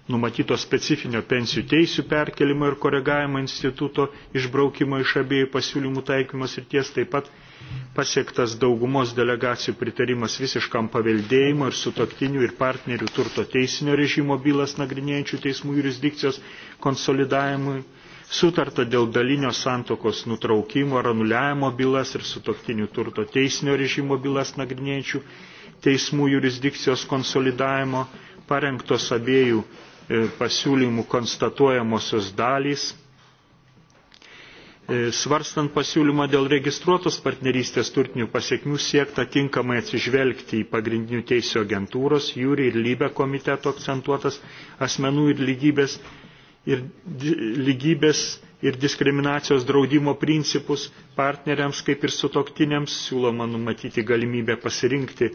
numatyto specifinio pensijų teisių perkelimo ir koregavimo instituto išbraukimo iš abiejų pasiūlymų taikymos ir ties taip pat pasiektas daugumos delegacijų pritarimas visiškam paveldėjimo ir sutoktinių ir partnerių turto teisinio režimo bylas nagrinėjančių teismų jurisdikcijos konsolidavimui sutarta dėl dalinio santokos nutraukimo ar anuliavimo bylas ir sutoktinių turto teisinio režimo bylas nagrinėjančių teismų jurisdikcijos konsolidavimo, parengtos abiejų e, pasiūlymų konstatuojamosios dalys. E, svarstant pasiūlymą dėl registruotos partnerystės turtinių pasiekmių siekta tinkamai atsižvelgti į pagrindinių teisų agentūros, jūri ir lybę komiteto akcentuotas asmenų ir lygybės ir lygybės ir diskriminacijos draudimo principus partneriams kaip ir sutoktiniams siūloma numatyti galimybę pasirinkti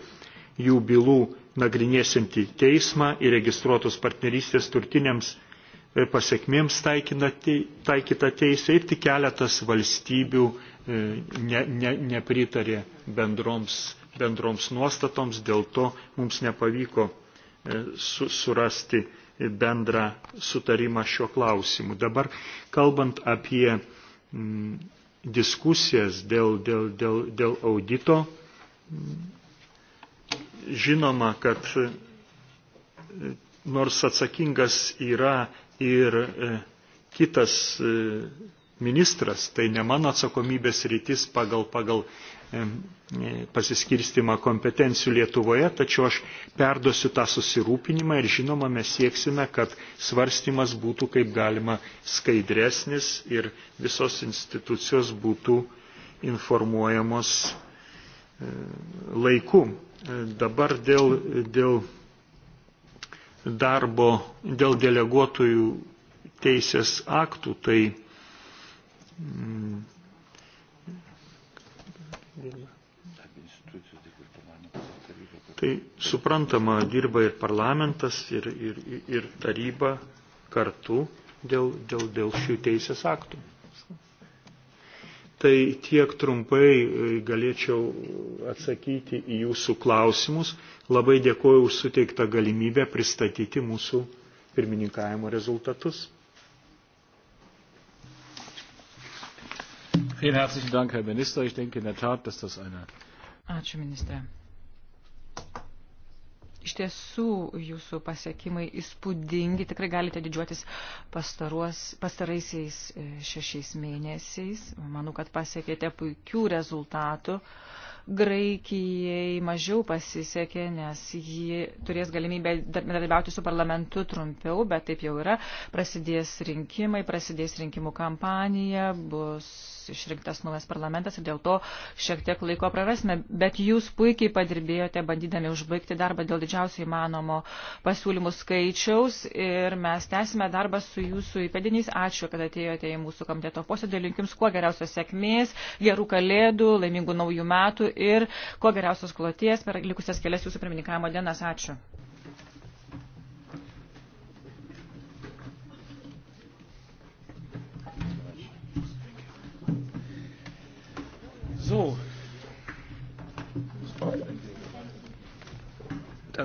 jų bylų nagrinėsinti teismą ir registruotos partnerystės turtiniams e, pasiekmėms taikytą teisę ir tik keletas valstybių e, ne, ne, nepritarė bendroms, bendroms nuostatoms, dėl to mums nepavyko e, surasti bendrą sutarimą šiuo klausimu. Dabar kalbant apie m, mm, diskusijas dėl, dėl, dėl, dėl audito, mm, žinoma, kad e, nors atsakingas yra ir e, kitas e, ministras, tai ne mano atsakomybės rytis pagal, pagal E, e, pasiskirstimą kompetencijų Lietuvoje, tačiau aš perduosiu tą susirūpinimą ir žinoma mes sieksime, kad svarstymas būtų kaip galima skaidresnis ir visos institucijos būtų informuojamos e, laiku. Dabar dėl, dėl darbo, dėl deleguotojų teisės aktų, tai mm, dirba. Tai suprantama, dirba ir parlamentas, ir, ir, ir taryba kartu dėl, dėl, dėl šių teisės aktų. Tai tiek trumpai e, galėčiau atsakyti į jūsų klausimus. Labai dėkoju už suteiktą galimybę pristatyti mūsų pirmininkavimo rezultatus. Vielen herzlichen Dank, Herr Minister. Ich denke in der Tat, dass das eine. Ačiū, ministrė. Iš tiesų, jūsų pasiekimai įspūdingi, tikrai galite didžiuotis pastaraisiais e, šešiais mėnesiais. Manau, kad pasiekėte puikių rezultatų. Graikijai mažiau pasisekė, nes ji turės galimybę bendradarbiauti su parlamentu trumpiau, bet taip jau yra. Prasidės rinkimai, prasidės rinkimų kampanija, bus išrinktas naujas parlamentas ir dėl to šiek tiek laiko prarasime. Bet jūs puikiai padirbėjote, bandydami užbaigti darbą dėl didžiausio įmanomo pasiūlymų skaičiaus ir mes tęsime darbą su jūsų įpėdiniais. Ačiū, kad atėjote į mūsų komiteto posėdį. Linkiu jums kuo geriausios sėkmės, gerų kalėdų, laimingų naujų metų ir kuo geriausios kloties per likusias kelias jūsų pirmininkavimo dienas. Ačiū.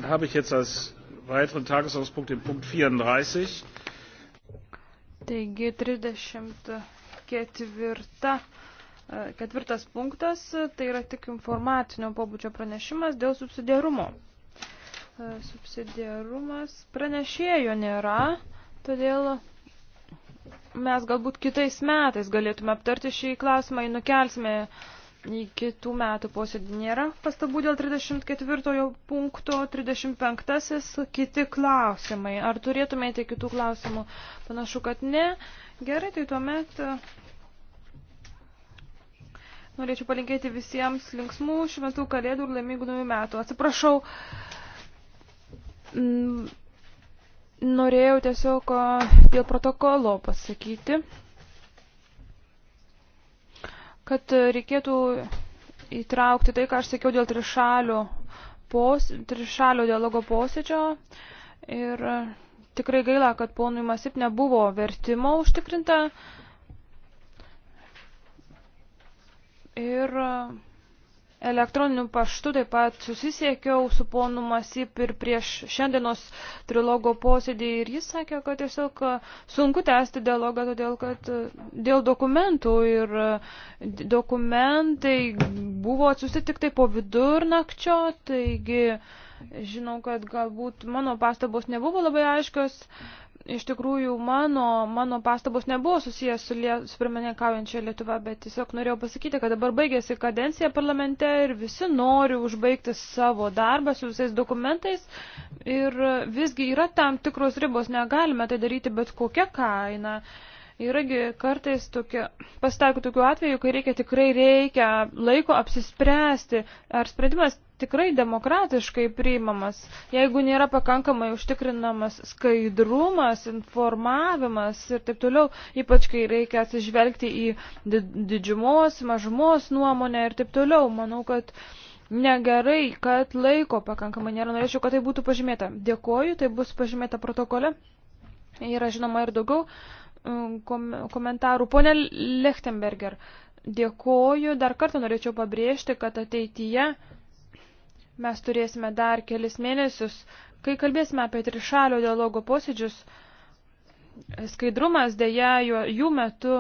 habe ich jetzt als weiteren Tagesordnungspunkt den Punkt 34. Taigi 34. E, ketvirtas punktas tai yra tik informacinio pobūdžio pranešimas dėl subsidiarumo. E, subsidiarumas pranešėjo nėra, todėl mes galbūt kitais metais galėtume aptarti šį klausimą, jį nukelsime kitų metų posėdį nėra pastabų dėl 34 punkto, 35 kiti klausimai. Ar turėtumėte kitų klausimų? Panašu, kad ne. Gerai, tai tuomet uh, norėčiau palinkėti visiems linksmų šventų kalėdų ir laimingų naujų metų. Atsiprašau, mm, norėjau tiesiog uh, dėl protokolo pasakyti kad e, reikėtų įtraukti tai, ką aš sakiau dėl trišalio, pos, trišalio dialogo posėdžio. Ir e, tikrai gaila, kad ponui Masip nebuvo vertimo užtikrinta. Ir e, elektroniniu paštu taip pat susisiekiau su ponu Masip ir prieš šiandienos trilogo posėdį ir jis sakė, kad tiesiog sunku tęsti dialogą, todėl kad e, dėl dokumentų ir e, dokumentai buvo atsiusti tik tai po vidurnakčio, taigi žinau, kad galbūt mano pastabos nebuvo labai aiškios, iš tikrųjų mano, mano pastabos nebuvo susijęs su, lie, su pirmininkaujančia Lietuva, bet tiesiog norėjau pasakyti, kad dabar baigėsi kadencija parlamente ir visi nori užbaigti savo darbą su visais dokumentais ir visgi yra tam tikros ribos, negalime tai daryti bet kokią kainą. Uh, Yragi kartais tokia, pasitaiko tokių atvejų, kai reikia tikrai reikia laiko apsispręsti, ar sprendimas tikrai demokratiškai priimamas, jeigu nėra pakankamai užtikrinamas skaidrumas, informavimas ir taip toliau, ypač kai reikia atsižvelgti į didžiumos, mažumos nuomonę ir taip toliau. Manau, kad negerai, kad laiko pakankamai nėra. Norėčiau, kad tai būtų pažymėta. Dėkoju, tai bus pažymėta protokole. Yra žinoma ir daugiau Um, komentarų. Pone Lechtenberger, dėkoju. Dar kartą norėčiau pabrėžti, kad ateityje mes turėsime dar kelis mėnesius, kai kalbėsime apie trišalio dialogo posėdžius. Skaidrumas dėja jų metu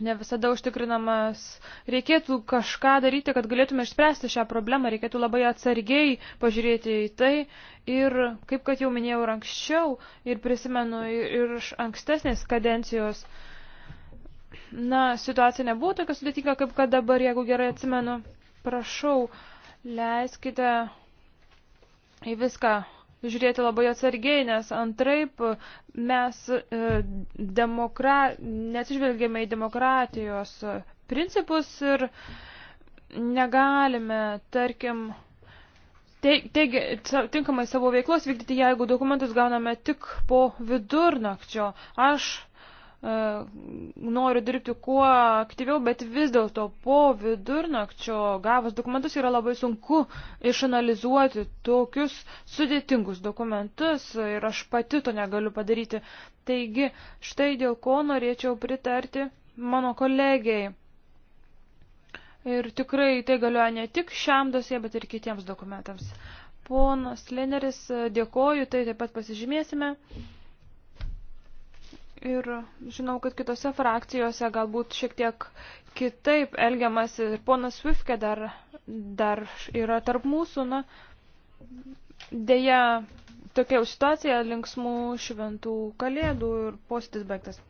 ne visada užtikrinamas. Reikėtų kažką daryti, kad galėtume išspręsti šią problemą, reikėtų labai atsargiai pažiūrėti į tai ir, kaip kad jau minėjau ir anksčiau, ir prisimenu ir iš ankstesnės kadencijos, na, situacija nebuvo tokia sudėtinga, kaip kad dabar, jeigu gerai atsimenu. Prašau, leiskite į viską žiūrėti labai atsargiai, nes antraip mes e, demokra... neatsižvelgėme į demokratijos principus ir negalime, tarkim, teigia, tinkamai savo veiklos vykdyti, jeigu dokumentus gauname tik po vidurnakčio. Aš E, noriu dirbti kuo aktyviau, bet vis dėlto po vidurnakčio gavus dokumentus yra labai sunku išanalizuoti tokius sudėtingus dokumentus ir aš pati to negaliu padaryti. Taigi, štai dėl ko norėčiau pritarti mano kolegijai. Ir tikrai tai galioja ne tik šiam dosie, bet ir kitiems dokumentams. Ponas Leneris, dėkoju, tai taip pat pasižymėsime. Ir žinau, kad kitose frakcijose galbūt šiek tiek kitaip elgiamas ir ponas Svifke dar, dar yra tarp mūsų. Na, dėja, tokia jau situacija linksmų šventų kalėdų ir postis baigtas.